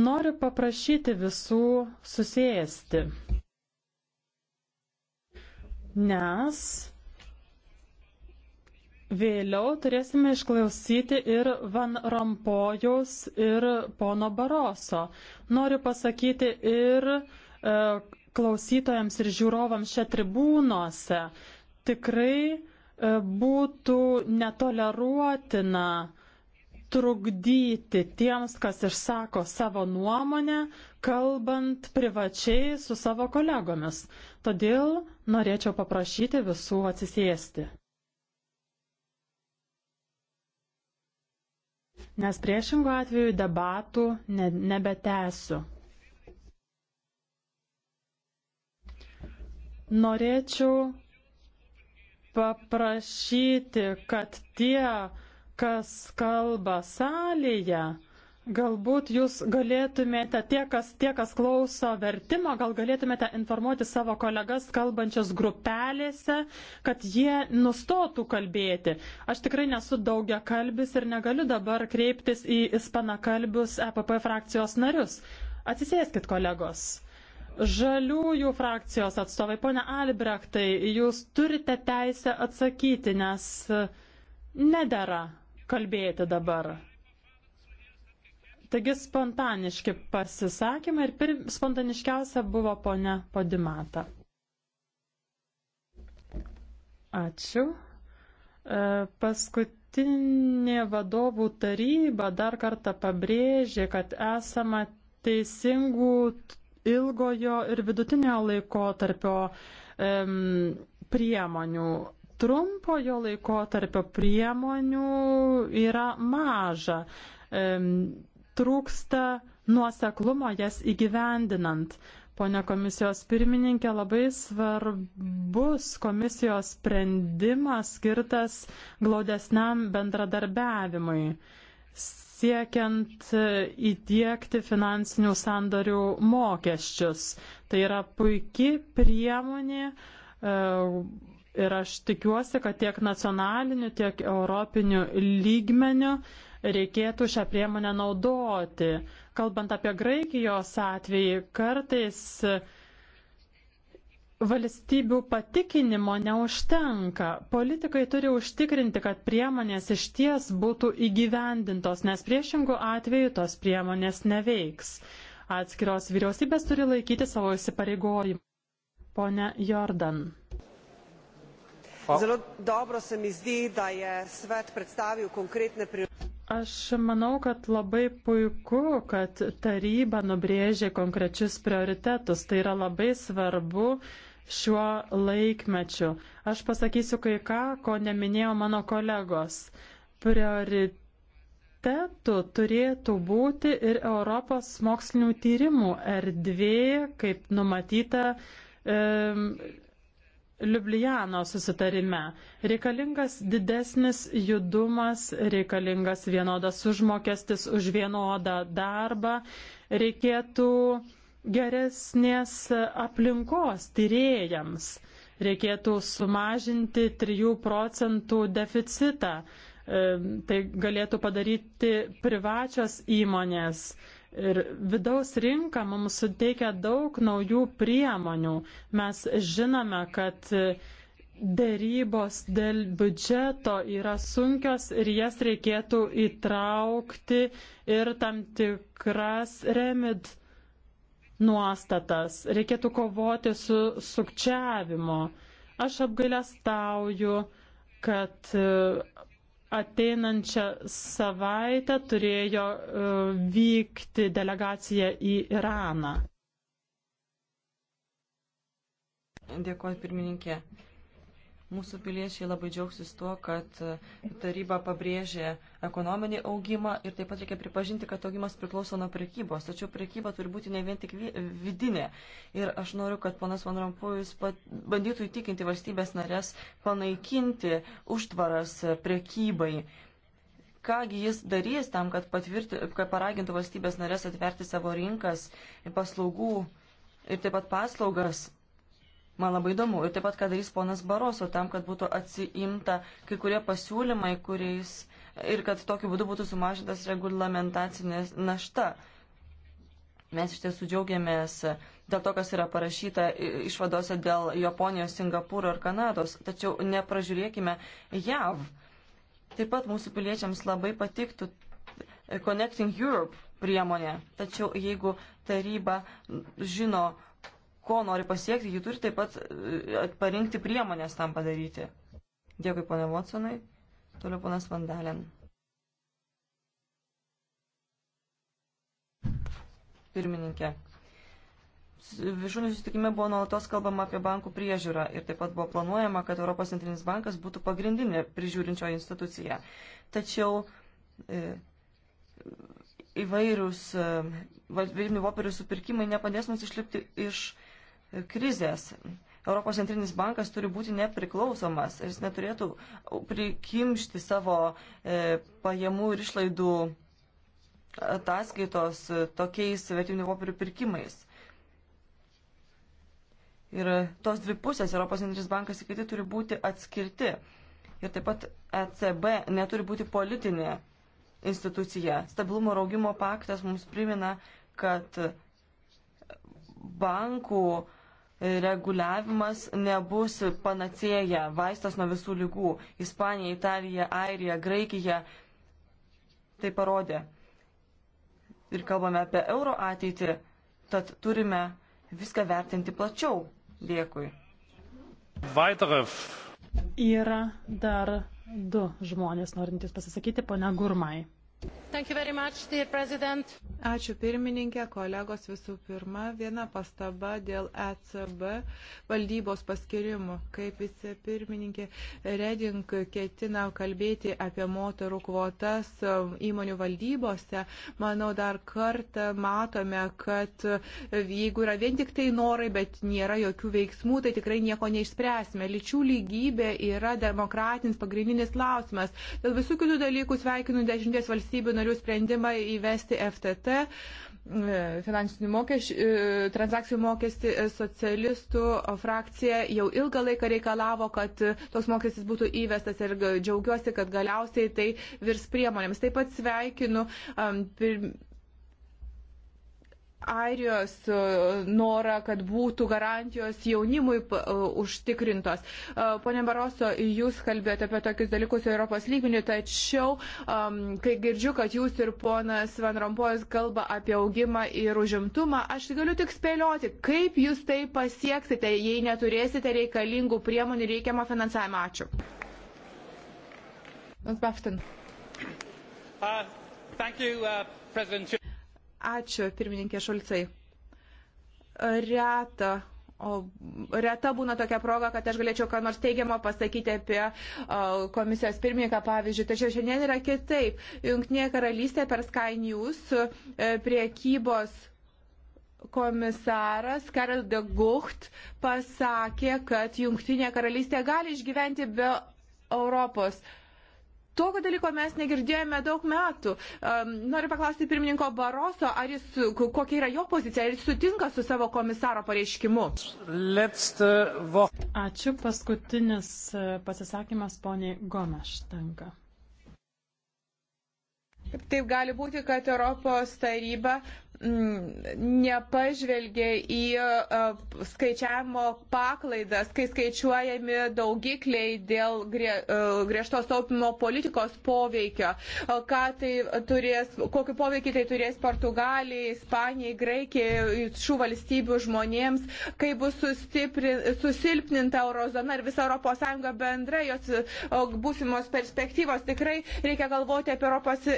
Speaker 4: Noriu paprašyti visų susėsti. Nes Vėliau turėsime išklausyti ir Van Rompojaus, ir pono Baroso. Noriu pasakyti ir e, klausytojams ir žiūrovams čia tribūnose, tikrai e, būtų netoleruotina trukdyti tiems, kas išsako savo nuomonę, kalbant privačiai su savo kolegomis. Todėl norėčiau paprašyti visų atsisėsti. Nes priešingų atveju debatų ne, nebetęsiu. Norėčiau paprašyti, kad tie, kas kalba salėje, galbūt jūs galėtumėte, tie kas, tie, kas klauso vertimo, gal galėtumėte informuoti savo kolegas kalbančias grupelėse, kad jie nustotų kalbėti. Aš tikrai nesu daugia kalbis ir negaliu dabar kreiptis į ispanakalbius EPP frakcijos narius. Atsisėskit, kolegos. Žaliųjų frakcijos atstovai, ponia Albrechtai, jūs turite teisę atsakyti, nes nedara kalbėti dabar. Taigi spontaniški pasisakymai ir pir... spontaniškiausia buvo ponia Podimata. Ačiū. E, paskutinė vadovų taryba dar kartą pabrėžė, kad esama teisingų ilgojo ir vidutinio laiko tarpio um, priemonių. Trumpojo laiko tarpio priemonių yra maža. Um, trūksta nuoseklumo jas įgyvendinant. Pone komisijos pirmininkė, labai svarbus komisijos sprendimas skirtas glaudesniam bendradarbiavimui siekiant e, įdėkti finansinių sandorių mokesčius. Tai yra puikiai priemonė e, ir aš tikiuosi, kad tiek nacionaliniu, tiek europiniu lygmeniu reikėtų šią priemonę naudoti. Kalbant apie Graikijos atvejį, kartais uh, valstybių patikinimo neužtenka. Politikai turi užtikrinti, kad priemonės iš ties būtų įgyvendintos, nes priešingų atveju tos priemonės neveiks. Atskiros vyriausybės turi laikyti savo įsipareigojimą. Pone Jordan.
Speaker 1: Zelo
Speaker 2: dobro se mi zdi, da je svet predstavil konkretne prioritetne. Aš manau,
Speaker 4: kad labai puiku, kad taryba nubrėžė konkrečius prioritetus. Tai yra labai svarbu uh, šiuo laikmečiu. Aš pasakysiu kai ką, ko neminėjo mano kolegos. Prioritetų turėtų būti ir Europos mokslinių tyrimų erdvė, kaip numatyta. E, Liublijano susitarime reikalingas didesnis judumas, reikalingas vienodas užmokestis už vienodą darbą, reikėtų geresnės aplinkos tyrėjams. Reikėtų sumažinti 3 procentų deficitą. E, tai galėtų padaryti privačios įmonės. Ir vidaus rinka mums suteikia daug naujų priemonių. Mes žinome, kad dėrybos dėl biudžeto yra sunkios ir jas reikėtų įtraukti ir tam tikras remit nuostatas, reikėtų kovoti su sukčiavimu. Aš apgailestauju, kad e, ateinančią savaitę turėjo e, vykti delegacija į Iraną.
Speaker 5: Dėkuoju pirmininkė. Mūsų piliečiai labai džiaugsis tuo, kad e, taryba pabrėžė ekonominį augimą ir taip pat reikia pripažinti, kad augimas priklauso nuo prekybos. Tačiau prekyba turi būti ne vien tik vidinė. Ir aš noriu, kad ponas Van Rompujus bandytų įtikinti valstybės narės panaikinti užtvaras prekybai kągi jis darys tam, kad, patvirti, kad paragintų valstybės narės atverti savo rinkas, paslaugų ir taip pat paslaugas Man labai įdomu. Ir taip pat, ką darys ponas Baroso, tam, kad būtų atsiimta kai kurie pasiūlymai, kuriais ir kad tokiu būdu būtų sumažintas regulamentacinė našta. Mes iš tiesų džiaugiamės dėl to, kas yra parašyta išvadose dėl Japonijos, Singapūro ir Kanados, tačiau nepražiūrėkime JAV. Taip pat mūsų piliečiams labai patiktų Connecting Europe priemonė. Tačiau jeigu taryba žino, ko nori pasiekti, ji turi taip pat e, parinkti priemonės tam padaryti. Dėkui, ponė Watsonai. Toliau ponas Vandalen. Pirmininkė. Viršūnių susitikime buvo nuolatos kalbama apie bankų priežiūrą ir taip pat buvo planuojama, kad Europos centrinis bankas būtų pagrindinė prižiūrinčioji institucija. Tačiau e, įvairūs e, valstybinių popierių supirkimai nepadės mums išlipti iš e, krizės. Europos centrinis bankas turi būti nepriklausomas ir jis neturėtų prikimšti savo e, pajamų ir išlaidų ataskaitos e, tokiais vertybinių popierių pirkimais. Ir tos dvi pusės, Europos centrinis bankas ir kiti, turi būti atskirti. Ir taip pat ECB neturi būti politinė institucija. Stabilumo raugimo paktas mums primina, kad bankų reguliavimas nebus panacėja, vaistas nuo visų lygų. Ispanija, Italija, Airija, Graikija tai parodė. Ir kalbame apie euro ateitį, tad turime viską vertinti plačiau. Dėkui. Vaitarev. Yra
Speaker 4: dar du žmonės norintys pasisakyti, ponia Gurmai.
Speaker 3: Much, Ačiū pirmininkė, kolegos visų pirma. Viena pastaba dėl ECB valdybos paskirimų. Kaip visi pirmininkė, Reding ketina kalbėti apie moterų kvotas įmonių valdybose. Manau, dar kartą matome, kad jeigu yra vien tik tai norai, bet nėra jokių veiksmų, tai tikrai nieko neišspręsime. Lyčių lygybė yra demokratinis pagrindinis klausimas. Dėl visų kitų dalykų sveikinu dešimties valstybių valstybių narių sprendimą įvesti FTT, e, finansinių mokesčių, e, transakcijų mokestį e, socialistų frakcija jau ilgą laiką reikalavo, kad toks mokestis būtų įvestas ir džiaugiuosi, kad galiausiai tai virs priemonėms. Taip pat sveikinu. Um, pir Airijos e, norą, kad būtų garantijos jaunimui e, užtikrintos. E, pone Baroso, jūs kalbėjote apie tokius dalykus Europos lygmenių, tačiau kai girdžiu, kad jūs ir ponas Van Rompojus kalba apie augimą ir užimtumą, aš galiu tik spėlioti, kaip jūs tai pasieksite, jei neturėsite reikalingų priemonių reikiamą finansavimą. Ačiū. Uh,
Speaker 4: thank you,
Speaker 2: uh, President.
Speaker 3: Ačiū, pirmininkė Šulcai. Reta O reta būna tokia proga, kad aš galėčiau ką nors teigiamo pasakyti apie komisijos pirmininką, pavyzdžiui. Tačiau šiandien yra kitaip. Junktinėje karalystėje per Sky News e, priekybos komisaras Karel de Gucht pasakė, kad Junktinė karalystė gali išgyventi be Europos. Tokio dalyko mes negirdėjome daug metų. Um, noriu paklausti pirmininko Baroso, ar jis, kokia yra jo pozicija, ar jis sutinka su savo komisaro pareiškimu.
Speaker 4: Uh, Ačiū. Paskutinis e, pasisakymas poniai Gomaš tenka.
Speaker 3: Taip gali būti, kad Europos taryba Mm, nepažvelgia į e, skaičiavimo paklaidas, kai skaičiuojami daugikliai dėl e, griežtos taupimo politikos poveikio, e, ką tai turės, kokį poveikį tai turės Portugalijai, Ispanijai, Graikijai, šių valstybių žmonėms, kai bus susilpninta eurozona ir visa ES bendra, jos būsimos perspektyvos. Tikrai reikia galvoti apie Europos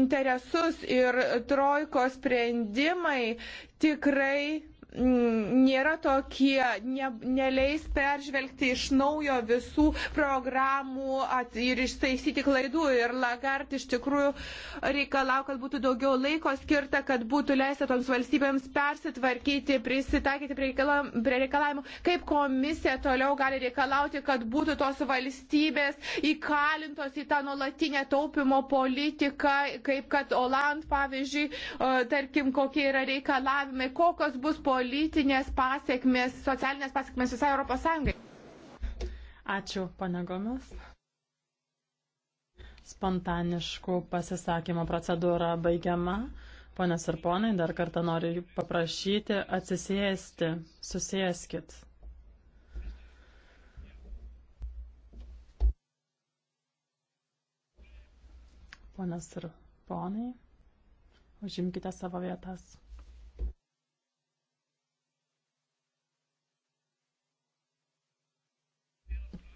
Speaker 3: interesus ir trojkos sprendimus sprendimai tikrai nėra tokie, ne, neleis peržvelgti iš naujo visų programų at, ir ištaisyti klaidų. Ir Lagart iš tikrųjų reikalau, kad būtų daugiau laiko skirta, kad būtų leista toms valstybėms persitvarkyti, prisitaikyti prie, reikalam, prie reikalavimų, kaip komisija toliau gali reikalauti, kad būtų tos valstybės įkalintos į tą nuolatinę taupimo politiką, kaip kad Oland, pavyzdžiui, tarkim, kokie yra reikalavimai, kokios bus politikos politinės pasiekmes, socialinės pasiekmes visai Europos Sąjungai.
Speaker 4: Ačiū, pane Gomes. Spontaniškų pasisakymo procedūra baigiama. Ponas ir ponai, dar kartą noriu paprašyti atsisėsti, susėskit. Ponas ir ponai, užimkite savo vietas.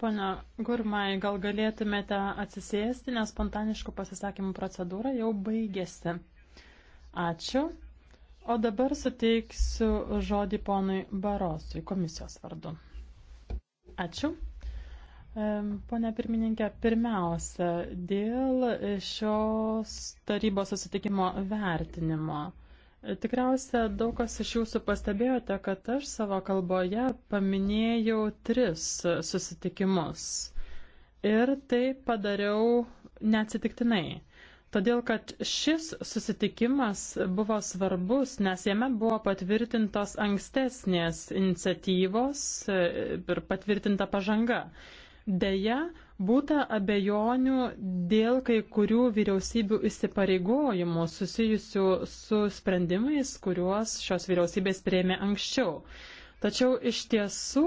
Speaker 4: Pone Gurmai, gal galėtumėte atsisėsti, nes spontaniškų pasisakymų procedūra jau baigėsi. Ačiū. O dabar suteiksiu žodį ponui Barosui komisijos vardu. Ačiū. Pone pirmininkė, pirmiausia, dėl šios tarybos susitikimo vertinimo. Tikriausia, daug kas iš jūsų pastebėjote, kad aš savo kalboje paminėjau tris susitikimus. Ir tai padariau neatsitiktinai. Todėl, kad šis susitikimas buvo svarbus, nes jame buvo patvirtintos ankstesnės iniciatyvos ir patvirtinta pažanga. Deja, Būta abejonių dėl kai kurių vyriausybių įsipareigojimų susijusių su sprendimais, kuriuos šios vyriausybės prieėmė anksčiau. Tačiau iš tiesų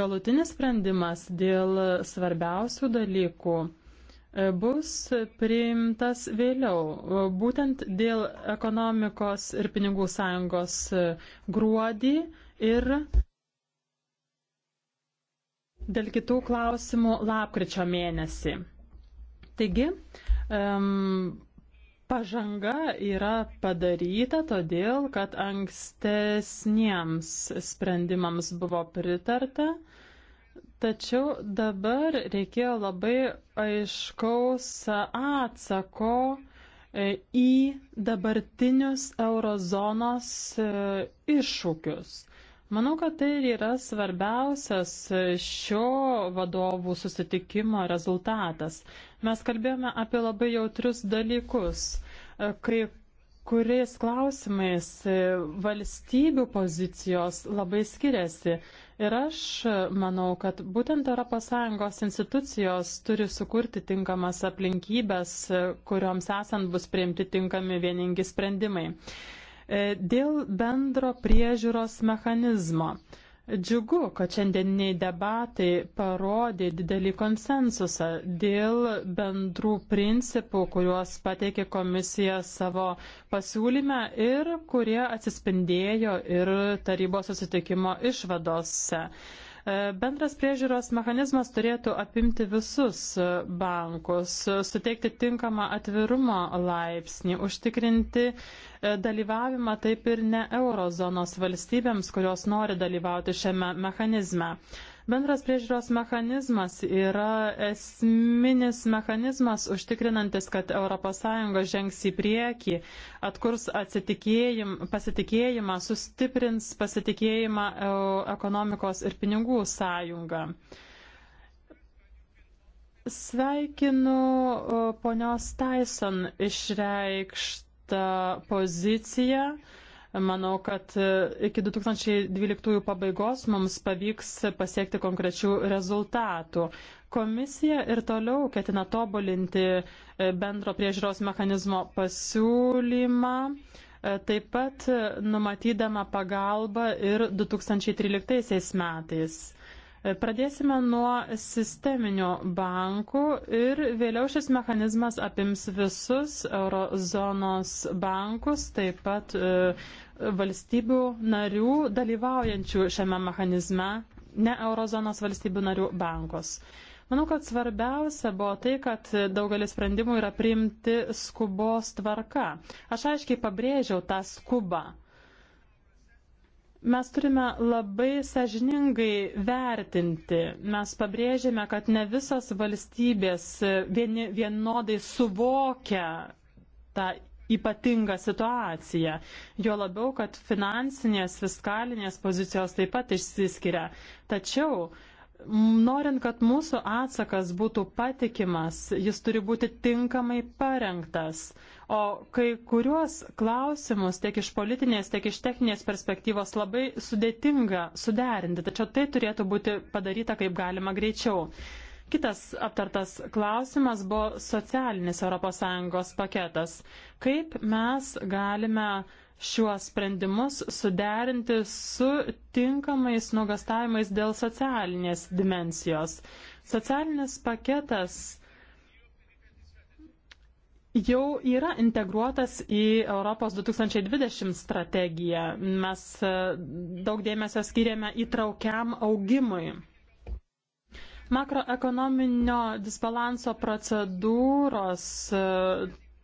Speaker 4: galutinis sprendimas dėl svarbiausių dalykų e, bus priimtas vėliau. E, būtent dėl ekonomikos ir pinigų sąjungos e, gruodį ir dėl kitų klausimų lapkričio mėnesį. Taigi, um, pažanga yra padaryta todėl, kad ankstesniems sprendimams buvo pritarta, tačiau dabar reikėjo labai aiškaus atsako e, į dabartinius eurozonos e, iššūkius. Manau, kad tai yra svarbiausias šio vadovų susitikimo rezultatas. Mes kalbėjome apie labai jautrius dalykus, kai kuriais klausimais valstybių pozicijos labai skiriasi. Ir aš manau, kad būtent ES institucijos turi sukurti tinkamas aplinkybės, kurioms esant bus priimti tinkami vieningi sprendimai. E, dėl bendro priežiūros mechanizmo. Džiugu, kad šiandieniniai debatai parodė didelį konsensusą dėl bendrų principų, kuriuos pateikė komisija savo pasiūlyme ir kurie atsispindėjo ir tarybos susitikimo išvadose. E, bendras priežiūros mechanizmas turėtų apimti visus e, bankus, suteikti tinkamą atvirumo laipsnį, užtikrinti e, dalyvavimą taip ir ne eurozonos valstybėms, kurios nori dalyvauti šiame mechanizme. Bendras priežiūros mechanizmas yra esminis mechanizmas užtikrinantis, kad ES žengs į priekį, atkurs pasitikėjimą, sustiprins pasitikėjimą e, ekonomikos ir pinigų sąjungą. Sveikinu e, ponios Tyson išreikštą poziciją. Manau, kad e, iki 2012 pabaigos mums pavyks pasiekti konkrečių rezultatų. Komisija ir toliau ketina tobulinti e, bendro priežiūros mechanizmo pasiūlymą, e, taip pat numatydama pagalbą ir 2013 metais. Pradėsime nuo sisteminių bankų ir vėliau šis mechanizmas apims visus eurozonos bankus, taip pat valstybių narių dalyvaujančių šiame mechanizme, ne eurozonos valstybių narių bankos. Manau, kad svarbiausia buvo tai, kad daugelis sprendimų yra priimti skubos tvarka. Aš aiškiai pabrėžiau tą skubą. Mes turime labai sažiningai vertinti. Mes pabrėžėme, kad ne visos valstybės vieni, vienodai suvokia tą ypatingą situaciją. Jo labiau, kad finansinės, fiskalinės pozicijos taip pat išsiskiria. Tačiau, norint, kad mūsų atsakas būtų patikimas, jis turi būti tinkamai parengtas. O kai kuriuos klausimus tiek iš politinės, tiek iš techninės perspektyvos labai sudėtinga suderinti, tačiau tai turėtų būti padaryta kaip galima greičiau. Kitas aptartas klausimas buvo socialinis ES paketas. Kaip mes galime šiuos sprendimus suderinti su tinkamais nuogastavimais dėl socialinės dimensijos? Socialinis paketas jau yra integruotas į Europos 2020 strategiją. Mes e, daug dėmesio skiriame įtraukiam augimui. Makroekonominio disbalanso procedūros e,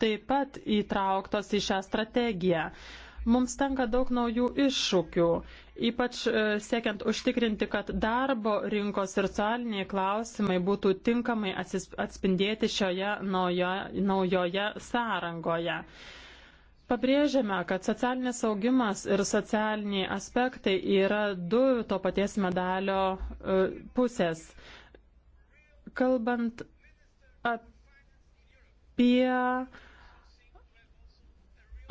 Speaker 4: taip pat įtrauktos į šią strategiją. Mums tenka daug naujų iššūkių, ypač e, siekiant užtikrinti, kad darbo rinkos ir socialiniai klausimai būtų tinkamai atspindėti šioje naujo, naujoje sąrangoje. Pabrėžiame, kad socialinis augimas ir socialiniai aspektai yra du to paties medalio e, pusės. Kalbant apie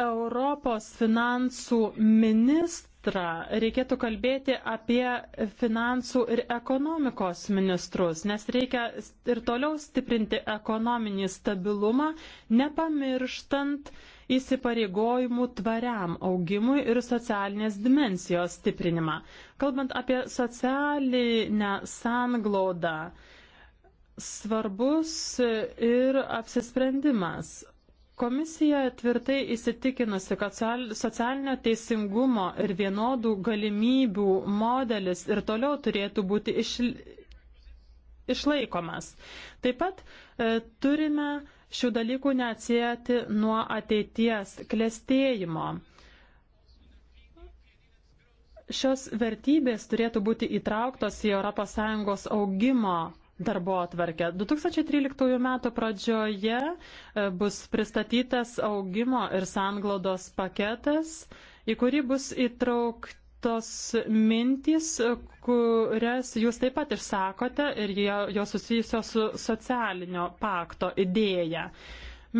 Speaker 4: Europos finansų ministrą, reikėtų kalbėti apie finansų ir ekonomikos ministrus, nes reikia ir toliau stiprinti ekonominį stabilumą, nepamirštant įsipareigojimų tvariam augimui ir socialinės dimensijos stiprinimą. Kalbant apie socialinę sanglaudą, svarbus ir apsisprendimas. Komisija tvirtai įsitikinusi, kad socialinio teisingumo ir vienodų galimybių modelis ir toliau turėtų būti iš, išlaikomas. Taip pat e, turime šių dalykų neatsijėti nuo ateities klestėjimo. Šios vertybės turėtų būti įtrauktos į ES augimo darbo atvarkę. 2013 metų pradžioje e, bus pristatytas augimo ir sanglodos paketas, į kurį bus įtrauktos mintys, kurias jūs taip pat išsakote ir jos susijusios su socialinio pakto idėja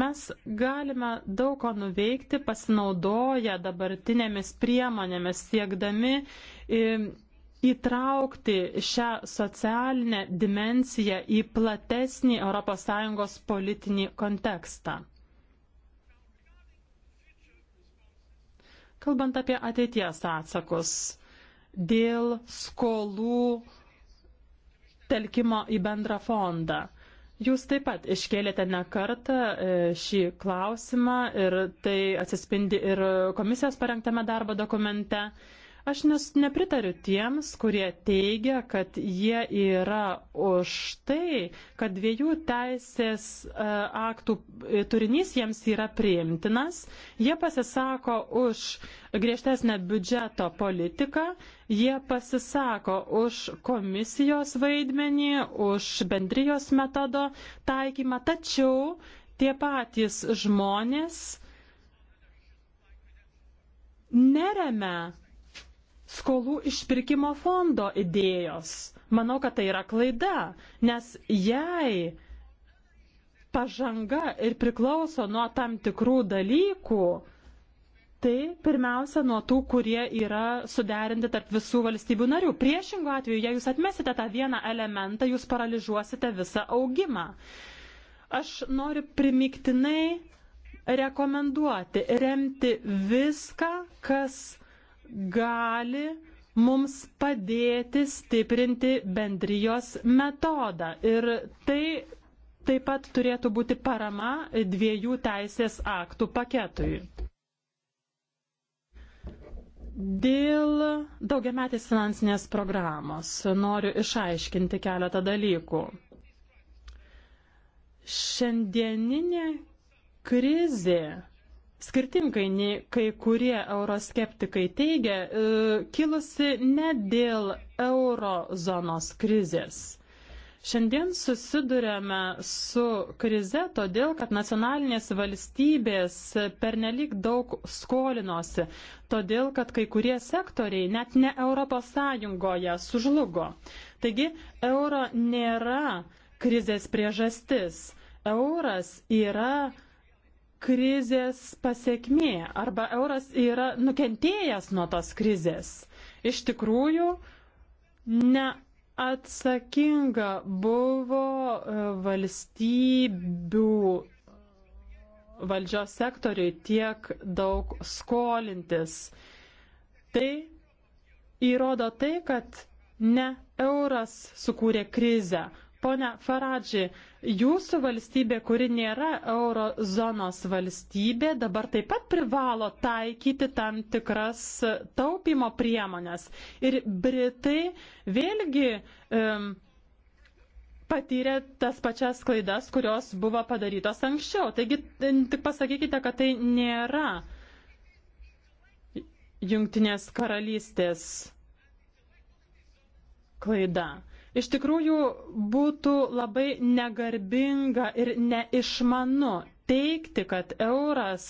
Speaker 4: mes galime daug ko nuveikti pasinaudoję dabartinėmis priemonėmis siekdami e, įtraukti šią socialinę dimensiją į platesnį ES politinį kontekstą. Kalbant apie ateities atsakus dėl skolų telkimo į bendrą fondą. Jūs taip pat iškėlėte ne kartą e, šį klausimą ir tai atsispindi ir komisijos parengtame darbo dokumente. Aš nes, nepritariu tiems, kurie teigia, kad jie yra už tai, kad dviejų teisės e, aktų e, turinys jiems yra priimtinas. Jie pasisako už griežtesnę biudžeto politiką, jie pasisako už komisijos vaidmenį, už bendrijos metodo taikymą, tačiau tie patys žmonės neremia skolų išpirkimo fondo idėjos. Manau, kad tai yra klaida, nes jei pažanga ir priklauso nuo tam tikrų dalykų, tai pirmiausia nuo tų, kurie yra suderinti tarp visų valstybių narių. Priešingų atveju, jei jūs atmesite tą vieną elementą, jūs paralyžiuosite visą augimą. Aš noriu primiktinai rekomenduoti remti viską, kas gali mums padėti stiprinti bendrijos metodą. Ir tai taip pat turėtų būti parama dviejų teisės aktų paketui. Dėl daugiametės finansinės programos noriu išaiškinti keletą dalykų. Šiandieninė krizė skirtingai nei kai kurie euroskeptikai teigia, e, kilusi ne dėl eurozonos krizės. Šiandien susidurėme su krize todėl, kad nacionalinės valstybės pernelyg daug skolinosi, todėl, kad kai kurie sektoriai net ne ES sužlugo. Taigi, euro nėra krizės priežastis. Euras yra krizės pasiekmė arba euras yra nukentėjęs nuo tos krizės. Iš tikrųjų, ne atsakinga buvo e, valstybių valdžios sektoriui tiek daug skolintis. Tai įrodo tai, kad ne euras sukūrė krizę, Pone Faradži, jūsų valstybė, kuri nėra eurozonos valstybė, dabar taip pat privalo taikyti tam tikras taupimo priemonės. Ir Britai vėlgi um, patyrė tas pačias klaidas, kurios buvo padarytos anksčiau. Taigi tik pasakykite, kad tai nėra Jungtinės karalystės klaida. Iš tikrųjų, būtų labai negarbinga ir neišmanu teikti, kad euras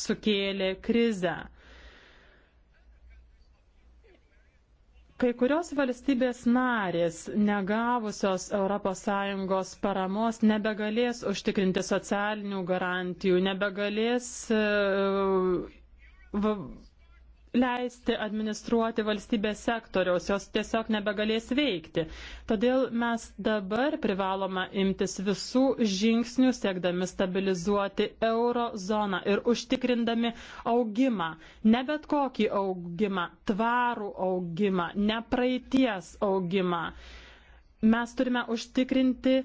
Speaker 4: sukėlė krizę. Kai kurios valstybės narės, negavusios ES paramos, nebegalės užtikrinti socialinių garantijų, nebegalės uh, leisti administruoti valstybės sektoriaus, jos tiesiog nebegalės veikti. Todėl mes dabar privalome imtis visų žingsnių, siekdami stabilizuoti euro zoną ir užtikrindami augimą. Ne bet kokį augimą, tvarų augimą, ne praeities augimą. Mes turime užtikrinti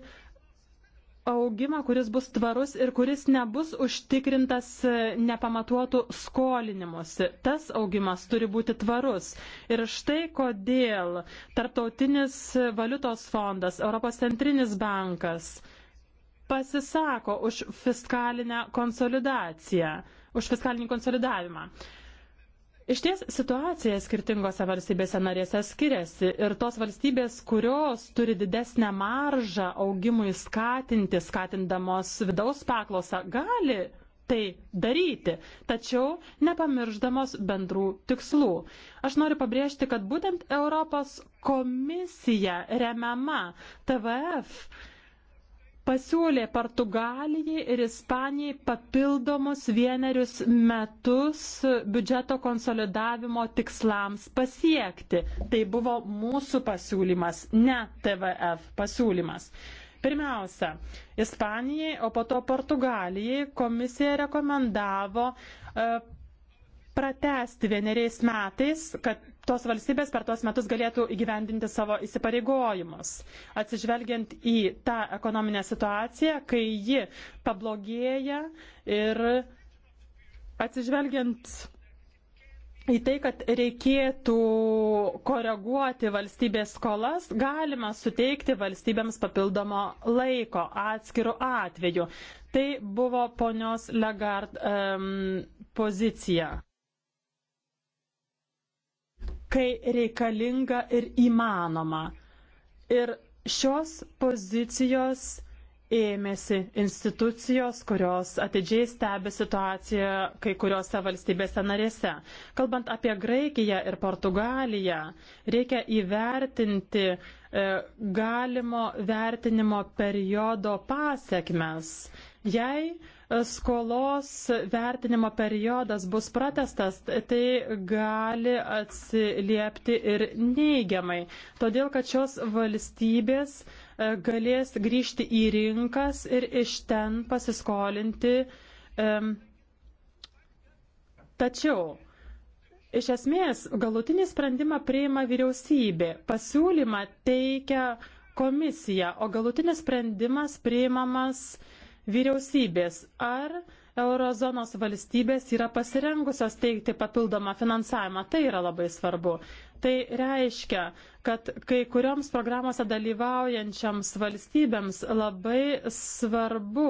Speaker 4: augimą, kuris bus tvarus ir kuris nebus užtikrintas e, nepamatuotų skolinimuose. Tas augimas turi būti tvarus. Ir štai kodėl Tarptautinis valiutos fondas, Europos centrinis bankas pasisako už fiskalinę konsolidaciją, už fiskalinį konsolidavimą. Uh, Iš ties situacija skirtingose valstybėse narėse skiriasi ir tos valstybės, kurios turi didesnę maržą augimui skatinti, skatindamos vidaus paklausą, gali tai daryti, tačiau nepamirždamos bendrų tikslų. Aš noriu pabrėžti, kad būtent Europos komisija remiama TVF pasiūlė Portugalijai ir Ispanijai papildomus vienerius metus biudžeto konsolidavimo tikslams pasiekti. Tai buvo mūsų pasiūlymas, ne TVF pasiūlymas. Pirmiausia, Ispanijai, o po to Portugalijai komisija rekomendavo e, pratesti vieneriais metais, kad tos valstybės per tuos metus galėtų įgyvendinti savo įsipareigojimus, atsižvelgiant į tą ekonominę situaciją, kai ji pablogėja ir atsižvelgiant į tai, kad reikėtų koreguoti valstybės skolas, galima suteikti valstybėms papildomo laiko atskirų atvejų. Tai buvo ponios Legard um, pozicija kai reikalinga ir įmanoma. Ir šios pozicijos ėmėsi institucijos, kurios atidžiai stebi situaciją kai kuriuose valstybėse narėse. Kalbant apie Graikiją ir Portugaliją, reikia įvertinti e, galimo vertinimo periodo pasiekmes. Jei skolos vertinimo periodas bus pratestas, tai gali atsiliepti ir neigiamai. Todėl, kad šios valstybės e, galės grįžti į rinkas ir iš ten pasiskolinti. Tačiau Iš esmės, galutinį sprendimą priima vyriausybė, pasiūlymą teikia komisija, o galutinis sprendimas priimamas uh, vyriausybės, ar eurozonos valstybės yra pasirengusios teikti papildomą finansavimą. Tai yra labai svarbu. Tai reiškia, kad kai kurioms programuose dalyvaujančiams valstybėms labai svarbu,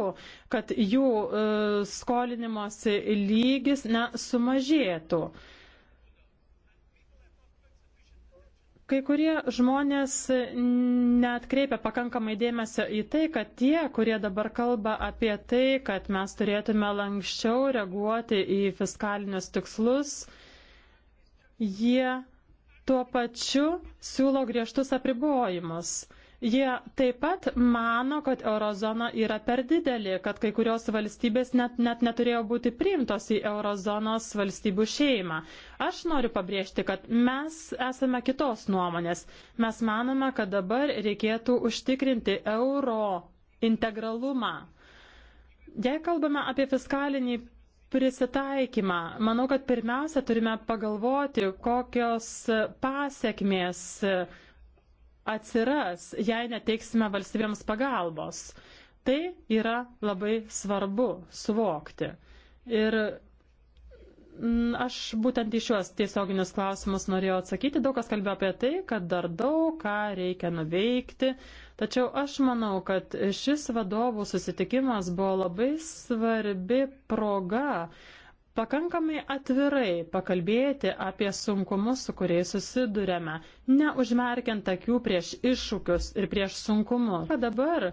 Speaker 4: kad jų e, skolinimosi lygis nesumažėtų. E, Kai kurie žmonės netkreipia pakankamai dėmesio į tai, kad tie, kurie dabar kalba apie tai, kad mes turėtume lankščiau reaguoti į fiskalinius tikslus, jie tuo pačiu siūlo griežtus apribojimus. Jie taip pat mano, kad eurozona yra per didelė, kad kai kurios valstybės net, net neturėjo būti priimtos į eurozonos valstybių šeimą. Aš noriu pabrėžti, kad mes esame kitos nuomonės. Mes manome, kad dabar reikėtų užtikrinti euro integralumą. Jei kalbame apie fiskalinį prisitaikymą, manau, kad pirmiausia turime pagalvoti, kokios pasiekmės atsiras, jei neteiksime valstybėms pagalbos. Tai yra labai svarbu suvokti. Ir mm, aš būtent į šiuos tiesioginius klausimus norėjau atsakyti. Daug kas kalbėjo apie tai, kad dar daug ką reikia nuveikti. Tačiau aš manau, kad šis vadovų susitikimas buvo labai svarbi proga pakankamai atvirai pakalbėti apie sunkumus, su kuriais susidurėme, neužmerkiant akių prieš iššūkius ir prieš sunkumus. O dabar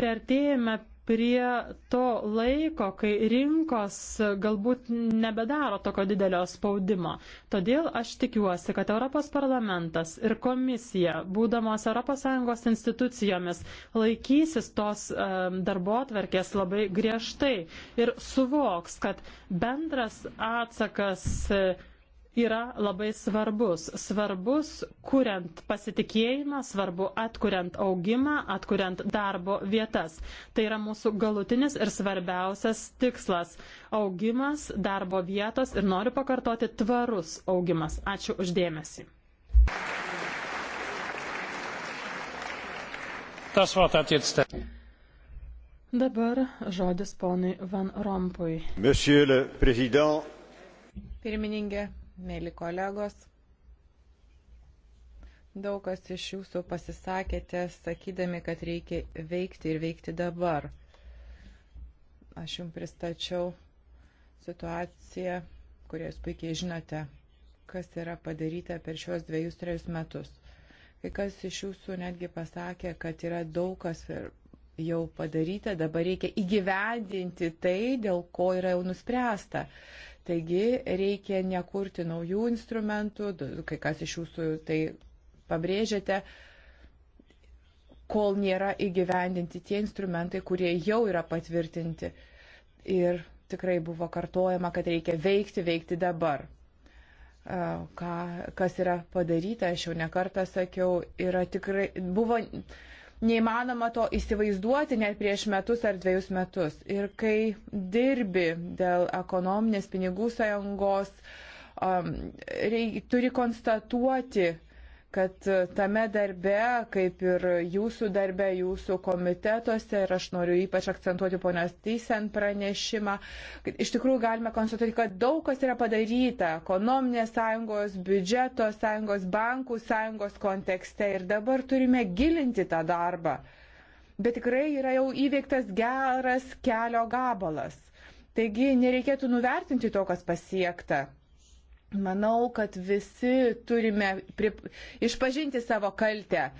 Speaker 4: priartėjame prie to laiko, kai rinkos galbūt nebedaro tokio didelio spaudimo. Todėl aš tikiuosi, kad Europos parlamentas ir komisija, būdamos ES institucijomis, laikysis tos um, darbo atverkės labai griežtai ir suvoks, kad bendras atsakas uh, yra labai svarbus. Svarbus, kuriant pasitikėjimą, svarbu atkuriant augimą, atkuriant darbo vietas. Tai yra mūsų galutinis ir svarbiausias tikslas - augimas, darbo vietos ir noriu pakartoti tvarus augimas. Ačiū uždėmesi. Dabar žodis ponui Van Rompui.
Speaker 3: Pirmininkė, mėly kolegos. Daug kas iš jūsų pasisakėte, sakydami, kad reikia veikti ir veikti dabar. Aš jums pristačiau situaciją, kurią jūs puikiai žinote, kas yra padaryta per šios dviejus, trejus metus. Kai kas iš jūsų netgi pasakė, kad yra daug kas jau padaryta, dabar reikia įgyvendinti tai, dėl ko yra jau nuspręsta. Taigi reikia nekurti naujų instrumentų, kai kas iš jūsų tai pabrėžiate, kol nėra įgyvendinti tie instrumentai, kurie jau yra patvirtinti. Ir tikrai buvo kartojama, kad reikia veikti, veikti dabar. Ką, kas yra padaryta, aš jau nekartą sakiau, yra tikrai, buvo neįmanoma to įsivaizduoti net prieš metus ar dviejus metus. Ir kai dirbi dėl ekonominės pinigų sąjungos, um, rei, turi konstatuoti, kad tame darbe, kaip ir jūsų darbe, jūsų komitetuose, ir aš noriu ypač akcentuoti ponios Tysen pranešimą, kad iš tikrųjų galime konstatuoti, kad daug kas yra padaryta ekonominės sąjungos, biudžeto sąjungos, bankų sąjungos kontekste ir dabar turime gilinti tą darbą. Bet tikrai yra jau įveiktas geras kelio gabalas. Taigi nereikėtų nuvertinti to, kas pasiekta. Manau, kad visi turime prip... išpažinti savo kaltę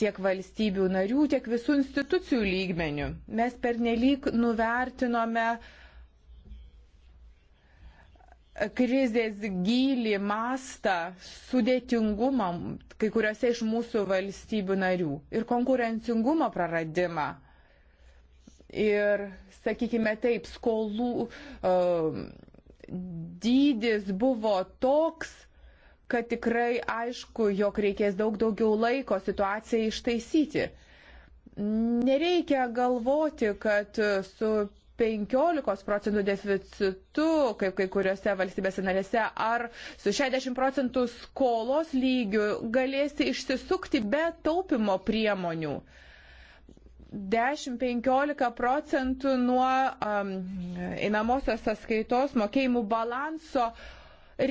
Speaker 3: tiek valstybių narių, tiek visų institucijų lygmenių. Mes pernelyg nuvertinome krizės gylį, mastą, sudėtingumą kai kuriuose iš mūsų valstybių narių ir konkurencingumo praradimą. Ir, sakykime taip, skolų. Uh, dydis buvo toks, kad tikrai aišku, jog reikės daug daugiau laiko situaciją ištaisyti. Nereikia galvoti, kad su 15 procentų deficitu, kaip kai kuriuose valstybėse narėse, ar su 60 procentų skolos lygiu galėsi išsisukti be taupimo priemonių. 10-15 procentų nuo um, einamosios sąskaitos mokėjimų balanso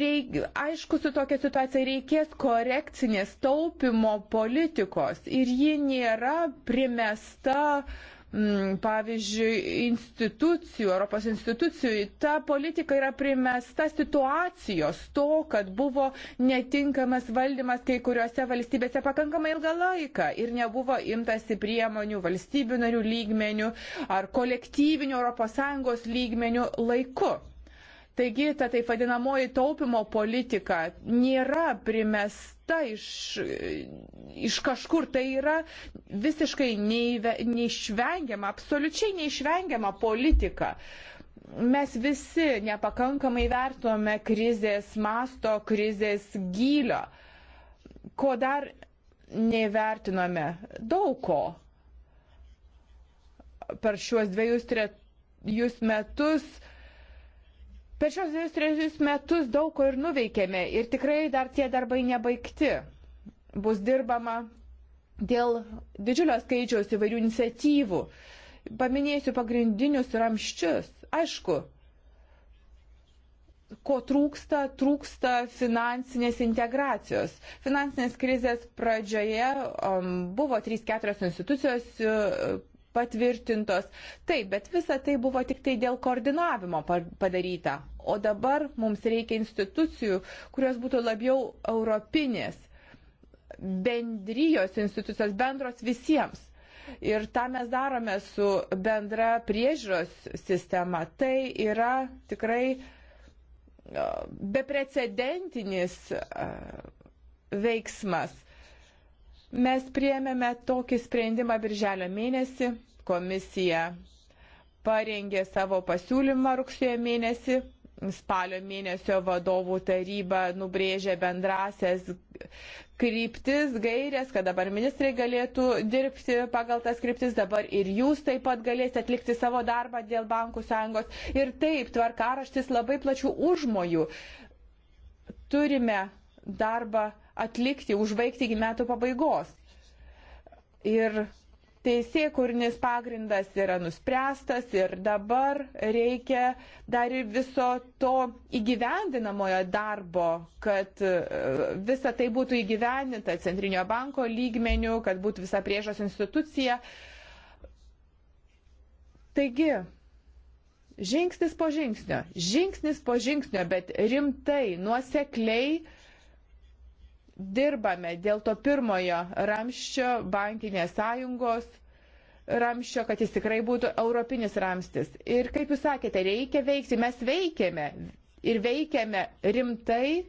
Speaker 3: reik, aišku, su tokia situacija reikės korekcinės taupimo politikos ir ji nėra primesta uh, Mm, pavyzdžiui, institucijų, Europos institucijų, ta politika yra primesta situacijos to, kad buvo netinkamas valdymas kai kuriuose valstybėse pakankamai ilgą laiką ir nebuvo imtasi priemonių valstybių narių lygmenių ar kolektyvinių ES lygmenių laiku. Taigi ta taip vadinamoji taupimo politika nėra primesta iš, iš kažkur, tai yra visiškai neįve, neišvengiama, absoliučiai neišvengiama politika mes visi nepakankamai vertuome krizės masto, krizės gylio, ko dar nevertinome, daug ko per šiuos dviejus trejus metus Per šios dviejus, trejus metus daug ko ir nuveikėme ir tikrai dar tie darbai nebaigti. Bus dirbama dėl didžiulio skaičiaus įvairių iniciatyvų. Paminėsiu pagrindinius ramščius. Aišku, ko trūksta, trūksta finansinės integracijos. Finansinės krizės pradžioje um, buvo 3-4 institucijos uh, patvirtintos. Taip, bet visa tai buvo tik tai dėl koordinavimo padaryta. O dabar mums reikia institucijų, kurios būtų labiau europinės, bendrijos institucijos, bendros visiems. Ir tą mes darome su bendra priežiūros sistema. Tai yra tikrai beprecedentinis veiksmas. Mes priemėme tokį sprendimą birželio mėnesį, komisija parengė savo pasiūlymą rugsėjo mėnesį, spalio mėnesio vadovų taryba nubrėžė bendrasias kryptis, gairės, kad dabar ministrai galėtų dirbti pagal tas kryptis, dabar ir jūs taip pat galėsite atlikti savo darbą dėl bankų sąjungos. Ir taip, tvarkaraštis labai plačių užmojų. Turime darbą atlikti, užbaigti iki metų pabaigos. Ir teisėkurnis pagrindas yra nuspręstas ir dabar reikia dar ir viso to įgyvendinamojo darbo, kad e, visa tai būtų įgyvendinta Centrinio banko lygmenių, kad būtų visa priežos institucija. Taigi, žingsnis po žingsnio, žingsnis po žingsnio, bet rimtai, nuosekliai, dirbame dėl to pirmojo ramščio bankinės sąjungos ramščio, kad jis tikrai būtų europinis ramstis. Ir kaip jūs sakėte, reikia veikti, mes veikiame ir veikiame rimtai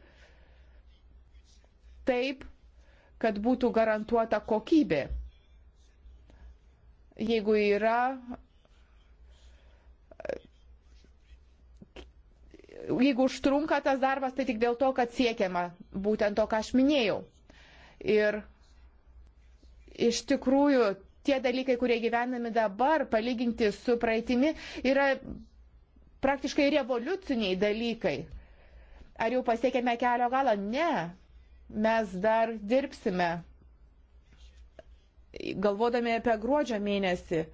Speaker 3: taip, kad būtų garantuota kokybė. Jeigu yra jeigu užtrunka tas darbas, tai tik dėl to, kad siekiama būtent to, ką aš minėjau. Ir iš tikrųjų tie dalykai, kurie gyvenami dabar, palyginti su praeitimi, yra praktiškai revoliuciniai dalykai. Ar jau pasiekėme kelio galą? Ne. Mes dar dirbsime. Galvodami apie gruodžio mėnesį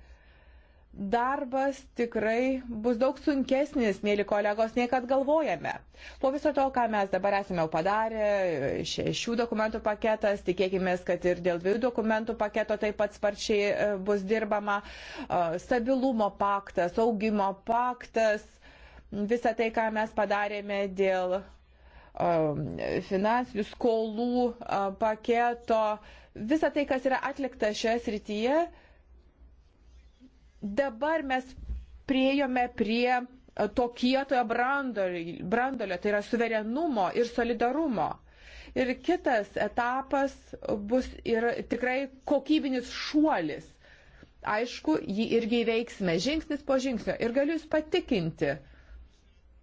Speaker 3: darbas tikrai bus daug sunkesnis, mėly kolegos, nei kad galvojame. Po viso to, ką mes dabar esame jau padarę, šešių dokumentų paketas, tikėkime, kad ir dėl dviejų dokumentų paketo taip pat sparčiai e, bus dirbama, e, stabilumo paktas, augimo paktas, visa tai, ką mes padarėme dėl e, finansinių skolų paketo, visa tai, kas yra atlikta šioje srityje, Dabar mes priejome prie e, to kietojo brandolio, tai yra suverenumo ir solidarumo. Ir kitas etapas bus ir tikrai kokybinis šuolis. Aišku, jį irgi įveiksime žingsnis po žingsnio. Ir galiu Jūs patikinti,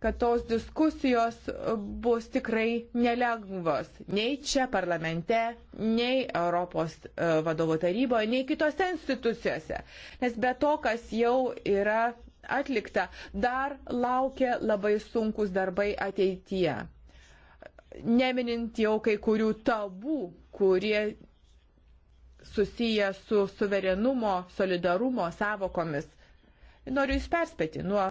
Speaker 3: kad tos diskusijos bus tikrai nelengvos. Nei čia parlamente, nei Europos e, vadovo taryboje, nei kitose institucijose. Nes be to, kas jau yra atlikta, dar laukia labai sunkus darbai ateityje. Neminint jau kai kurių tabų, kurie susiję su suverenumo, solidarumo savokomis. Noriu Jūs perspėti nuo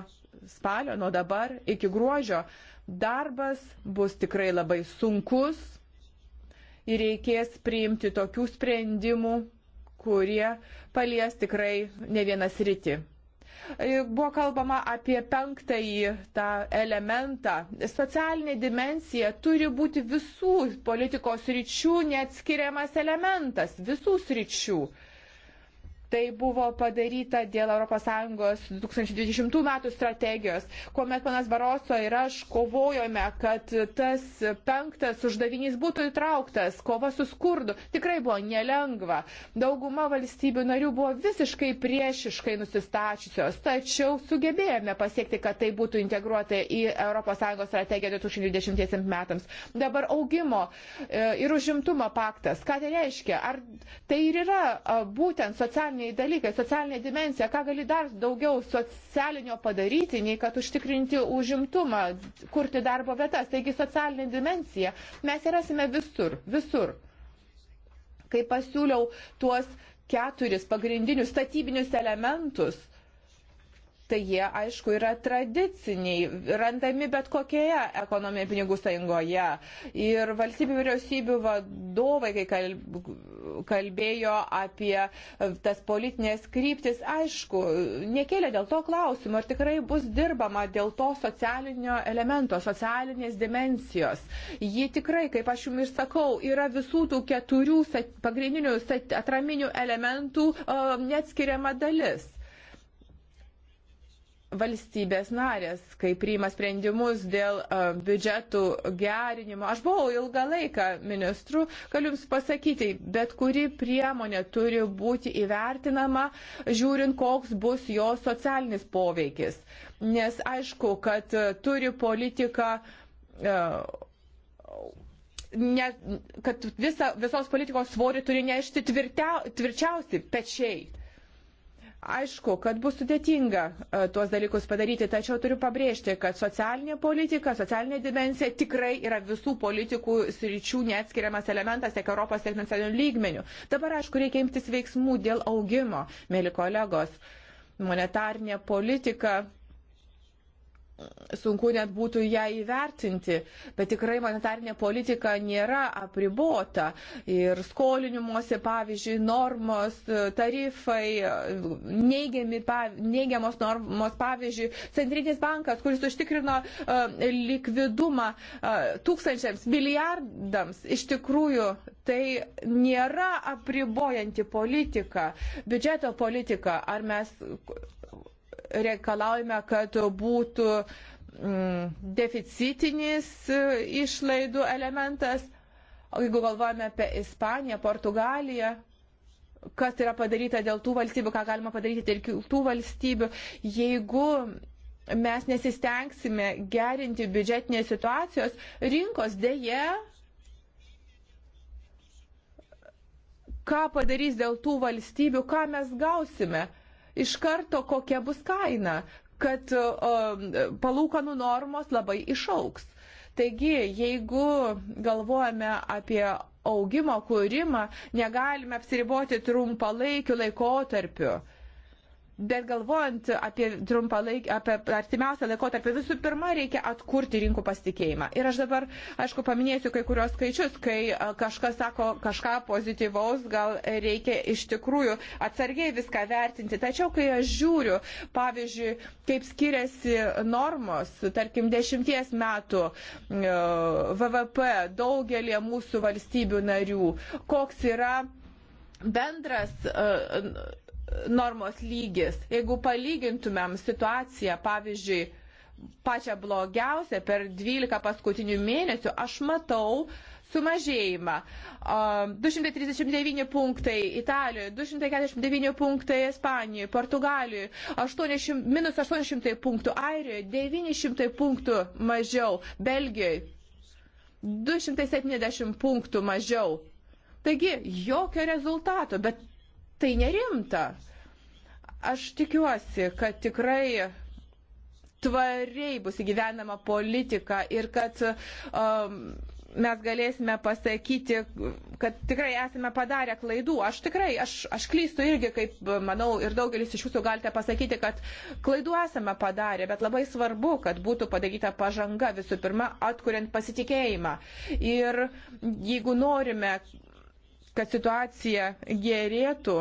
Speaker 3: spalio, nuo dabar iki gruožio, darbas bus tikrai labai sunkus ir reikės priimti tokių sprendimų, kurie palies tikrai ne vienas rytį. E, buvo kalbama apie penktąjį tą elementą. Socialinė dimensija turi būti visų politikos ryčių neatskiriamas elementas, visų ryčių. Tai buvo padaryta dėl ES 2020 metų strategijos, kuomet panas Baroso ir aš kovojome, kad tas penktas uždavinys būtų įtrauktas, kova su skurdu. Tikrai buvo nelengva. Dauguma valstybių narių buvo visiškai priešiškai nusistačiusios, tačiau sugebėjome pasiekti, kad tai būtų integruota į ES strategiją 2020 metams. Dabar augimo e, ir užimtumo paktas. Ką tai reiškia? Ar tai ir yra būtent socialiniai socialiniai dalykai, socialinė dimensija, ką gali dar daugiau socialinio padaryti, nei kad užtikrinti užimtumą, kurti darbo vietas. Taigi socialinė dimensija mes rasime visur, visur. Kai pasiūliau tuos keturis pagrindinius statybinius elementus, tai jie, aišku, yra tradiciniai, randami bet kokioje ekonominėje pinigų sąjungoje. Ir valstybių vyriausybių vadovai, kai kalbėjo apie e, tas politinės kryptis, aišku, nekėlė dėl to klausimo, ar tikrai bus dirbama dėl to socialinio elemento, socialinės dimensijos. Ji tikrai, kaip aš jums ir sakau, yra visų tų keturių pagrindinių atraminių elementų e, neatskiriama dalis valstybės narės, kai priima sprendimus dėl e, biudžetų gerinimo. Aš buvau ilgą laiką ministru, galiu Jums pasakyti, bet kuri priemonė turi būti įvertinama, žiūrint, koks bus jos socialinis poveikis. Nes aišku, kad e, turi politika. E, ne, kad visa, visos politikos svorį turi nešti tvirtia, tvirčiausi pečiai. Aišku, kad bus sudėtinga e, tuos dalykus padaryti, tačiau turiu pabrėžti, kad socialinė politika, socialinė dimensija tikrai yra visų politikų sričių neatskiriamas elementas tiek Europos, tiek nacionalinių lygmenių. Dabar, aišku, reikia imtis veiksmų dėl augimo, mėly kolegos. Monetarnė politika sunku net būtų ją įvertinti, bet tikrai monetarinė politika nėra apribota ir skolinimuose, pavyzdžiui, normos, tarifai, neigiami, neigiamos normos, pavyzdžiui, Centrinis bankas, kuris užtikrino e, likvidumą e, tūkstančiams, milijardams, iš tikrųjų tai nėra apribojanti politika, biudžeto politika, ar mes reikalaujame, kad būtų mm, deficitinis e, išlaidų elementas. O jeigu galvojame apie Ispaniją, Portugaliją, kas yra padaryta dėl tų valstybių, ką galima padaryti dėl kitų valstybių, jeigu mes nesistengsime gerinti biudžetinės situacijos, rinkos dėje ką padarys dėl tų valstybių, ką mes gausime iš karto, kokia bus kaina, kad palūkanų normos labai išauks. Taigi, jeigu galvojame apie augimo kūrimą, negalime apsiriboti trumpalaikiu laikotarpiu. Bet galvojant apie trumpą laiką, apie artimiausią laikotarpį, visų pirma reikia atkurti rinkų pasitikėjimą. Ir aš dabar, aišku, paminėsiu kai kurios skaičius, kai kažkas sako kažką pozityvaus, gal reikia iš tikrųjų atsargiai viską vertinti. Tačiau, kai aš žiūriu, pavyzdžiui, kaip skiriasi normos, tarkim, dešimties metų VVP daugelie mūsų valstybių narių, koks yra bendras normos lygis. Jeigu palygintumėm situaciją, pavyzdžiui, pačią blogiausią per 12 paskutinių mėnesių, aš matau sumažėjimą. 239 punktai Italijoje, 249 punktai Ispanijoje, Portugalijoje, 800, minus 800 punktų Airijoje, 900 punktų mažiau Belgijoje, 270 punktų mažiau. Taigi, jokio rezultato, bet tai nerimta. Aš tikiuosi, kad tikrai tvariai bus įgyvenama politika ir kad um, mes galėsime pasakyti, kad tikrai esame padarę klaidų. Aš tikrai, aš, aš klystu irgi, kaip manau, ir daugelis iš jūsų galite pasakyti, kad klaidų esame padarę, bet labai svarbu, kad būtų padaryta pažanga visų pirma, atkuriant pasitikėjimą. Ir jeigu norime kad situacija gerėtų,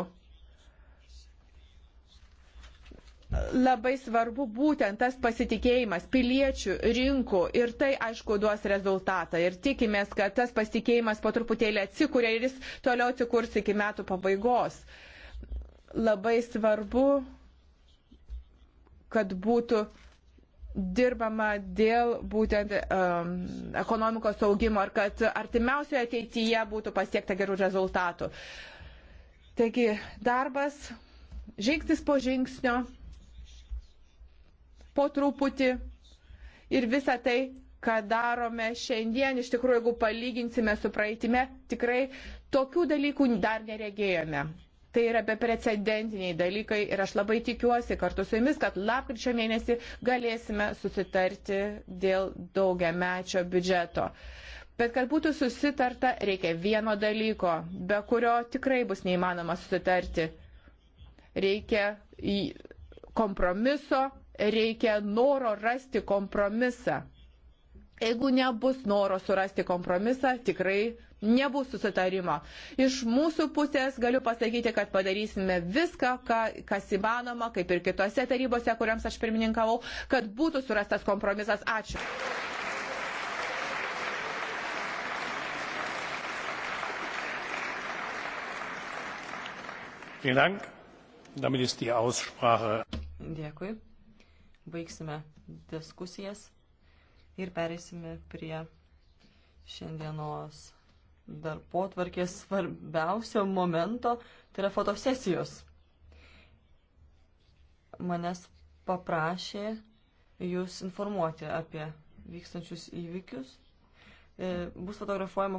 Speaker 3: labai svarbu būtent tas pasitikėjimas piliečių, rinkų ir tai, aišku, duos rezultatą. Ir tikimės, kad tas pasitikėjimas po truputėlį atsikūrė ir jis toliau atsikurs iki metų pabaigos. Labai svarbu, kad būtų dirbama dėl būtent um, ekonomikos augimo ir kad artimiausioje ateityje būtų pasiekta gerų rezultatų. Taigi darbas žingsnis po žingsnio, po truputį ir visa tai, ką darome šiandien, iš tikrųjų, jeigu palyginsime su praeitime, tikrai tokių dalykų dar neregėjome. Tai yra beprecedentiniai dalykai ir aš labai tikiuosi kartu su jumis, kad lapkričio mėnesį galėsime susitarti dėl daugiamečio biudžeto. Bet kad būtų susitarta, reikia vieno dalyko, be kurio tikrai bus neįmanoma susitarti. Reikia kompromiso, reikia noro rasti kompromisą. Jeigu nebus noro surasti kompromisą, tikrai nebus susitarimo. Iš mūsų pusės galiu pasakyti, kad padarysime viską, ką, kas įmanoma, kaip ir kitose tarybose, kuriams aš pirmininkavau, kad būtų surastas kompromisas. Ačiū.
Speaker 5: Dėkui. Baigsime diskusijas ir pereisime prie šiandienos darbo tvarkės svarbiausio momento, tai yra fotosesijos. Manęs paprašė jūs informuoti apie vykstančius įvykius. E, bus fotografuojama